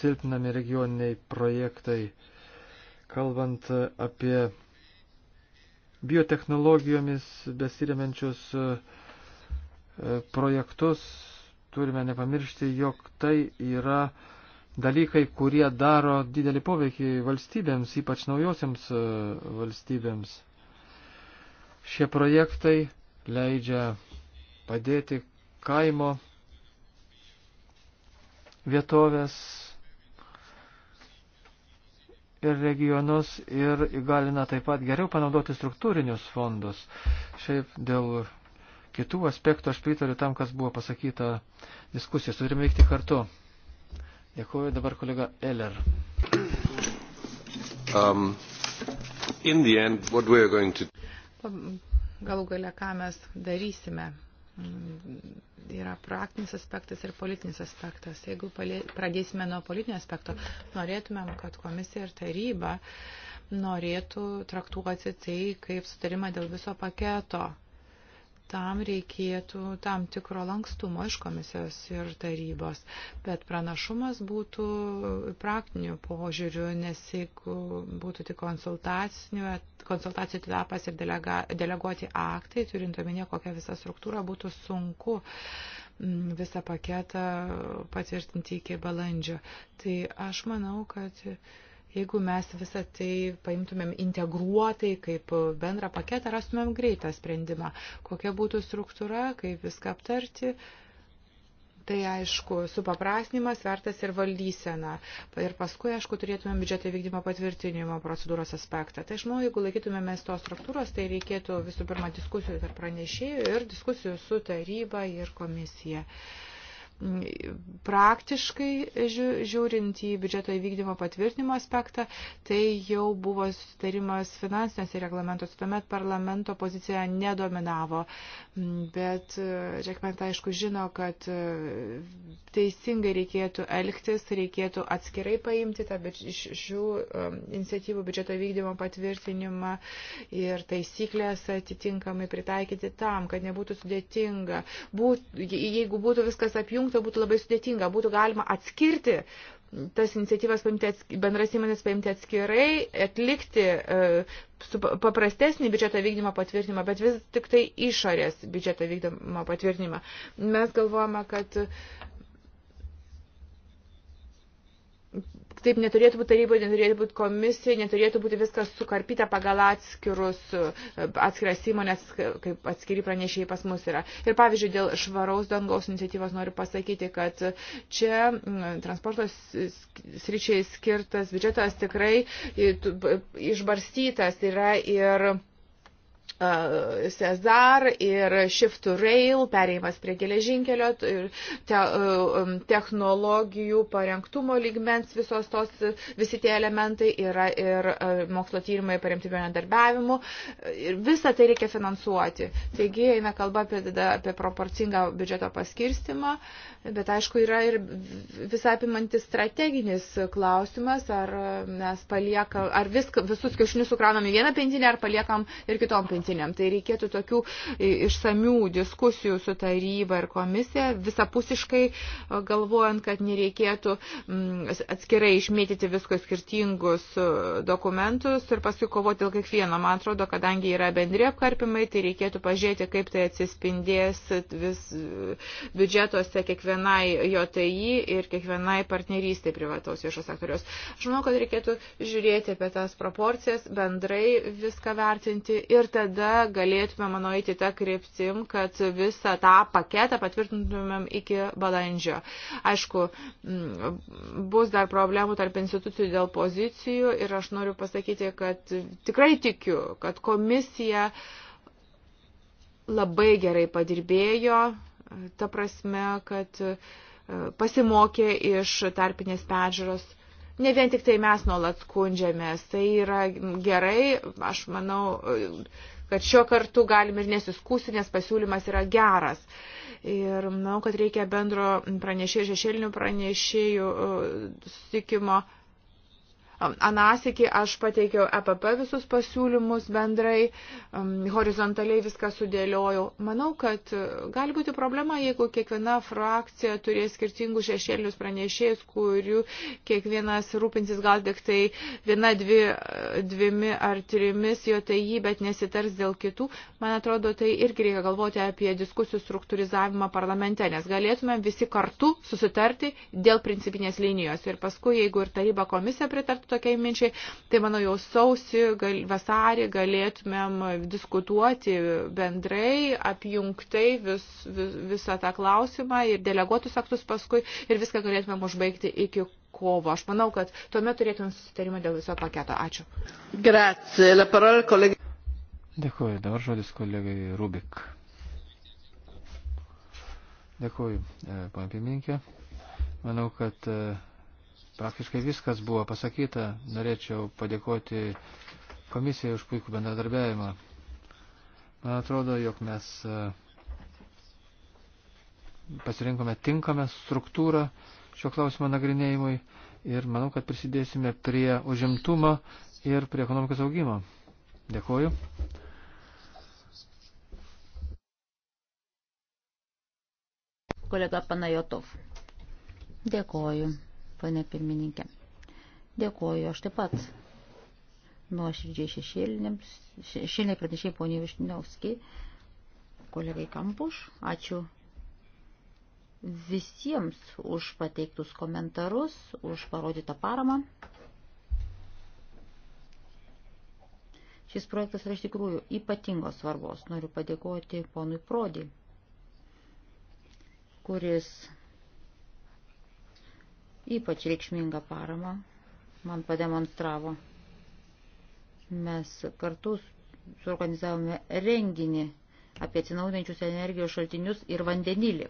silpnami regioniniai projektai. Kalbant apie biotehnologijomis besiriamenčius e, projektus, turime nepamiršti, jog tai yra dalykai, kurie daro didelį poveikį valstybėms, ypač naujosiams e, valstybėms. Šie projektai leidžia padėti kaimo vietovės ir regionus ir įgalina taip pat geriau panaudoti struktūrinius fondus. Šiaip dėl kitų aspektų aš pritariu tam, kas buvo pasakyta diskusijos. Turime veikti kartu. Dėkuoju dabar kolega Eller. Um, in the end, what we are going to... Galų gale, ką mes darysime Mm, yra praktinis aspektas ir politinis aspektas. Jeigu pradėsime nuo politinio aspekto, norėtumėm, kad komisija ir taryba norėtų traktuoti tai kaip sutarimą dėl viso paketo tam reikėtų tam tikro lankstumo iš komisijos ir tarybos. Bet pranašumas būtų praktiniu požiūriu, nes jeigu būtų tik konsultacijų etapas ir delega, deleguoti aktai, turint omenyje, kokia visa struktūra, būtų sunku mm, visą paketą patvirtinti iki balandžio. Tai aš manau, kad Jeigu mes visą tai paimtumėm integruotai kaip bendrą paketą, rastumėm greitą sprendimą, kokia būtų struktūra, kaip viską aptarti. Tai aišku, supaprasnimas, vertas ir valdysena. Ir paskui, aišku, turėtumėm biudžeto vykdymo patvirtinimo procedūros aspektą. Tai aš manau, jeigu laikytumėmės tos struktūros, tai reikėtų visų pirma diskusijų tarp pranešėjų ir diskusijų su taryba ir komisija. Uh, Praktiškai žiūrint į biudžeto įvykdymo patvirtinimo aspektą, tai jau buvo sutarimas finansinėse reglamentuose, tuomet parlamento pozicija nedominavo, bet Džekment tai aišku žino, kad e, teisingai reikėtų elgtis, reikėtų atskirai paimti tą šių e, iniciatyvų biudžeto įvykdymo patvirtinimą ir taisyklės atitinkamai pritaikyti tam, kad nebūtų sudėtinga. Būt, jeigu būtų viskas apjungta, sujungti būtų labai sudėtinga. Būtų galima atskirti tas iniciatyvas paimti atskir, bendras įmonės paimti atskirai, atlikti e, su paprastesnį biudžeto vykdymo patvirtinimą, bet vis tik tai išorės biudžeto vykdymo patvirtinimą. Mes galvojame, kad Taip neturėtų būti taryboje, neturėtų būti komisijoje, neturėtų būti viskas sukarpyta pagal atskirus, atskiras įmonės, kaip atskiri pranešėjai pas mus yra. Ir pavyzdžiui, dėl švaraus dangaus iniciatyvos noriu pasakyti, kad čia transporto sričiai skirtas biudžetas tikrai išbarstytas yra ir E, Cezar ir Shift to Rail, pereimas prie geležinkelio, te, e, technologijų parengtumo lygmens visos tos, visi tie elementai yra ir e, mokslo tyrimai paremti bendradarbiavimu. Visą tai reikia finansuoti. Taigi eina kalba apie, apie proporcingą biudžeto paskirstimą, bet aišku yra ir visą apimantis strateginis klausimas, ar mes paliekam, ar viską, visus kiaušinius sukranam į vieną pentinę, ar paliekam ir kitom pentinėm galutiniam. Tai reikėtų tokių e, išsamių diskusijų su taryba ir komisija, visapusiškai e, galvojant, kad nereikėtų mm, atskirai išmėtyti visko skirtingus e, dokumentus ir paskui kovoti dėl kiekvieno. Man atrodo, kadangi yra bendri apkarpimai, tai reikėtų pažiūrėti, kaip tai atsispindės vis biudžetuose kiekvienai JTI ir kiekvienai partnerystė privataus viešo sektoriaus. Aš manau, kad reikėtų žiūrėti apie tas proporcijas, bendrai viską vertinti ir tada tada galėtume, manau, eiti tą kryptim, kad visą tą paketą patvirtintumėm iki balandžio. Aišku, mm, bus dar problemų tarp institucijų dėl pozicijų ir aš noriu pasakyti, kad tikrai tikiu, kad komisija labai gerai padirbėjo, ta prasme, kad e, pasimokė iš tarpinės peržiūros ne vien tik tai mes nuolat skundžiamės, tai yra gerai, aš manau, kad šiuo kartu galime ir nesiskūsti, nes pasiūlymas yra geras. Ir manau, kad reikia bendro pranešėjų, šešėlinių pranešėjų e, susitikimo. Uh, Um, Anasikį aš pateikiau EPP visus pasiūlymus bendrai, um, horizontaliai viską sudėliojau. Manau, kad uh, gali būti problema, jeigu kiekviena frakcija turės skirtingus šešėlius pranešėjus, kurių kiekvienas rūpinsis gal tik tai viena, dvi, uh, dvimi ar trimis jo tai jį, bet nesitars dėl kitų. Man atrodo, tai irgi reikia galvoti apie diskusijų struktūrizavimą parlamente, nes galėtume visi kartu susitarti dėl principinės linijos. Ir paskui, jeigu ir taryba komisija pritartų, pritartų tokiai minčiai, tai manau jau sausi, gal, vasarį galėtumėm diskutuoti bendrai, apjungtai vis, vis, visą tą klausimą ir deleguotus aktus paskui ir viską galėtumėm užbaigti iki kovo. Aš manau, kad tuomet turėtumėm susitarimą dėl viso paketo. Ačiū. Grazie. La parola kolega. Dėkuoju. Dabar žodis kolegai Rubik. Dėkuoju, e, pana pirmininkė. Manau, kad e, Praktiškai viskas buvo pasakyta. Norėčiau padėkoti komisijai už puikų bendradarbiavimą. Man atrodo, jog mes e, pasirinkome tinkamą struktūrą šio klausimo nagrinėjimui ir manau, kad prisidėsime prie užimtumo ir prie ekonomikos augimo. Dėkuoju. Kolega Panajotov. Dėkuoju pane pirmininkė. Dėkuoju aš taip pat nuoširdžiai šešėliniai pranešėjai poniai Višniauskiai, kolegai Kampuš. Ačiū visiems už pateiktus komentarus, už parodytą paramą. Šis projektas yra iš tikrųjų ypatingos svarbos. Noriu padėkoti ponui Prodi, kuris ypač reikšmingą paramą man pademonstravo. Mes kartu suorganizavome renginį apie atsinaudinančius energijos šaltinius ir vandenilį.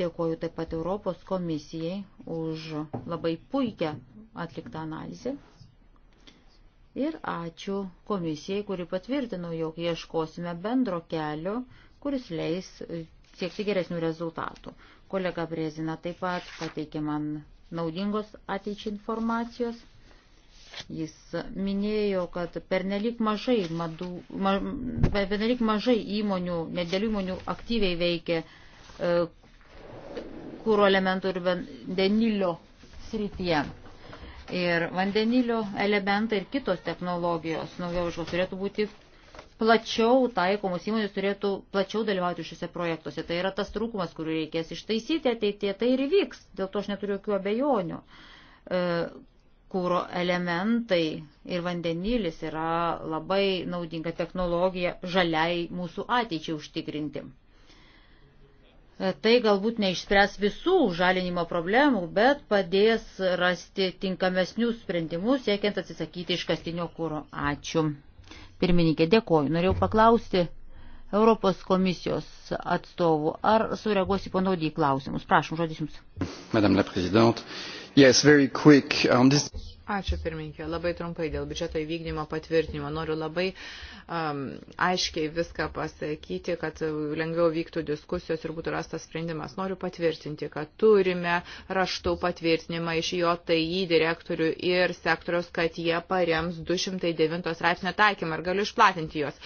Dėkoju taip pat Europos komisijai už labai puikią atliktą analizę. Ir ačiū komisijai, kuri patvirtino, jog ieškosime bendro kelio, kuris leis siekti geresnių rezultatų. Kolega Brezina taip pat pateikė man naudingos ateičiai informacijos. Jis minėjo, kad pernelik mažai, madų, ma, pernelik mažai įmonių, nedėlių įmonių aktyviai veikia e, kūro elementų ir vandenilio srityje. Ir vandenilio elementai ir kitos technologijos naujoviškos turėtų būti plačiau taikomos įmonės turėtų plačiau dalyvauti šiuose projektuose. Tai yra tas trūkumas, kurį reikės ištaisyti ateitie, tai ir vyks, dėl to aš neturiu jokių abejonių. E, kūro elementai ir vandenilis yra labai naudinga technologija žaliai mūsų ateičiai užtikrinti. E, tai galbūt neišspręs visų žalinimo problemų, bet padės rasti tinkamesnius sprendimus, siekiant atsisakyti iškastinio kūro. Ačiū. Pirmininkė, dėkoju. Norėjau paklausti Europos komisijos atstovų, ar sureaguosi panaudį klausimus. Prašom, žodis jums. Madame la Présidente. Yes, very quick. On um, this... Ačiū pirminkė. Labai trumpai dėl biudžeto įvykdymo patvirtinimo. Noriu labai um, aiškiai viską pasakyti, kad lengviau vyktų diskusijos ir būtų rastas sprendimas. Noriu patvirtinti, kad turime raštų patvirtinimą iš JTI direktorių ir sektoriaus, kad jie parems 209 straipsnio taikymą ir galiu išplatinti juos.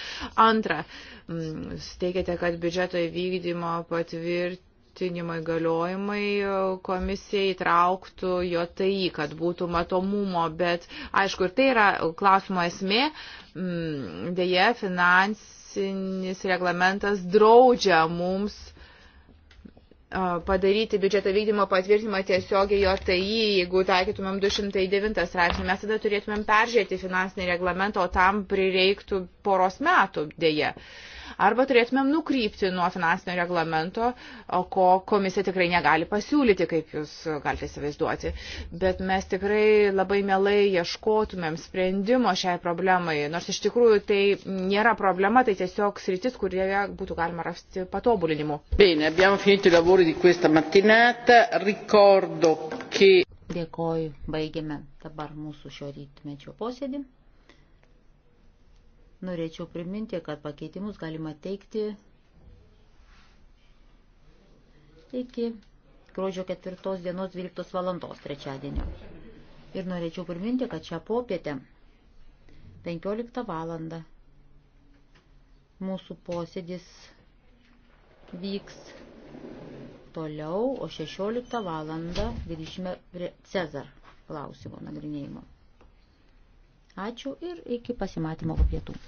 Antra, m, steikėte, kad biudžeto įvykdymo patvirtinimo vertinimo įgaliojimai e, komisija įtrauktų jo tai, kad būtų matomumo, bet aišku, ir tai yra klausimo esmė, mm, dėje finansinis reglamentas draudžia mums e, padaryti biudžeto vykdymo patvirtinimą tiesiogiai jo tai, jeigu taikytumėm 209 straipsnį, mes tada turėtumėm peržiūrėti finansinį reglamentą, o tam prireiktų poros metų dėje. Uh, arba turėtumėm nukrypti nuo finansinio reglamento, ko komisija tikrai negali pasiūlyti, kaip jūs galite įsivaizduoti. Bet mes tikrai labai mielai ieškotumėm sprendimo šiai problemai, nors iš tikrųjų tai nėra problema, tai tiesiog sritis, kurioje būtų galima rasti patobulinimų. Bene, abbiamo finito i lavori di questa mattinata. Ricordo che. Dėkoju, baigiame dabar mūsų šio rytmečio posėdį. Norėčiau priminti, kad pakeitimus galima teikti iki gruodžio 4 dienos 12 valandos trečiadienio. Ir norėčiau priminti, kad šią popietę 15 valandą mūsų posėdis vyks toliau, o 16 valandą grįžime prie Cezar klausimo nagrinėjimo. Ačiū ir iki pasimatymo po pietų.